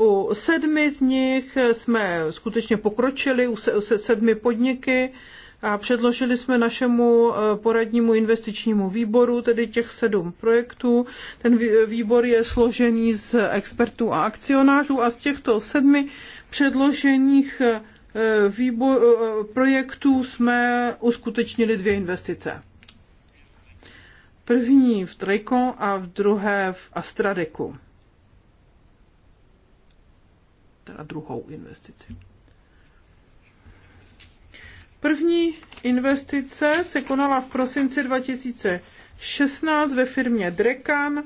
U sedmi z nich jsme skutečně pokročili, u sedmi podniky a předložili jsme našemu e, poradnímu investičnímu výboru, tedy těch sedm projektů. Ten výbor je složený z expertů a akcionářů a z těchto sedmi předložených e, výbor, e, projektů jsme uskutečnili dvě investice. První v Tricon a v druhé v Astradeku teda druhou investici. První investice se konala v prosinci 2016 ve firmě Drekan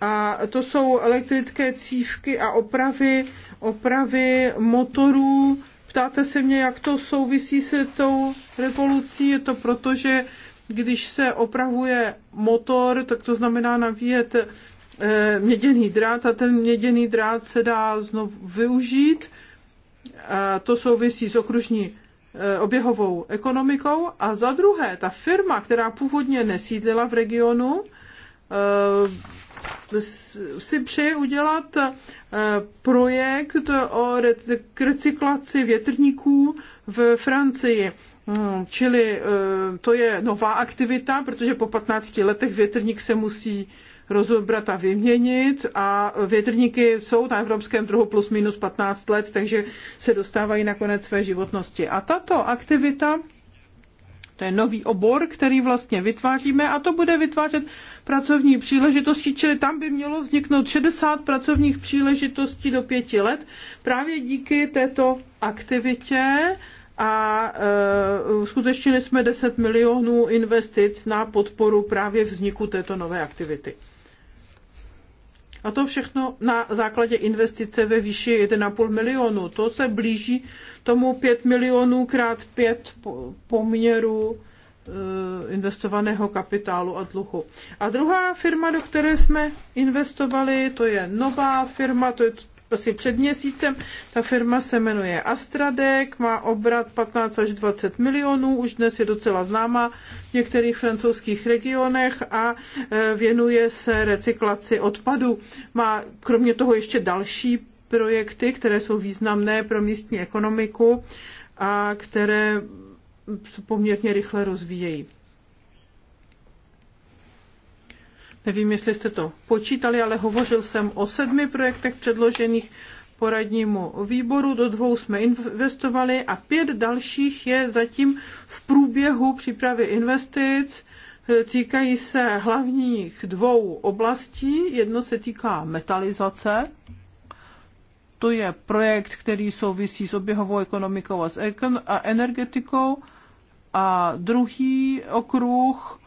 a to jsou elektrické cívky a opravy, opravy motorů. Ptáte se mě, jak to souvisí se tou revolucí? Je to proto, že když se opravuje motor, tak to znamená navíjet Eh, měděný drát a ten měděný drát se dá znovu využít. A to souvisí s okružní eh, oběhovou ekonomikou. A za druhé, ta firma, která původně nesídlila v regionu, eh, si přeje udělat projekt o recyklaci větrníků v Francii. Hmm, čili to je nová aktivita, protože po 15 letech větrník se musí rozobrat a vyměnit a větrníky jsou na evropském trhu plus minus 15 let, takže se dostávají na konec své životnosti. A tato aktivita to je nový obor, který vlastně vytváříme a to bude vytvářet pracovní příležitosti, čili tam by mělo vzniknout 60 pracovních příležitostí do pěti let právě díky této aktivitě a e, skutečně jsme 10 milionů investic na podporu právě vzniku této nové aktivity. A to všechno na základě investice ve výši 1,5 milionu. To se blíží tomu 5 milionů krát 5 poměru eh, investovaného kapitálu a dluhu. A druhá firma, do které jsme investovali, to je nová firma, to je asi před měsícem. Ta firma se jmenuje Astradek, má obrat 15 až 20 milionů, už dnes je docela známa v některých francouzských regionech a e, věnuje se recyklaci odpadu. Má kromě toho ještě další projekty, které jsou významné pro místní ekonomiku a které poměrně rychle rozvíjejí. Nevím, jestli jste to počítali, ale hovořil jsem o sedmi projektech předložených poradnímu výboru. Do dvou jsme investovali a pět dalších je zatím v průběhu přípravy investic. Týkají se hlavních dvou oblastí. Jedno se týká metalizace. To je projekt, který souvisí s oběhovou ekonomikou a s energetikou. A druhý okruh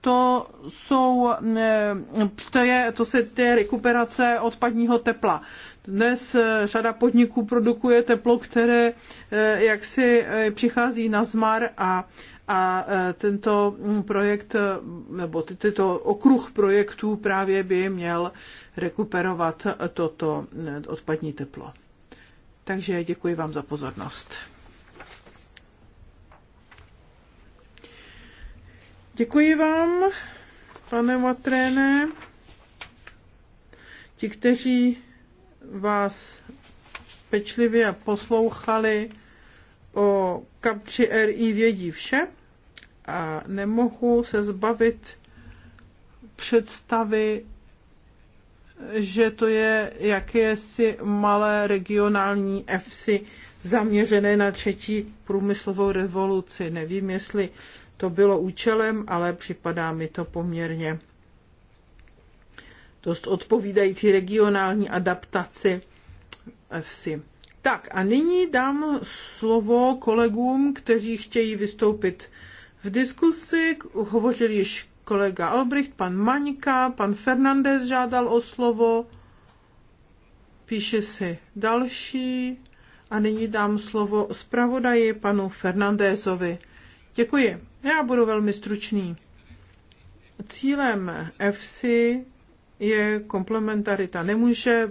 to jsou, eh, to, je, to se té rekuperace odpadního tepla. Dnes eh, řada podniků produkuje teplo, které eh, jaksi přichází na zmar a, a tento projekt, nebo tyto okruh projektů právě by měl rekuperovat toto odpadní teplo. Takže děkuji vám za pozornost. Děkuji vám, pane Matréne. Ti, kteří vás pečlivě poslouchali o kapči RI vědí vše a nemohu se zbavit představy, že to je jakési malé regionální FC zaměřené na třetí průmyslovou revoluci. Nevím, jestli to bylo účelem, ale připadá mi to poměrně dost odpovídající regionální adaptaci FC. Tak a nyní dám slovo kolegům, kteří chtějí vystoupit v diskusi. Hovořil již kolega Albrecht, pan Maňka, pan Fernandez žádal o slovo. Píše si další. A nyní dám slovo zpravodaji panu Fernandézovi. Děkuji. Já budu velmi stručný. Cílem EFSI je komplementarita. Nemůže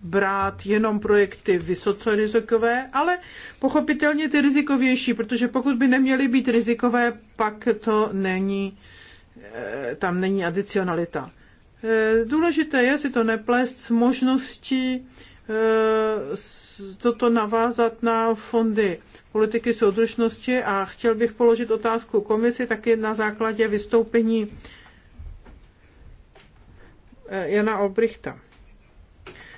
brát jenom projekty vysoce rizikové, ale pochopitelně ty rizikovější, protože pokud by neměly být rizikové, pak to není, eh, tam není adicionalita. Eh, důležité je si to neplést s možností Eh, toto navázat na fondy politiky soudržnosti a chtěl bych položit otázku komisi taky na základě vystoupení eh, Jana Obrichta.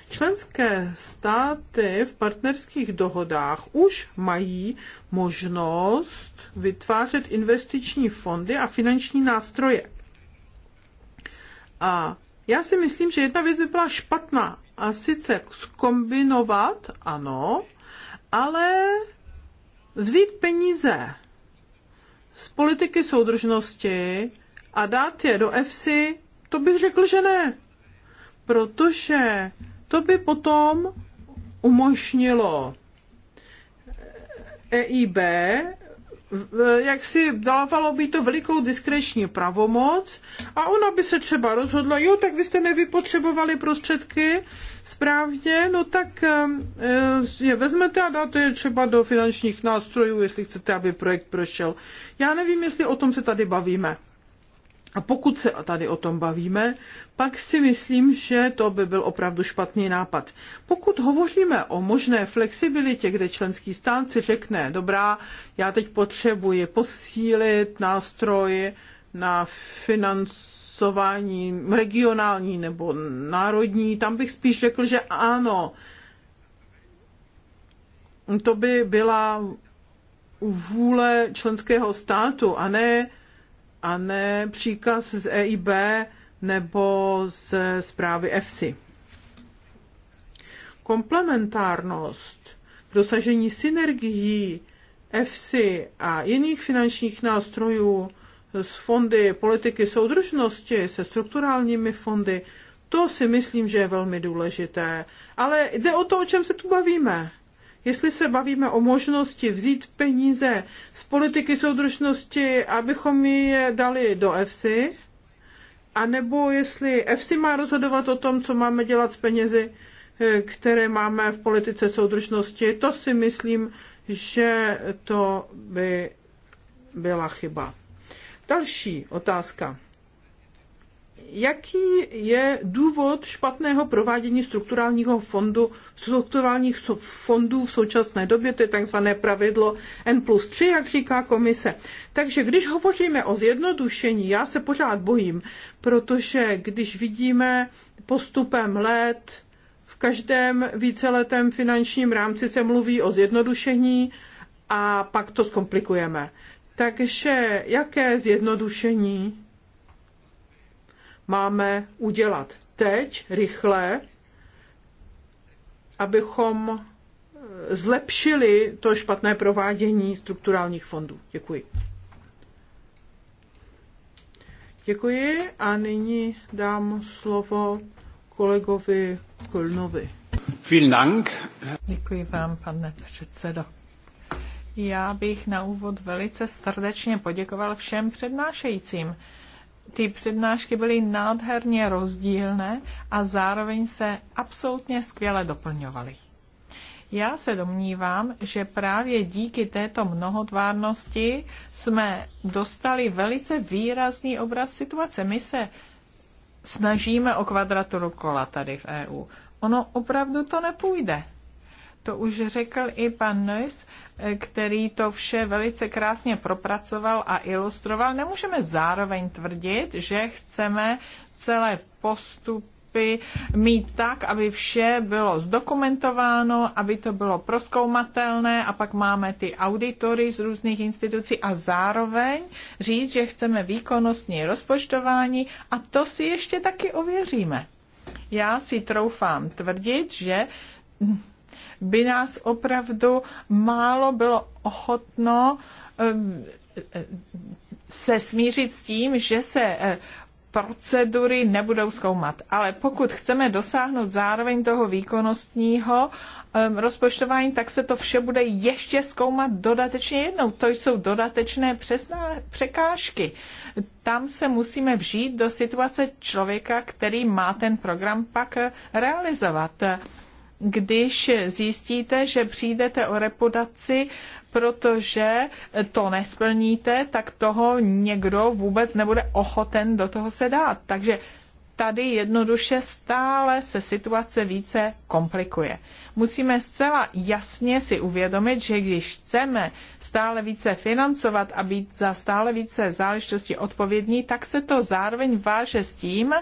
Členské státy v partnerských dohodách už mají možnost vytvářet investiční fondy a finanční nástroje. A já si myslím, že jedna věc by byla špatná, a sice skombinovat, ano, ale vzít peníze z politiky soudržnosti a dát je do EFSI, to bych řekl, že ne. Protože to by potom umožnilo EIB jak si dávalo by to velikou diskreční pravomoc a ona by se třeba rozhodla, jo, tak vy jste nevypotřebovali prostředky správně, no tak eh, je vezmete a dáte je třeba do finančních nástrojů, jestli chcete, aby projekt prošel. Já nevím, jestli o tom se tady bavíme. A pokud se tady o tom bavíme, pak si myslím, že to by byl opravdu špatný nápad. Pokud hovoříme o možné flexibilitě, kde členský stát si řekne, dobrá, já teď potřebuji posílit nástroj na financování regionální nebo národní, tam bych spíš řekl, že ano. To by byla vůle členského státu a ne a ne příkaz z EIB nebo z zprávy EFSI. Komplementárnost k dosažení synergií EFSI a jiných finančních nástrojů s fondy politiky soudržnosti, se strukturálními fondy, to si myslím, že je velmi důležité. Ale jde o to, o čem se tu bavíme jestli se bavíme o možnosti vzít peníze z politiky soudržnosti, abychom je dali do EFSI, anebo jestli EFSI má rozhodovat o tom, co máme dělat s penězi, eh, které máme v politice soudržnosti, to si myslím, že to by byla chyba. Další otázka jaký je důvod špatného provádění strukturálního fondu, strukturálních fondů v současné době, to je takzvané pravidlo N plus 3, jak říká komise. Takže když hovoříme o zjednodušení, já se pořád bojím, protože když vidíme postupem let, v každém víceletém finančním rámci se mluví o zjednodušení a pak to zkomplikujeme. Takže jaké zjednodušení? máme udělat teď, rychle, abychom eh, zlepšili to špatné provádění strukturálních fondů. Děkuji. Děkuji a nyní dám slovo kolegovi Kulnovi. Vielen Dank. Děkuji vám, pane předsedo. Já bych na úvod velice srdečně poděkoval všem přednášejícím ty přednášky byly nádherně rozdílné a zároveň se absolutně skvěle doplňovaly. Já se domnívám, že právě díky této mnohotvárnosti jsme dostali velice výrazný obraz situace. My se snažíme o kvadraturu kola tady v EU. Ono opravdu to nepůjde. To už řekl i pan Neuss, který to vše velice krásně propracoval a ilustroval. Nemůžeme zároveň tvrdit, že chceme celé postup mít tak, aby vše bylo zdokumentováno, aby to bylo proskoumatelné a pak máme ty auditory z různých institucí a zároveň říct, že chceme výkonnostní rozpočtování a to si ještě taky ověříme. Já si troufám tvrdit, že by nás opravdu málo bylo ochotno se smířit s tím, že se eh, procedury nebudou zkoumat. Ale pokud chceme dosáhnout zároveň toho výkonnostního rozpočtování, tak se to vše bude ještě zkoumat dodatečně jednou. To jsou dodatečné přesná překážky. Tam se musíme vžít do situace člověka, který má ten program pak eh, realizovat když zjistíte, že přijdete o reputaci, protože to nesplníte, tak toho někdo vůbec nebude ochoten do toho se dát. Takže tady jednoduše stále se situace více komplikuje. Musíme zcela jasně si uvědomit, že když chceme stále více financovat a být za stále více záležitosti odpovědní, tak se to zároveň váže s tím,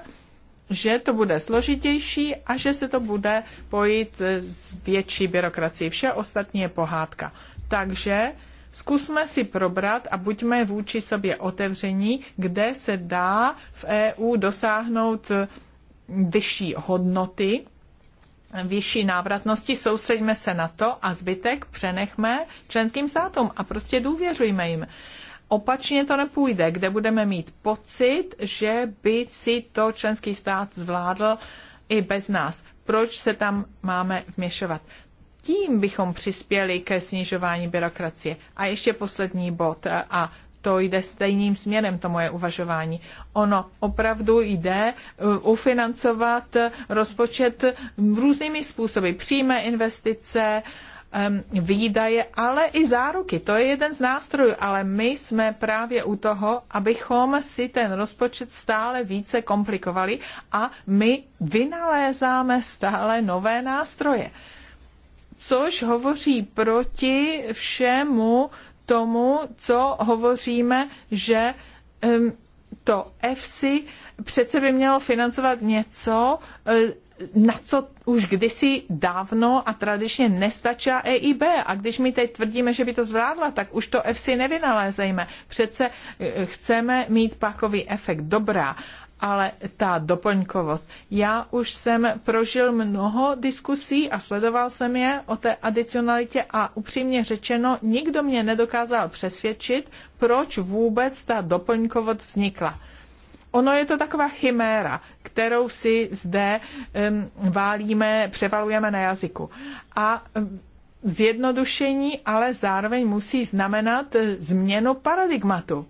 že to bude složitější a že se to bude pojít s větší byrokracií. Vše ostatní je pohádka. Takže zkusme si probrat a buďme vůči sobě otevření, kde se dá v EU dosáhnout vyšší hodnoty, vyšší návratnosti, soustředíme se na to a zbytek přenechme členským státům a prostě důvěřujme jim. Opačně to nepůjde, kde budeme mít pocit, že by si to členský stát zvládl i bez nás. Proč se tam máme vměšovat? Tím bychom přispěli ke snižování byrokracie. A ještě poslední bod a to jde stejným směrem, to moje uvažování. Ono opravdu jde uh, ufinancovat rozpočet různými způsoby. Přímé investice, výdaje, ale i záruky. To je jeden z nástrojů, ale my jsme právě u toho, abychom si ten rozpočet stále více komplikovali a my vynalézáme stále nové nástroje. Což hovoří proti všemu tomu, co hovoříme, že to FC přece by mělo financovat něco, na co už kdysi dávno a tradičně nestačila EIB. A když my teď tvrdíme, že by to zvládla, tak už to FC nevynalézejme. Přece eh, chceme mít pakový efekt dobrá, ale ta doplňkovost. Já už jsem prožil mnoho diskusí a sledoval jsem je o té adicionalitě a upřímně řečeno, nikdo mě nedokázal přesvědčit, proč vůbec ta doplňkovost vznikla Ono je to taková chiméra, kterou si zde um, válíme, převalujeme na jazyku. A zjednodušení ale zároveň musí znamenat eh, změnu paradigmatu.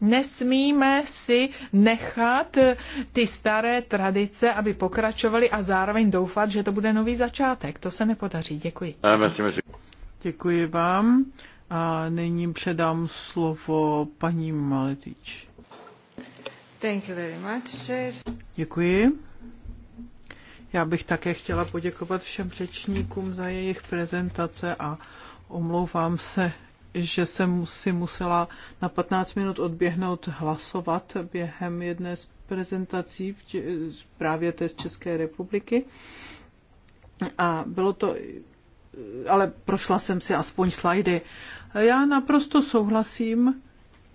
Nesmíme si nechat eh, ty staré tradice, aby pokračovaly a zároveň doufat, že to bude nový začátek. To se nepodaří. Děkuji. Děkuji vám. A nyní předám slovo paní Maletič. Děkuji. Já bych také chtěla poděkovat všem řečníkům za jejich prezentace a omlouvám se, že jsem si musela na 15 minut odběhnout hlasovat během jedné z prezentací právě té z České republiky. A bylo to, ale prošla jsem si aspoň slajdy. Já naprosto souhlasím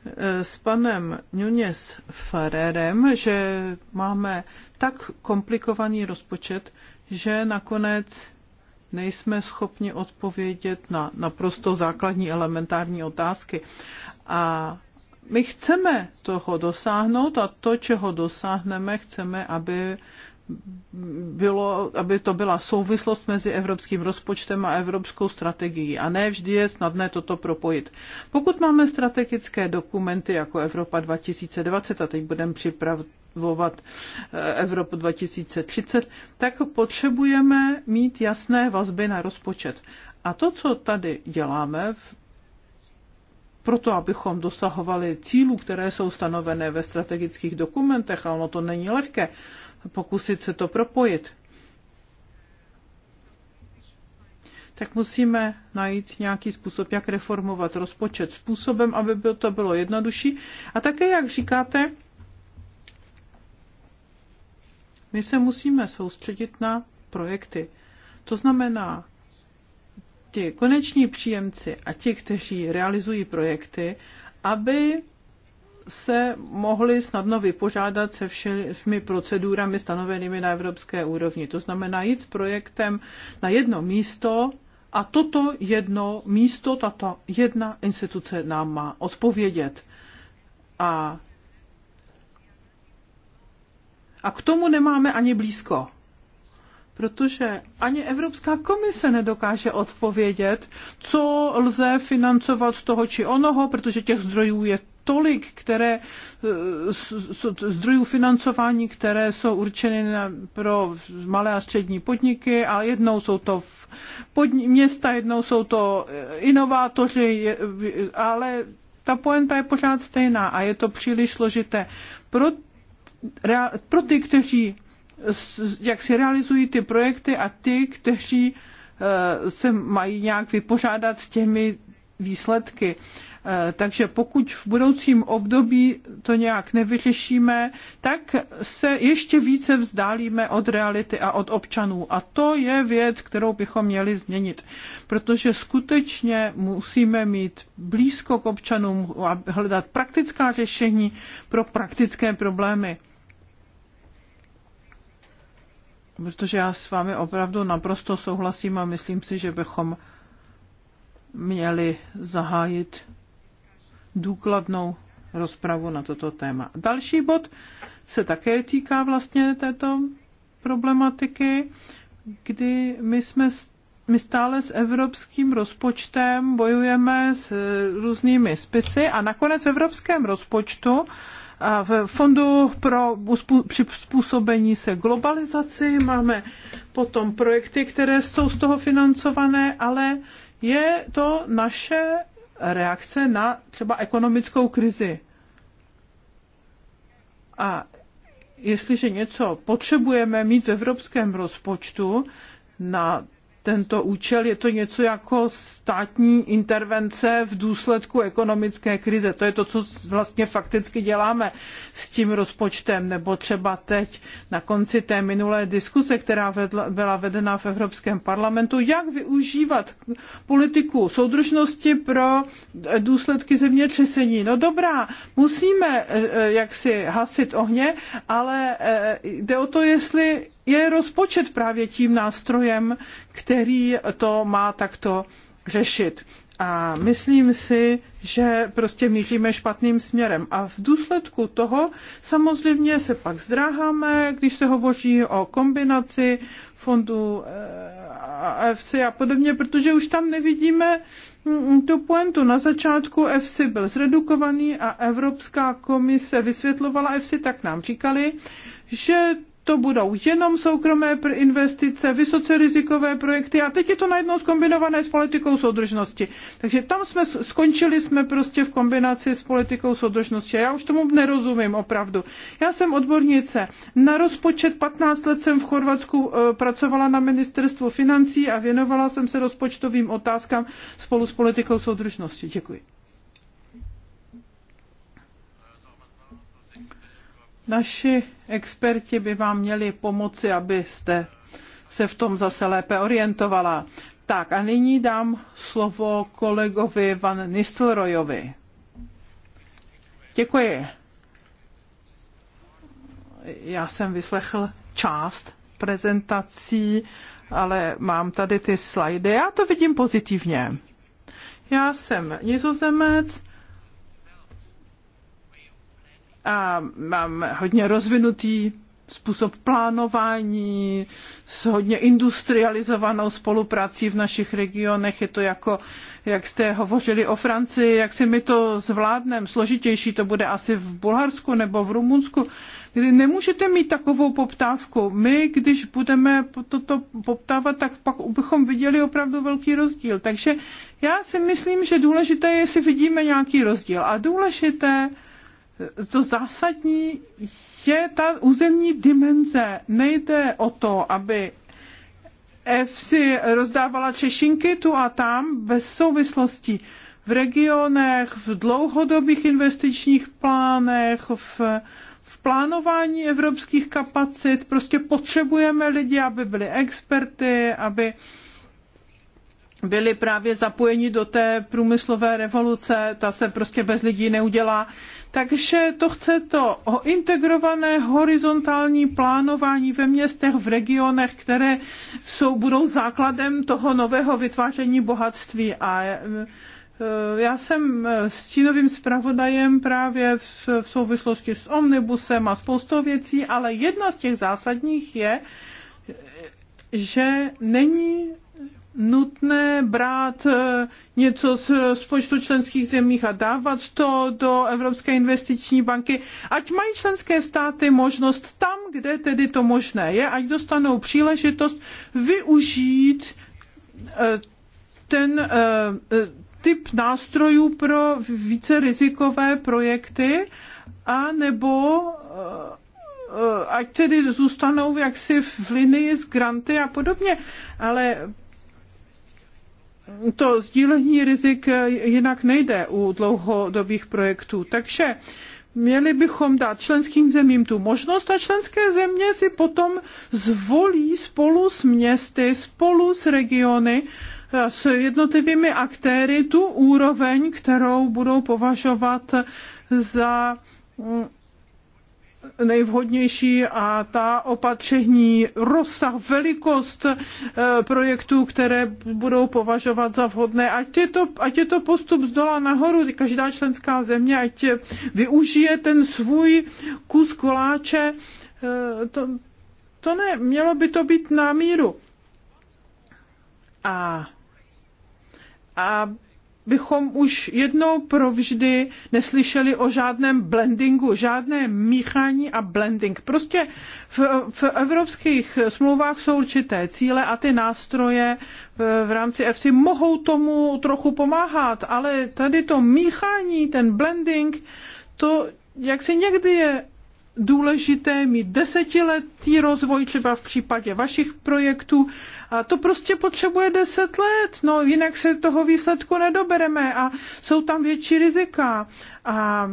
Eh, s panem Nunes Farerem, že máme tak komplikovaný rozpočet, že nakonec nejsme schopni odpovědět na naprosto základní elementární otázky. A my chceme toho dosáhnout a to, čeho dosáhneme, chceme, aby bylo, aby to byla souvislost mezi evropským rozpočtem a evropskou strategií. A ne vždy je snadné toto propojit. Pokud máme strategické dokumenty jako Evropa 2020 a teď budeme připravovat eh, Evropu 2030, tak potřebujeme mít jasné vazby na rozpočet. A to, co tady děláme proto, abychom dosahovali cílů, které jsou stanovené ve strategických dokumentech, ale ono to není lehké, pokusit se to propojit. tak musíme najít nějaký způsob, jak reformovat rozpočet způsobem, aby to bylo jednodušší. A také, jak říkáte, my se musíme soustředit na projekty. To znamená, ti koneční příjemci a ti, kteří realizují projekty, aby se mohli snadno vypořádat se všemi procedurami stanovenými na evropské úrovni. To znamená jít s projektem na jedno místo a toto jedno místo, tato jedna instituce nám má odpovědět. A, a k tomu nemáme ani blízko protože ani Evropská komise nedokáže odpovědět, co lze financovat z toho či onoho, protože těch zdrojů je tolik, které eh, zdrojů financování, které jsou určeny pro malé a střední podniky a jednou jsou to podni- města, jednou jsou to eh, inovátoři, ale ta poenta je pořád stejná a je to příliš složité. Pro, pro ty, kteří jak si realizují ty projekty a ty, kteří eh, se mají nějak vypořádat s těmi výsledky. Uh, Eh, takže pokud v budoucím období to nějak nevyřešíme, tak se ještě více vzdálíme od reality a od občanů. A to je věc, kterou bychom měli změnit. Protože skutečně musíme mít blízko k občanům a hledat praktická řešení pro praktické problémy. Protože já s vámi opravdu naprosto souhlasím a myslím si, že bychom měli zahájit důkladnou rozpravu na toto téma. Další bod se také týká vlastně této problematiky, kdy my jsme my stále s evropským rozpočtem bojujeme s eh, různými spisy a nakonec v evropském rozpočtu a v Fondu pro přizpůsobení se globalizaci máme potom projekty, které jsou z toho financované, ale je to naše reakce na třeba ekonomickou krizi. A jestliže něco potřebujeme mít v evropském rozpočtu na tento účel. Je to něco jako státní intervence v důsledku ekonomické krize. To je to, co vlastně fakticky děláme s tím rozpočtem, nebo třeba teď na konci té minulé diskuse, která vedla, byla vedena v Evropském parlamentu, jak využívat politiku soudržnosti pro důsledky zemětřesení. No dobrá, musíme eh, eh, jaksi hasit ohně, ale eh, jde o to, jestli je rozpočet právě tím nástrojem, který to má takto řešit. A myslím si, že prostě míříme špatným směrem. A v důsledku toho samozřejmě se pak zdráháme, když se hovoří o kombinaci fondu eh, FC a podobně, protože už tam nevidíme mm, tu pointu. Na začátku FC byl zredukovaný a Evropská komise vysvětlovala FC, tak nám říkali, že to budou jenom soukromé investice, vysoce rizikové projekty a teď je to najednou zkombinované s politikou soudržnosti. Takže tam jsme skončili jsme prostě v kombinaci s politikou soudržnosti. Já už tomu nerozumím opravdu. Já jsem odbornice. Na rozpočet 15 let jsem v Chorvatsku e, pracovala na ministerstvu financí a věnovala jsem se rozpočtovým otázkám spolu s politikou soudržnosti. Děkuji. Naši experti by vám měli pomoci, abyste se v tom zase lépe orientovala. Tak a nyní dám slovo kolegovi Van Nistelrojovi. Děkuji. Já jsem vyslechl část prezentací, ale mám tady ty slajdy. Já to vidím pozitivně. Já jsem nizozemec, a mám hodně rozvinutý způsob plánování, s hodně industrializovanou spoluprací v našich regionech. Je to jako, jak jste hovořili o Francii, jak si my to zvládneme. Složitější to bude asi v Bulharsku nebo v Rumunsku, kdy nemůžete mít takovou poptávku. My, když budeme toto poptávat, tak pak bychom viděli opravdu velký rozdíl. Takže já si myslím, že důležité je, jestli vidíme nějaký rozdíl. A důležité to zásadní je ta územní dimenze. Nejde o to, aby si rozdávala češinky tu a tam bez souvislosti V regionech, v dlouhodobých investičních plánech, v, v plánování evropských kapacit. Prostě potřebujeme lidi, aby byli experty, aby uh, byli právě zapojeni do té průmyslové revoluce, ta se prostě bez lidí neudělá. Takže to chce to o integrované horizontální plánování ve městech, v regionech, které jsou, budou základem toho nového vytváření bohatství. A e, e, já jsem e, s čínovým zpravodajem právě v, v souvislosti s omnibusem a spoustou věcí, ale jedna z těch zásadních je, že není nutné brát eh, něco z počtu členských zemích a dávat to do Evropské investiční banky, ať mají členské státy možnost tam, kde tedy to možné je, ať dostanou příležitost využít eh, ten eh, typ nástrojů pro více rizikové projekty a nebo ať tedy zůstanou jaksi v linii s granty a podobně, ale to sdílení rizik eh, jinak nejde u dlouhodobých projektů. Takže měli bychom dát členským zemím tu možnost a členské země si potom zvolí spolu s městy, spolu s regiony, eh, s jednotlivými aktéry tu úroveň, kterou budou považovat za mm, nejvhodnější a ta opatření, rozsah, velikost eh, projektů, které budou považovat za vhodné. Ať je to, ať je to postup z dola nahoru, každá členská země, ať využije ten svůj kus koláče, eh, to, to ne, mělo by to být na míru. A aby bychom už jednou provždy neslyšeli o žádném blendingu, žádné míchání a blending. Prostě v, v evropských smlouvách jsou určité cíle a ty nástroje v, v rámci EFSI mohou tomu trochu pomáhat, ale tady to míchání, ten blending, to jak si někdy je důležité mít desetiletý rozvoj, třeba v případě vašich projektů. A to prostě potřebuje deset let, no jinak se toho výsledku nedobereme a jsou tam větší rizika. A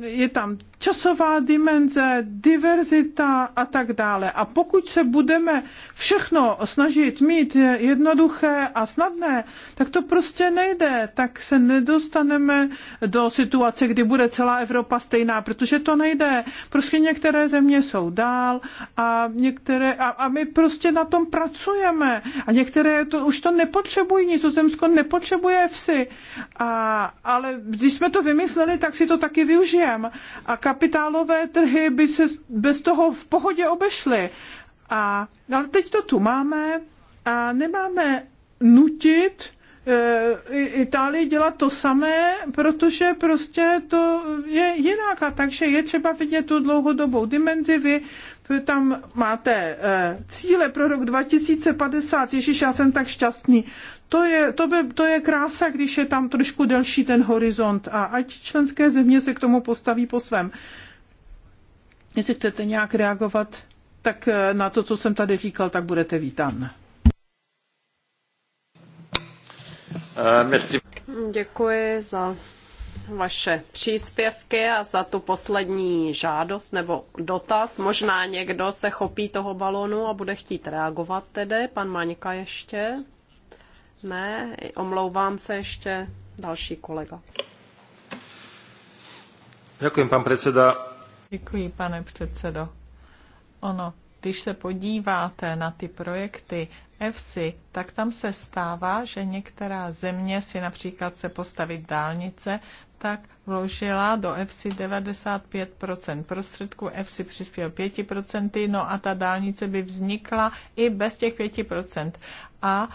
je tam časová dimenze, diverzita a tak dále. A pokud se budeme všechno snažit mít jednoduché a snadné, tak to prostě nejde. Tak se nedostaneme do situace, kdy bude celá Evropa stejná, protože to nejde. Prostě některé země jsou dál a některé, a, a my prostě na tom pracujeme. A některé to, už to nepotřebují, Nizozemsko nepotřebuje vsi. A, ale když jsme to vymysleli, tak si to taky využijeme. A kapitálové trhy by se bez toho v pohodě obešly. A, ale teď to tu máme a nemáme nutit e, Itálii dělat to samé, protože prostě to je jinak a takže je třeba vidět tu dlouhodobou dimenzi. Vy vy tam máte eh, cíle pro rok 2050, Ježíš, já jsem tak šťastný. To je, to, by, to je krása, když je tam trošku delší ten horizont a ať členské země se k tomu postaví po svém. Jestli chcete nějak reagovat, tak eh, na to, co jsem tady říkal, tak budete vítán. Eh, Děkuji za vaše příspěvky a za tu poslední žádost nebo dotaz. Možná někdo se chopí toho balonu a bude chtít reagovat tedy. Pan Maňka ještě? Ne, omlouvám se ještě další kolega. Děkuji, pan předseda. Děkuji, pane předsedo. Ono, když se podíváte na ty projekty EFSI, tak tam se stává, že některá země si například chce postavit dálnice tak vložila do EFSI 95% prostředků, EFSI přispěl 5%, no a ta dálnice by vznikla i bez těch 5% a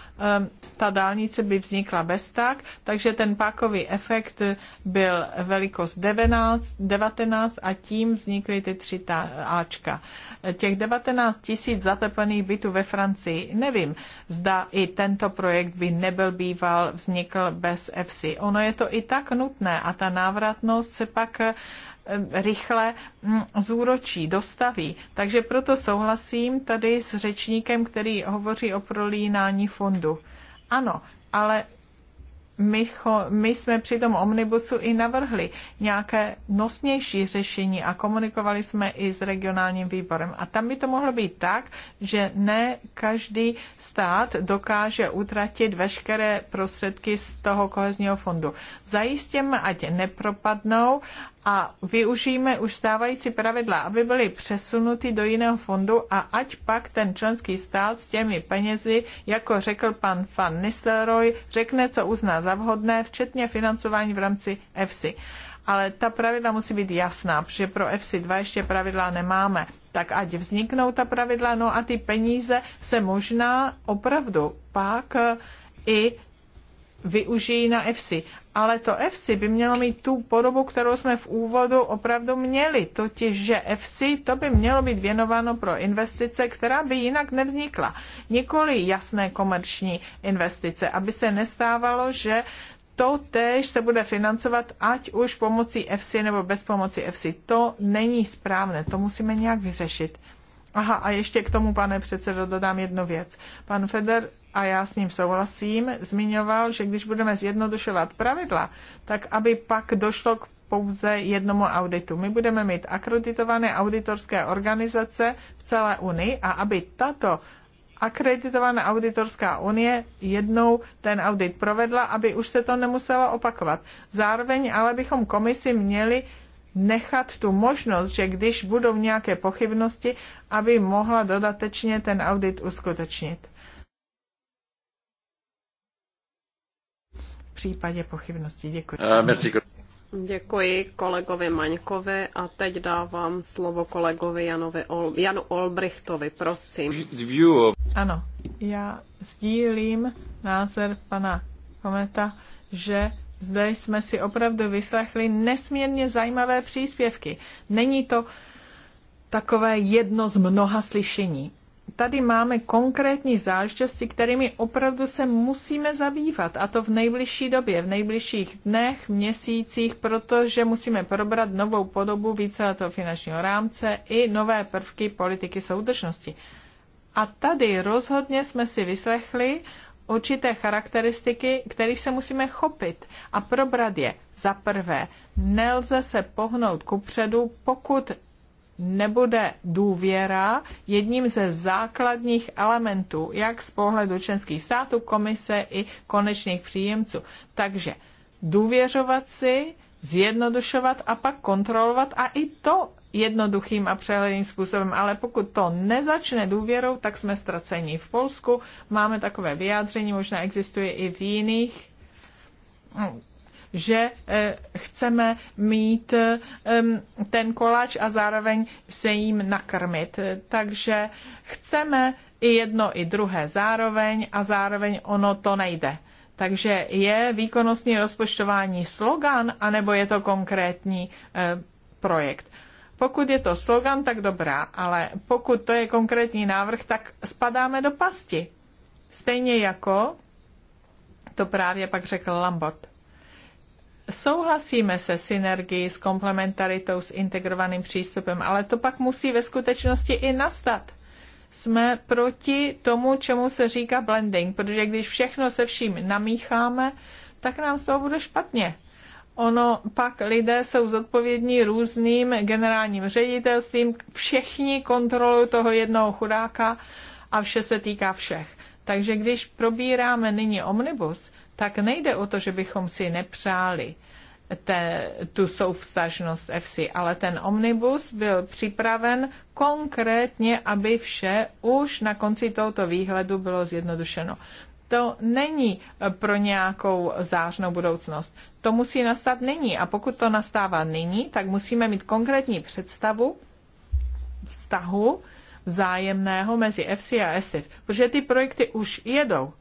ta dálnice by vznikla bez tak, takže ten pákový efekt byl velikost 19, 19 a tím vznikly ty tři ta, Ačka. Těch 19 tisíc zateplených bytů ve Francii, nevím, zda i tento projekt by nebyl býval vznikl bez EFSI. Ono je to i tak nutné a ta návratnost se pak Eh, rychle hm, zúročí, dostaví. Takže proto souhlasím tady s řečníkem, který hovoří o prolínání fondu. Ano, ale my, cho, my jsme při tom omnibusu i navrhli nějaké nosnější řešení a komunikovali jsme i s regionálním výborem. A tam by to mohlo být tak, že ne každý stát dokáže utratit veškeré prostředky z toho kohezního fondu. Zajistěme, ať nepropadnou a využijeme už stávající pravidla, aby byly přesunuty do jiného fondu a ať pak ten členský stát s těmi penězi, jako řekl pan Van Nistelrooy, řekne, co uzná za vhodné, včetně financování v rámci EFSI. Ale ta pravidla musí být jasná, protože pro EFSI 2 ještě pravidla nemáme. Tak ať vzniknou ta pravidla, no a ty peníze se možná opravdu pak i využijí na EFSI ale to FC by mělo mít tu podobu, kterou jsme v úvodu opravdu měli, totiž, že FC to by mělo být věnováno pro investice, která by jinak nevznikla. Nikoli jasné komerční investice, aby se nestávalo, že to též se bude financovat, ať už pomocí FC nebo bez pomoci FC. To není správné, to musíme nějak vyřešit. Aha, a ještě k tomu, pane předsedo, dodám jednu věc. Pan Feder, a já s ním souhlasím, zmiňoval, že když budeme zjednodušovat pravidla, tak aby pak došlo k pouze jednomu auditu. My budeme mít akreditované auditorské organizace v celé Unii a aby tato akreditovaná auditorská unie jednou ten audit provedla, aby už se to nemuselo opakovat. Zároveň ale bychom komisi měli nechat tu možnost, že když budou nějaké pochybnosti, aby mohla dodatečně ten audit uskutečnit. V případě pochybnosti děkuji. Eh, děkuji kolegovi Maňkovi a teď dávám slovo kolegovi Janovi Ol- Janu Olbrichtovi, prosím. Ano, já sdílím názor pana Kometa, že zde jsme si opravdu vyslechli nesmírně zajímavé příspěvky. Není to takové jedno z mnoha slyšení. Tady máme konkrétní záležitosti, kterými opravdu se musíme zabývat, a to v nejbližší době, v nejbližších dnech, měsících, protože musíme probrat novou podobu víceletého finančního rámce i nové prvky politiky soudržnosti. A tady rozhodně jsme si vyslechli určité charakteristiky, kterých se musíme chopit a probrat je. Za prvé, nelze se pohnout kupředu, pokud nebude důvěra jedním ze základních elementů, jak z pohledu členských států, komise i konečných příjemců. Takže důvěřovat si, zjednodušovat a pak kontrolovat a i to jednoduchým a přehledným způsobem. Ale pokud to nezačne důvěrou, tak jsme ztraceni. V Polsku máme takové vyjádření, možná existuje i v jiných že eh, chceme mít ehm, ten koláč a zároveň se jim nakrmit. Takže chceme i jedno, i druhé zároveň a zároveň ono to nejde. Takže je výkonnostní rozpočtování slogan, anebo je to konkrétní eh, projekt. Pokud je to slogan, tak dobrá, ale pokud to je konkrétní návrh, tak spadáme do pasti. Stejně jako to právě pak řekl Lambert souhlasíme se synergií, s komplementaritou, s integrovaným přístupem, ale to pak musí ve skutečnosti i nastat. Jsme proti tomu, čemu se říká blending, protože když všechno se vším namícháme, tak nám z toho bude špatně. Ono pak lidé jsou zodpovědní různým generálním ředitelstvím, všichni kontrolují toho jednoho chudáka a vše se týká všech. Takže když probíráme nyní omnibus, tak nejde o to, že bychom si nepřáli te, tu souvstažnost FC, ale ten omnibus byl připraven konkrétně, aby vše už na konci tohoto výhledu bylo zjednodušeno. To není pro nějakou zářnou budoucnost. To musí nastat nyní. A pokud to nastává nyní, tak musíme mít konkrétní představu vztahu vzájemného mezi FC a ESIF, protože ty projekty už jedou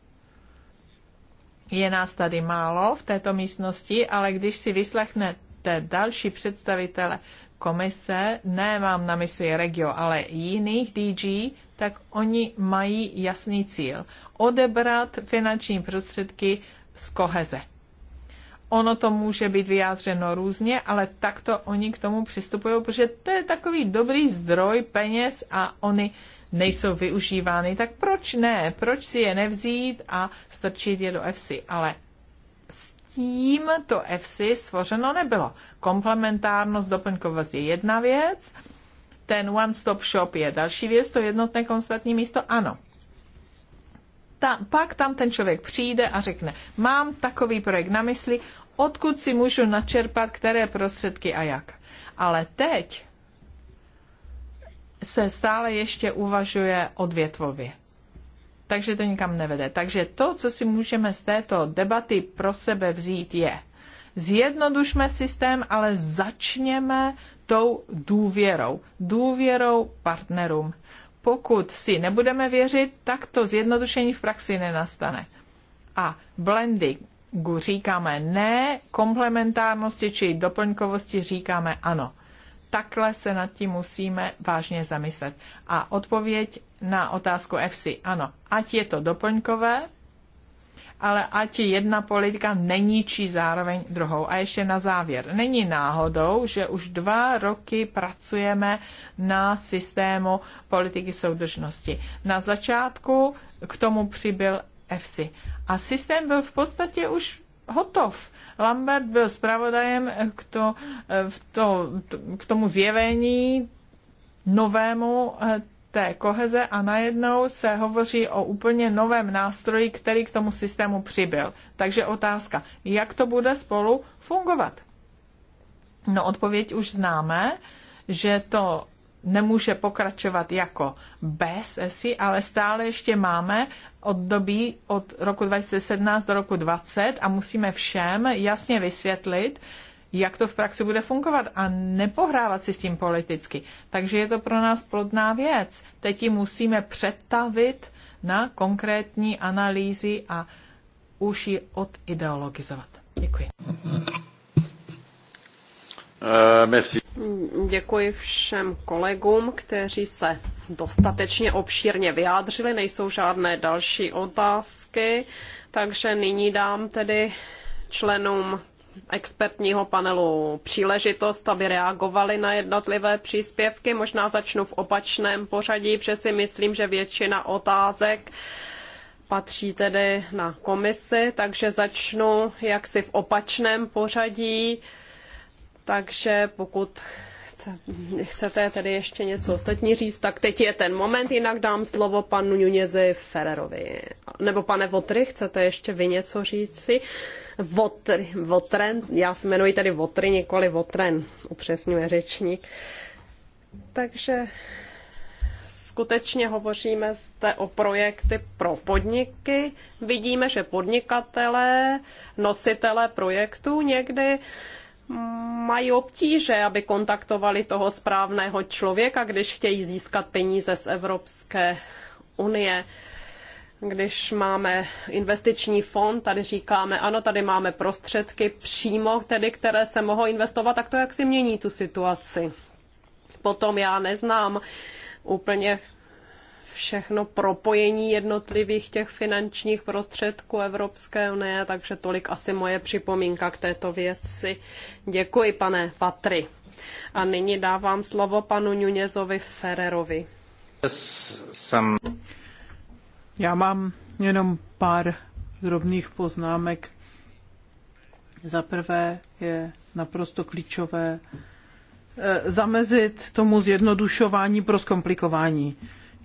je nás tady málo v této místnosti, ale když si vyslechnete další představitele komise, nemám na mysli regio, ale jiných DG, tak oni mají jasný cíl. Odebrat finanční prostředky z koheze. Ono to může být vyjádřeno různě, ale takto oni k tomu přistupují, protože to je takový dobrý zdroj peněz a oni nejsou využívány, tak proč ne? Proč si je nevzít a strčit je do EFSI? Ale s tím to EFSI stvořeno nebylo. Komplementárnost, doplňkovost je jedna věc, ten one-stop shop je další věc, to jednotné konstantní místo, ano. Ta, pak tam ten člověk přijde a řekne, mám takový projekt na mysli, odkud si můžu načerpat, které prostředky a jak. Ale teď se stále ještě uvažuje odvětvově. Takže to nikam nevede. Takže to, co si můžeme z této debaty pro sebe vzít, je zjednodušme systém, ale začněme tou důvěrou. Důvěrou partnerům. Pokud si nebudeme věřit, tak to zjednodušení v praxi nenastane. A blendingu říkáme ne, komplementárnosti či doplňkovosti říkáme ano takhle se nad tím musíme vážně zamyslet. A odpověď na otázku FC: ano, ať je to doplňkové, ale ať jedna politika neníčí zároveň druhou. A ještě na závěr. Není náhodou, že už dva roky pracujeme na systému politiky soudržnosti. Na začátku k tomu přibyl EFSI. A systém byl v podstatě už hotov. Lambert byl zpravodajem k, to, v to, k tomu zjevení novému eh, té koheze a najednou se hovoří o úplně novém nástroji, který k tomu systému přibyl. Takže otázka, jak to bude spolu fungovat? No odpověď už známe, že to nemůže pokračovat jako bez ESI, ale stále ještě máme od doby od roku 2017 do roku 2020 a musíme všem jasně vysvětlit, jak to v praxi bude fungovat a nepohrávat si s tím politicky. Takže je to pro nás plodná věc. Teď ji musíme přetavit na konkrétní analýzy a už ji odideologizovat. Děkuji. Eh, merci. Děkuji všem kolegům, kteří se dostatečně obšírně vyjádřili. Nejsou žádné další otázky, takže nyní dám tedy členům expertního panelu příležitost, aby reagovali na jednotlivé příspěvky. Možná začnu v opačném pořadí, protože si myslím, že většina otázek patří tedy na komisi, takže začnu jaksi v opačném pořadí. Uh, takže pokud chcete tedy ještě něco ostatní říct, tak teď je ten moment, jinak dám slovo panu Nunězi Ferrerovi. Nebo pane Votry, chcete ještě vy něco říci? Votr, Votren, já se jmenuji tady Votry, nikoli Votren, upřesňuje řečník. Takže skutečně hovoříme zde o projekty pro podniky. Vidíme, že podnikatelé, nositelé projektů někdy mají obtíže, aby kontaktovali toho správného člověka, když chtějí získat peníze z Evropské unie když máme investiční fond, tady říkáme, ano, tady máme prostředky přímo, tedy, které se mohou investovat, tak to jak si mění tu situaci. Potom já neznám úplně všechno propojení jednotlivých těch finančních prostředků Evropské unie, takže tolik asi moje připomínka k této věci. Děkuji, pane Patry. A nyní dávám slovo panu Nunezovi Ferrerovi. Já mám jenom pár drobných poznámek. Za prvé je naprosto klíčové eh, zamezit tomu zjednodušování pro zkomplikování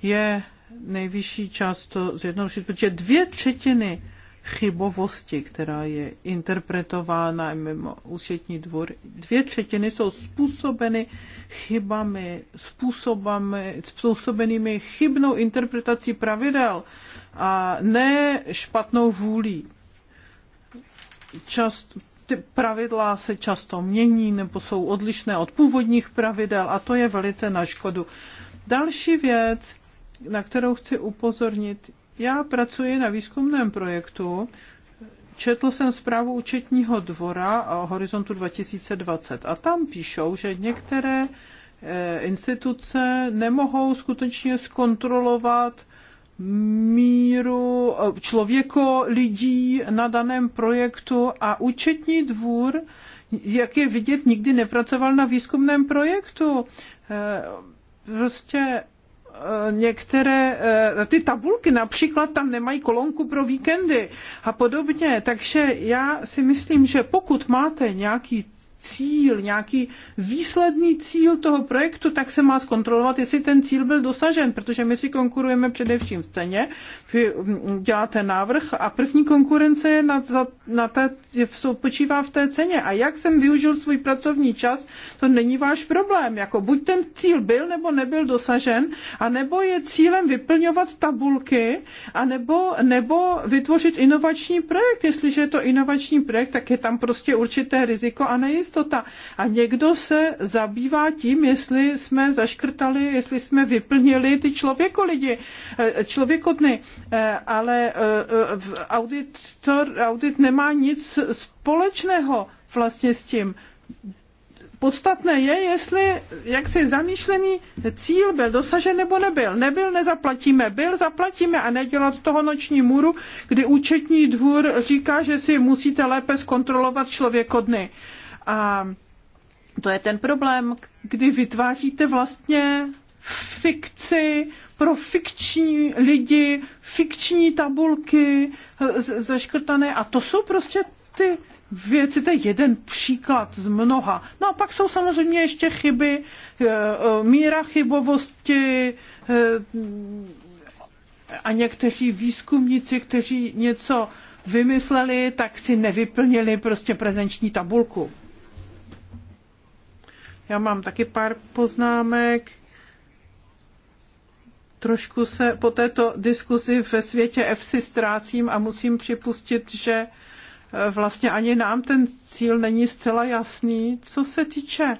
je nejvyšší čas to zjednodušit, protože dvě třetiny chybovosti, která je interpretována mimo úsvětní dvůr. Dvě třetiny jsou způsobeny chybami, způsobami, způsobenými chybnou interpretací pravidel a ne špatnou vůlí. Čast, ty pravidla se často mění nebo jsou odlišné od původních pravidel a to je velice na škodu. Další věc, na kterou chci upozornit. Já pracuji na výzkumném projektu, Četl jsem zprávu účetního dvora o Horizontu 2020 a tam píšou, že některé eh, instituce nemohou skutečně zkontrolovat míru eh, člověko lidí na daném projektu a účetní dvůr, jak je vidět, nikdy nepracoval na výzkumném projektu. Eh, prostě Eh, některé eh, ty tabulky například tam nemají kolonku pro víkendy a podobně. Takže já si myslím, že pokud máte nějaký cíl, nějaký výsledný cíl toho projektu, tak se má zkontrolovat, jestli ten cíl byl dosažen, protože my si konkurujeme především v ceně. Vy mm, děláte návrh a první konkurence je na, na té, počívá v té ceně. A jak jsem využil svůj pracovní čas, to není váš problém. Jako buď ten cíl byl nebo nebyl dosažen, a nebo je cílem vyplňovat tabulky, a nebo, nebo vytvořit inovační projekt. Jestliže je to inovační projekt, tak je tam prostě určité riziko a nejistota nejistota. A někdo se zabývá tím, jestli jsme zaškrtali, jestli jsme vyplnili ty člověko lidi, eh, člověkodny. Eh, ale eh, auditor, audit nemá nic společného vlastně s tím podstatné je, jestli jak si zamýšlený cíl byl dosažen nebo nebyl. Nebyl, nezaplatíme. Byl, zaplatíme a nedělat z toho noční můru, kdy účetní dvůr říká, že si musíte lépe zkontrolovat člověkodny. dny a to je ten problém, kdy vytváříte vlastně fikci pro fikční lidi, fikční tabulky zaškrtané a to jsou prostě ty věci, to je jeden příklad z mnoha. No a pak jsou samozřejmě ještě chyby, eh, eh, míra chybovosti eh, a někteří výzkumníci, kteří něco vymysleli, tak si nevyplnili prostě prezenční tabulku. Já mám taky pár poznámek. Trošku se po této diskuzi ve světě FC ztrácím a musím připustit, že eh, vlastně ani nám ten cíl není zcela jasný. Co se týče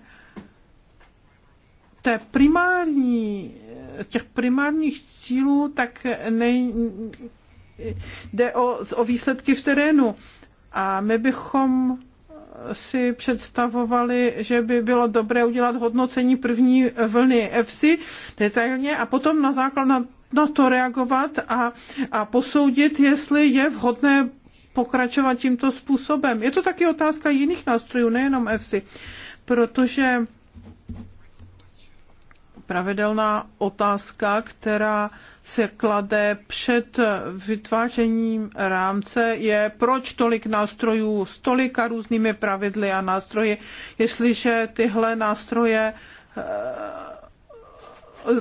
té primární, těch primárních cílů, tak nej, jde o, o výsledky v terénu. A my bychom si představovali, že by bylo dobré udělat hodnocení první vlny EFSI detailně a potom na základ na, na to reagovat a, a posoudit, jestli je vhodné pokračovat tímto způsobem. Je to taky otázka jiných nástrojů, nejenom EFSI, protože pravidelná otázka, která se klade před vytvářením rámce, je proč tolik nástrojů s tolika různými pravidly a nástroji, jestliže tyhle nástroje eh,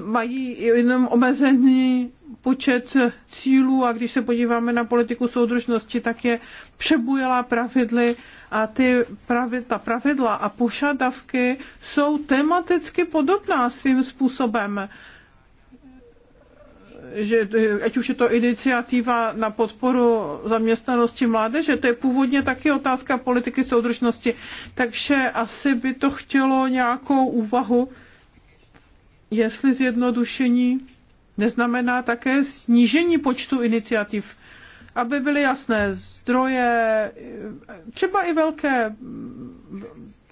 mají jenom omezený počet cílů a když se podíváme na politiku soudržnosti, tak je přebujelá pravidly a ty pravi, ta pravidla a požadavky jsou tematicky podobná svým způsobem že ať už je to iniciativa na podporu zaměstnanosti mládeže, to je původně taky otázka politiky soudržnosti, takže asi by to chtělo nějakou úvahu, jestli zjednodušení neznamená také snížení počtu iniciativ aby byly jasné zdroje, třeba i velké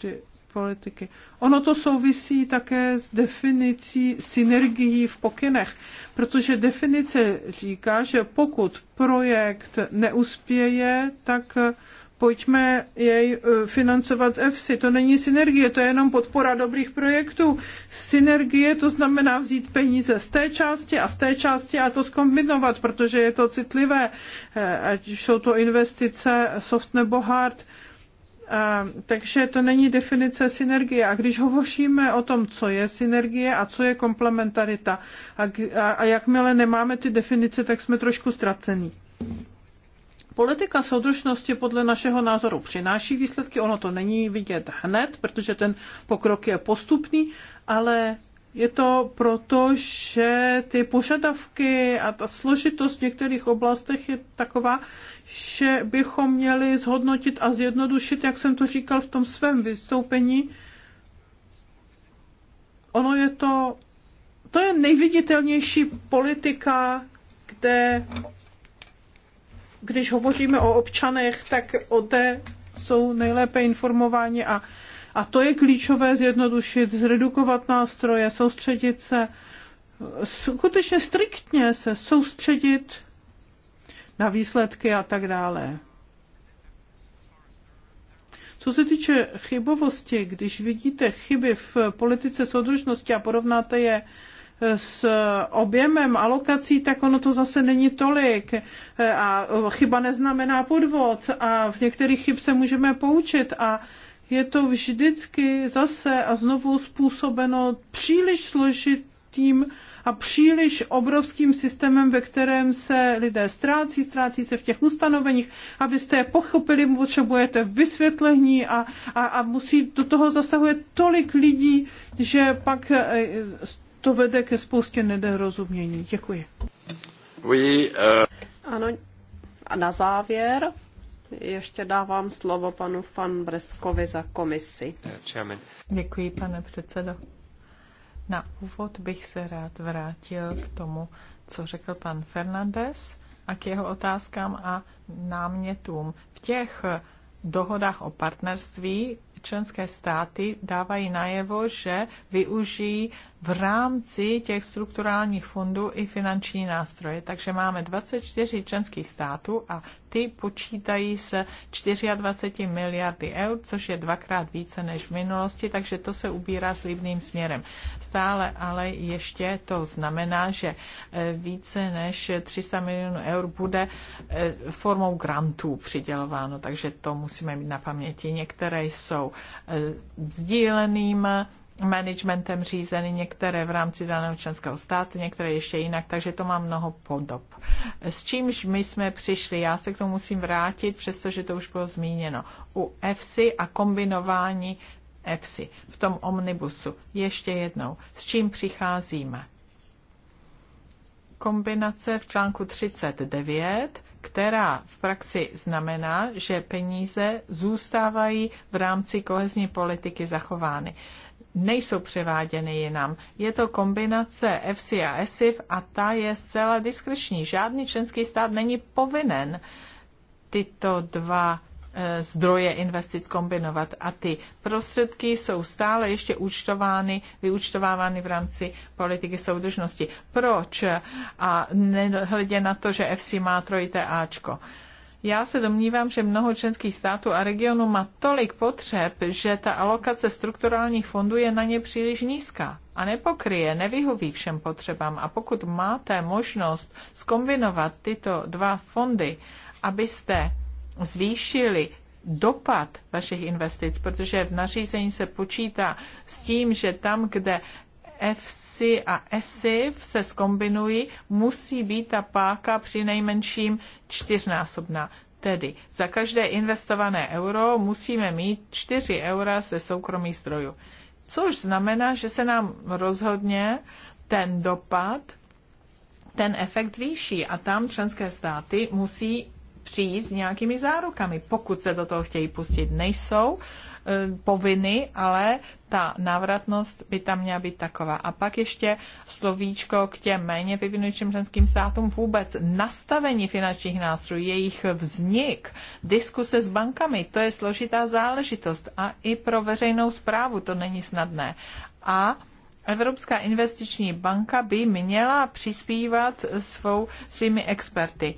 ty politiky. Ono to souvisí také s definicí synergií v pokynech, protože definice říká, že pokud projekt neuspěje, tak pojďme jej eh, financovat z EFSI. To není synergie, to je jenom podpora dobrých projektů. Synergie to znamená vzít peníze z té části a z té části a to zkombinovat, protože je to citlivé, eh, ať jsou to investice soft nebo hard. A, eh, takže to není definice synergie. A když hovoříme o tom, co je synergie a co je komplementarita, a, a, a jakmile nemáme ty definice, tak jsme trošku ztracení. Politika soudržnosti podle našeho názoru přináší výsledky, ono to není vidět hned, protože ten pokrok je postupný, ale je to proto, že ty požadavky a ta složitost v některých oblastech je taková, že bychom měli zhodnotit a zjednodušit, jak jsem to říkal v tom svém vystoupení. Ono je to, to je nejviditelnější politika, kde když hovoříme o občanech, tak o té jsou nejlépe informováni a, a to je klíčové zjednodušit, zredukovat nástroje, soustředit se, skutečně striktně se soustředit na výsledky a tak dále. Co se týče chybovosti, když vidíte chyby v politice soudržnosti a porovnáte je s objemem alokací, tak ono to zase není tolik. A chyba neznamená podvod a v některých chyb se můžeme poučit a je to vždycky zase a znovu způsobeno příliš složitým a příliš obrovským systémem, ve kterém se lidé ztrácí, ztrácí se v těch ustanoveních, abyste je pochopili, potřebujete vysvětlení a, a, a musí, do toho zasahuje tolik lidí, že pak eh, to vede ke spoustě nedorozumění. Děkuji. Oui, uh... Ano, a na závěr ještě dávám slovo panu Fan Breskovi za komisi. Eh, Děkuji, pane předsedo. Na úvod bych se rád vrátil k tomu, co řekl pan Fernandez a k jeho otázkám a námětům. V těch dohodách o partnerství členské státy dávají najevo, že využijí v rámci těch strukturálních fondů i finanční nástroje. Takže máme 24 členských států a ty počítají se 24 miliardy eur, což je dvakrát více než v minulosti, takže to se ubírá s líbným směrem. Stále ale ještě to znamená, že e, více než 300 milionů eur bude e, formou grantů přidělováno, takže to musíme mít na paměti. Některé jsou e, sdíleným managementem řízeny, některé v rámci daného členského státu, některé ještě jinak, takže to má mnoho podob. S čímž my jsme přišli, já se k tomu musím vrátit, přestože to už bylo zmíněno, u EFSI a kombinování EFSI v tom omnibusu. Ještě jednou, s čím přicházíme? Kombinace v článku 39 která v praxi znamená, že peníze zůstávají v rámci kohezní politiky zachovány nejsou převáděny jinam. Je to kombinace EFSI a ESIF a ta je zcela diskreční. Žádný členský stát není povinen tyto dva eh, zdroje investic kombinovat a ty prostředky jsou stále ještě účtovány, vyúčtovávány v rámci politiky soudržnosti. Proč? A nehledě na to, že FC má trojité Ačko. Já se domnívám, že mnoho členských států a regionů má tolik potřeb, že ta alokace strukturálních fondů je na ně příliš nízká a nepokryje, nevyhoví všem potřebám. A pokud máte možnost skombinovat tyto dva fondy, abyste zvýšili dopad vašich investic, protože v nařízení se počítá s tím, že tam, kde FC a ESIF se zkombinují, musí být ta páka při nejmenším čtyřnásobná. Tedy za každé investované euro musíme mít 4 eura ze soukromých zdrojů. Což znamená, že se nám rozhodně ten dopad, ten efekt zvýší a tam členské státy musí přijít s nějakými zárukami, pokud se do toho chtějí pustit. Nejsou, E, povinny, ale ta návratnost by tam měla být taková. A pak ještě slovíčko k těm méně vyvinutým členským státům vůbec nastavení finančních nástrojů, jejich vznik, diskuse s bankami, to je složitá záležitost a i pro veřejnou zprávu to není snadné. A Evropská investiční banka by měla přispívat svou, svými experty.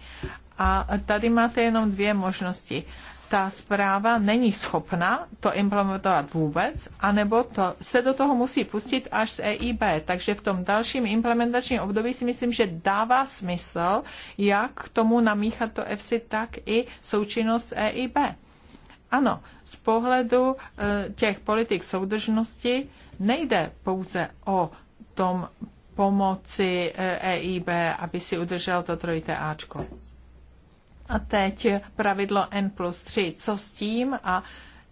A tady máte jenom dvě možnosti ta zpráva není schopna to implementovat vůbec, anebo to se do toho musí pustit až z EIB. Takže v tom dalším implementačním období si myslím, že dává smysl, jak k tomu namíchat to EFSI, tak i součinnost s EIB. Ano, z pohledu e, těch politik soudržnosti nejde pouze o tom pomoci EIB, e aby si udržel to trojité Ačko. A teď pravidlo N plus 3. Co s tím a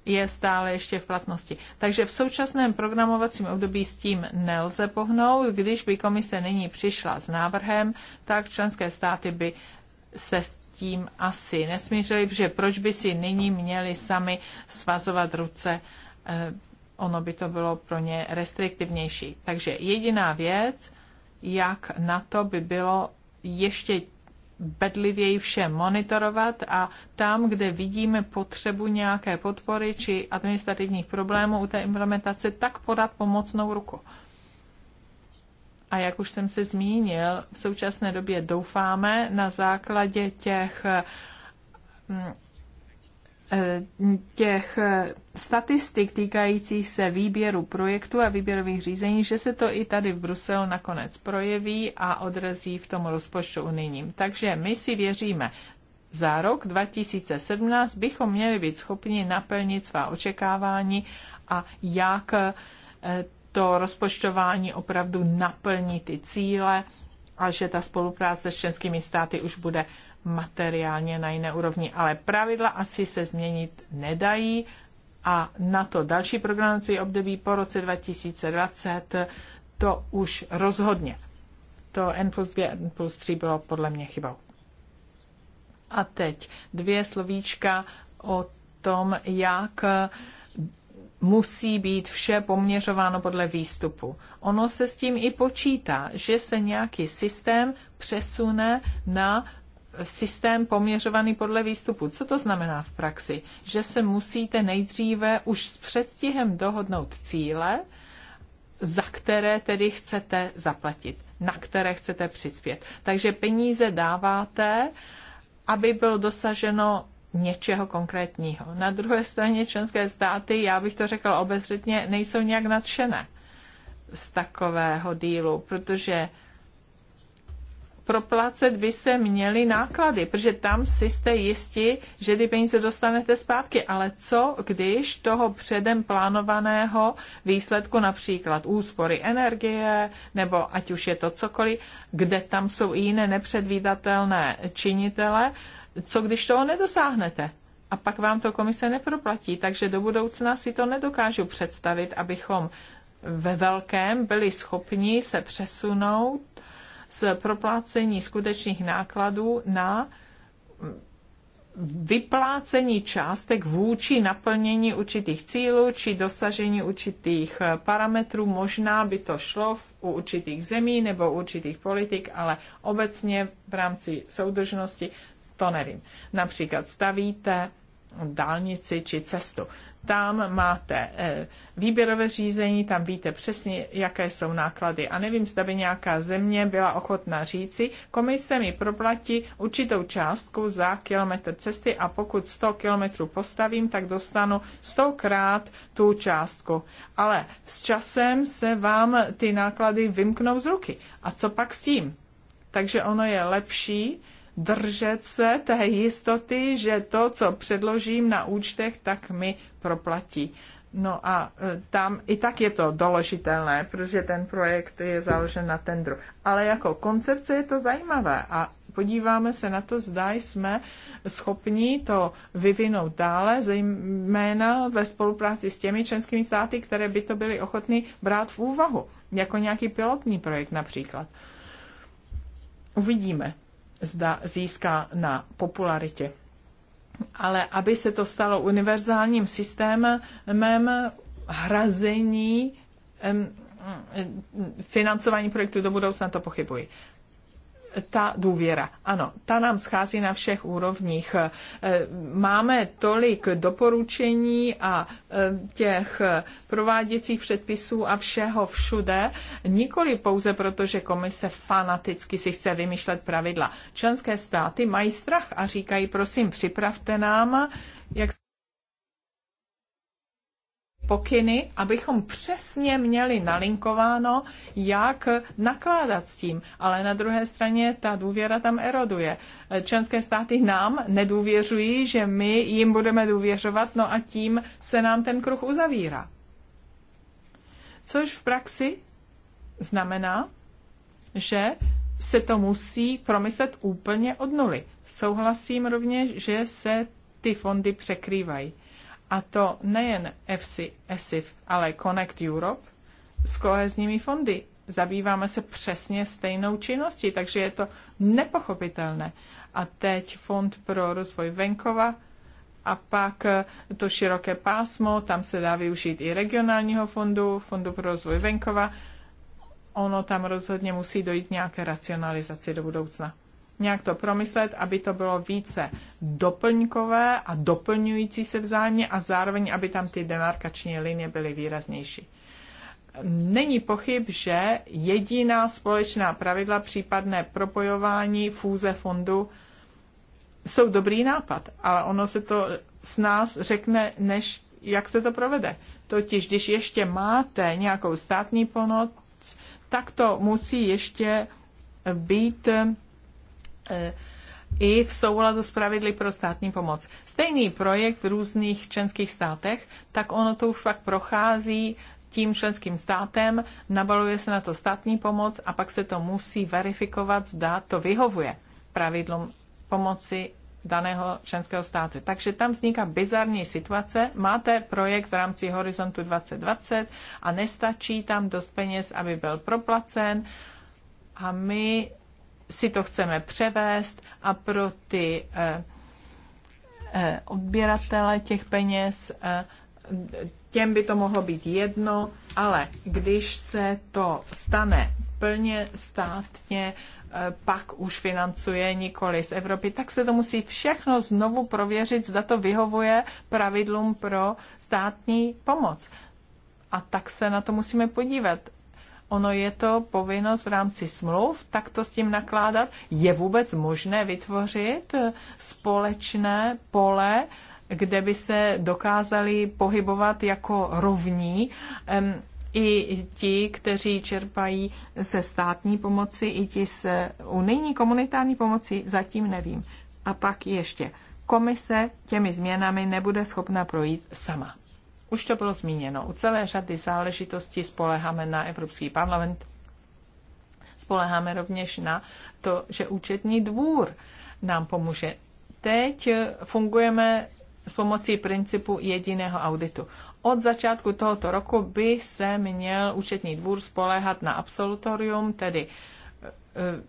je stále ještě v platnosti. Takže v současném programovacím období s tím nelze pohnout. Když by komise nyní přišla s návrhem, tak členské státy by se s tím asi nesmířili, protože proč by si nyní měli sami svazovat ruce, eh, ono by to bylo pro ně restriktivnější. Takže jediná věc, jak na to by bylo ještě bedlivěji vše monitorovat a tam, kde vidíme potřebu nějaké podpory či administrativních problémů u té implementace, tak podat pomocnou ruku. A jak už jsem se zmínil, v současné době doufáme na základě těch mm, těch eh, statistik týkajících se výběru projektu a výběrových řízení, že se to i tady v Bruselu nakonec projeví a odrazí v tom rozpočtu unijním. Takže my si věříme, za rok 2017 bychom měli být schopni naplnit svá očekávání a jak eh, to rozpočtování opravdu naplní ty cíle a že ta spolupráce s českými státy už bude materiálně na jiné úrovni, ale pravidla asi se změnit nedají a na to další programovací období po roce 2020 to už rozhodně. To N plus 2, N plus 3 bylo podle mě chybou. A teď dvě slovíčka o tom, jak musí být vše poměřováno podle výstupu. Ono se s tím i počítá, že se nějaký systém přesune na systém poměřovaný podle výstupu. Co to znamená v praxi? Že se musíte nejdříve už s předstihem dohodnout cíle, za které tedy chcete zaplatit, na které chcete přispět. Takže peníze dáváte, aby bylo dosaženo něčeho konkrétního. Na druhé straně členské státy, já bych to řekla obezřetně, nejsou nějak nadšené z takového dílu, protože proplácet by se měly náklady, protože tam si jste jisti, že ty peníze dostanete zpátky. Ale co, když toho předem plánovaného výsledku, například úspory energie, nebo ať už je to cokoliv, kde tam jsou i jiné nepředvídatelné činitele, co když toho nedosáhnete? A pak vám to komise neproplatí, takže do budoucna si to nedokážu představit, abychom ve velkém byli schopni se přesunout z proplácení skutečných nákladů na vyplácení částek vůči naplnění určitých cílů či dosažení určitých parametrů. Možná by to šlo u určitých zemí nebo u určitých politik, ale obecně v rámci soudržnosti to nevím. Například stavíte dálnici či cestu tam máte eh, výběrové řízení, tam víte přesně, jaké jsou náklady. A nevím, zda by nějaká země byla ochotná říci, komise mi proplatí určitou částku za kilometr cesty a pokud 100 kilometrů postavím, tak dostanu 100 krát tu částku. Ale s časem se vám ty náklady vymknou z ruky. A co pak s tím? Takže ono je lepší držet se té jistoty, že to, co předložím na účtech, tak mi proplatí. No a e, tam i tak je to doložitelné, protože ten projekt je založen na tendru. Ale jako koncepce je to zajímavé a podíváme se na to, zda jsme schopni to vyvinout dále, zejména ve spolupráci s těmi členskými státy, které by to byly ochotny brát v úvahu, jako nějaký pilotní projekt například. Uvidíme zda získá na popularitě. Ale aby se to stalo univerzálním systémem hrazení mm, financování projektu do budoucna, to pochybuji ta důvěra. Ano, ta nám schází na všech úrovních. E, máme tolik doporučení a e, těch prováděcích předpisů a všeho všude, nikoli pouze proto, že komise fanaticky si chce vymýšlet pravidla. Členské státy mají strach a říkají, prosím, připravte nám, jak pokyny, abychom přesně měli nalinkováno, jak nakládat s tím. Ale na druhé straně ta důvěra tam eroduje. Členské státy nám nedůvěřují, že my jim budeme důvěřovat, no a tím se nám ten kruh uzavírá. Což v praxi znamená, že se to musí promyslet úplně od nuly. Souhlasím rovněž, že se ty fondy překrývají a to nejen EFSI, ESIF, ale Connect Europe s kohezními fondy. Zabýváme se přesně stejnou činností, takže je to nepochopitelné. A teď Fond pro rozvoj venkova a pak to široké pásmo, tam se dá využít i regionálního fondu, Fondu pro rozvoj venkova. Ono tam rozhodně musí dojít nějaké racionalizaci do budoucna nějak to promyslet, aby to bylo více doplňkové a doplňující se vzájemně a zároveň, aby tam ty demarkační linie byly výraznější. Není pochyb, že jediná společná pravidla, případné propojování fůze fondu, jsou dobrý nápad, ale ono se to s nás řekne, než jak se to provede. Totiž, když ještě máte nějakou státní pomoc, tak to musí ještě být E, i v souladu s pravidly pro státní pomoc. Stejný projekt v různých členských státech, tak ono to už pak prochází tím členským státem, nabaluje se na to státní pomoc a pak se to musí verifikovat, zda to vyhovuje pravidlům pomoci daného členského státu. Takže tam vzniká bizarní situace. Máte projekt v rámci Horizontu 2020 a nestačí tam dost peněz, aby byl proplacen. A my si to chceme převést a pro ty eh, eh, odběratele těch peněz eh, těm by to mohlo být jedno, ale když se to stane plně státně, pak už financuje nikoli z Evropy, tak se to musí všechno znovu prověřit, zda to vyhovuje pravidlům pro státní pomoc. A tak se na to musíme podívat ono je to povinnost v rámci smluv, tak to s tím nakládat. Je vůbec možné vytvořit eh, společné pole, kde by se dokázali pohybovat jako rovní i ti, kteří čerpají se státní pomoci, i ti s unijní komunitární pomoci, zatím nevím. A pak ještě komise těmi změnami nebude schopna projít sama. Už to bylo zmíněno. U celé řady záležitostí spoleháme na Evropský parlament, spoleháme rovněž na to, že účetní dvůr nám pomůže. Teď fungujeme s pomocí principu jediného auditu. Od začátku tohoto roku by se měl účetní dvůr spoléhat na absolutorium, tedy eh,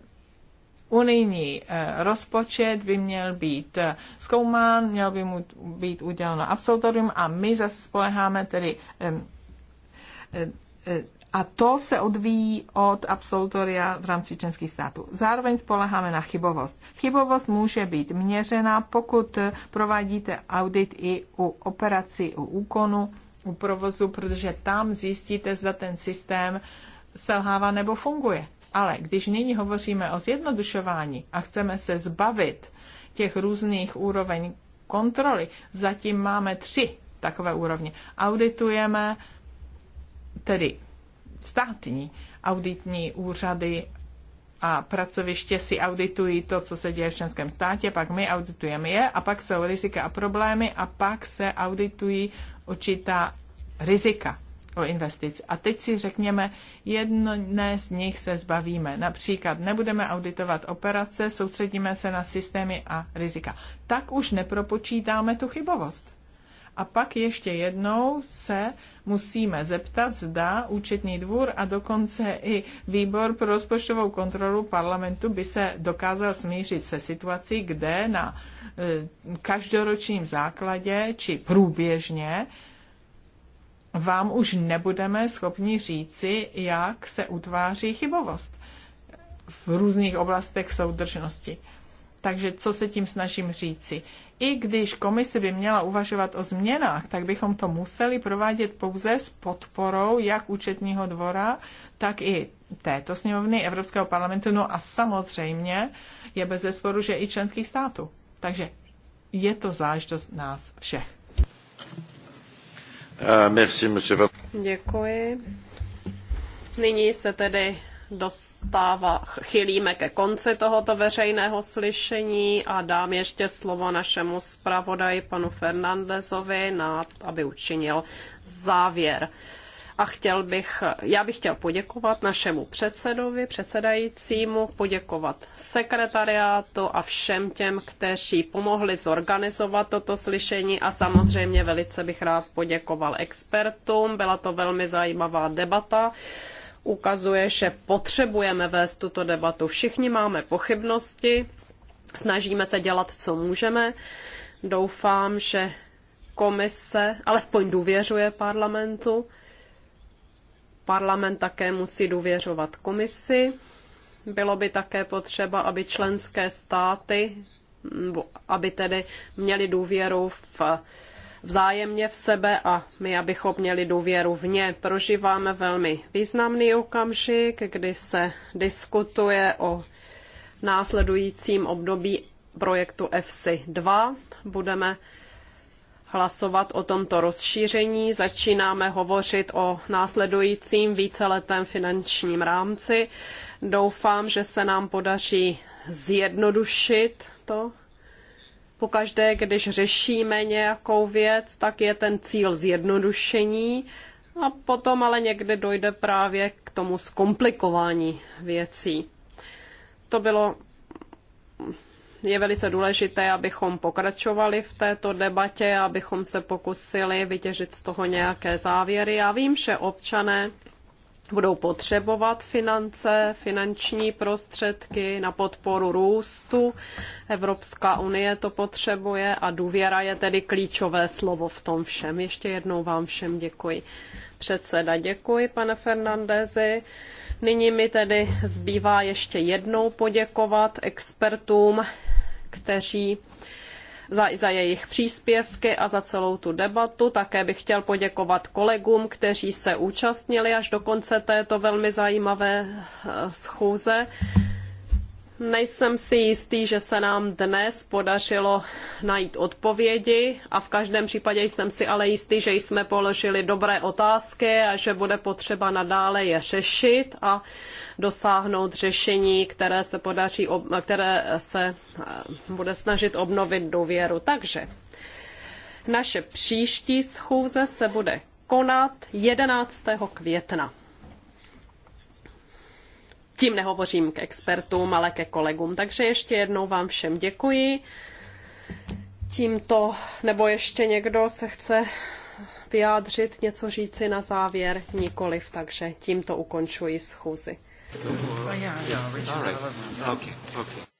Unijní eh, rozpočet by měl být eh, zkoumán, měl by mu být uděleno absolutorium a my zase spoleháme tedy eh, a to se odvíjí od absolutoria v rámci členských států. Zároveň spoleháme na chybovost. Chybovost může být měřena, pokud provádíte audit i u operací, u úkonu, u provozu, protože tam zjistíte, zda ten systém selhává nebo funguje. Ale když nyní hovoříme o zjednodušování a chceme se zbavit těch různých úroveň kontroly, zatím máme tři takové úrovně. Auditujeme tedy státní auditní úřady a pracoviště si auditují to, co se děje v členském státě, pak my auditujeme je a pak jsou rizika a problémy a pak se auditují určitá rizika o investic. A teď si řekněme, jedné z nich se zbavíme. Například nebudeme auditovat operace, soustředíme se na systémy a rizika. Tak už nepropočítáme tu chybovost. A pak ještě jednou se musíme zeptat, zda účetní dvůr a dokonce i výbor pro rozpočtovou kontrolu parlamentu by se dokázal smířit se situací, kde na e, každoročním základě či průběžně vám už nebudeme schopni říci, jak se utváří chybovost v různých oblastech soudržnosti. Takže co se tím snažím říci? I když komise by měla uvažovat o změnách, tak bychom to museli provádět pouze s podporou jak účetního dvora, tak i této sněmovny Evropského parlamentu, no a samozřejmě je bez zesporu, že i členských států. Takže je to záležitost nás všech. Eh, Děkuji. Nyní se tedy dostává, chylíme ke konci tohoto veřejného slyšení a dám ještě slovo našemu zpravodaji panu Fernandezovi, na, aby učinil závěr a chtěl bych, já bych chtěl poděkovat našemu předsedovi, předsedajícímu, poděkovat sekretariátu a všem těm, kteří pomohli zorganizovat toto slyšení a samozřejmě velice bych rád poděkoval expertům. Byla to velmi zajímavá debata ukazuje, že potřebujeme vést tuto debatu. Všichni máme pochybnosti, snažíme se dělat, co můžeme. Doufám, že komise alespoň důvěřuje parlamentu Parlament také musí důvěřovat komisi. Bylo by také potřeba, aby členské státy, aby tedy měli důvěru v vzájemně v sebe a my, abychom měli důvěru v ně. Prožíváme velmi významný okamžik, kdy se diskutuje o následujícím období projektu FC2. Budeme hlasovat o tomto rozšíření. Začínáme hovořit o následujícím víceletém finančním rámci. Doufám, že se nám podaří zjednodušit to. Pokaždé, když řešíme nějakou věc, tak je ten cíl zjednodušení a potom ale někdy dojde právě k tomu zkomplikování věcí. To bylo je velice důležité, abychom pokračovali v této debatě, abychom se pokusili vytěžit z toho nějaké závěry. Já vím, že občané budou potřebovat finance, finanční prostředky na podporu růstu. Evropská unie to potřebuje a důvěra je tedy klíčové slovo v tom všem. Ještě jednou vám všem děkuji. Předseda, děkuji, pane Fernandezi. Nyní mi tedy zbývá ještě jednou poděkovat expertům, kteří za, za jejich příspěvky a za celou tu debatu. Také bych chtěl poděkovat kolegům, kteří se účastnili až do konce této velmi zajímavé eh, schůze. Nejsem si jistý, že se nám dnes podařilo najít odpovědi a v každém případě jsem si ale jistý, že jsme položili dobré otázky a že bude potřeba nadále je řešit a dosáhnout řešení, které se podaří, které se eh, bude snažit obnovit důvěru. Takže naše příští schůze se bude konat 11. května tím nehovořím k expertům, ale ke kolegům. Takže ještě jednou vám všem děkuji. Tímto, nebo ještě někdo se chce vyjádřit, něco říci na závěr? Nikoliv, takže tímto ukončuji schůzi. Oh, okay, okay.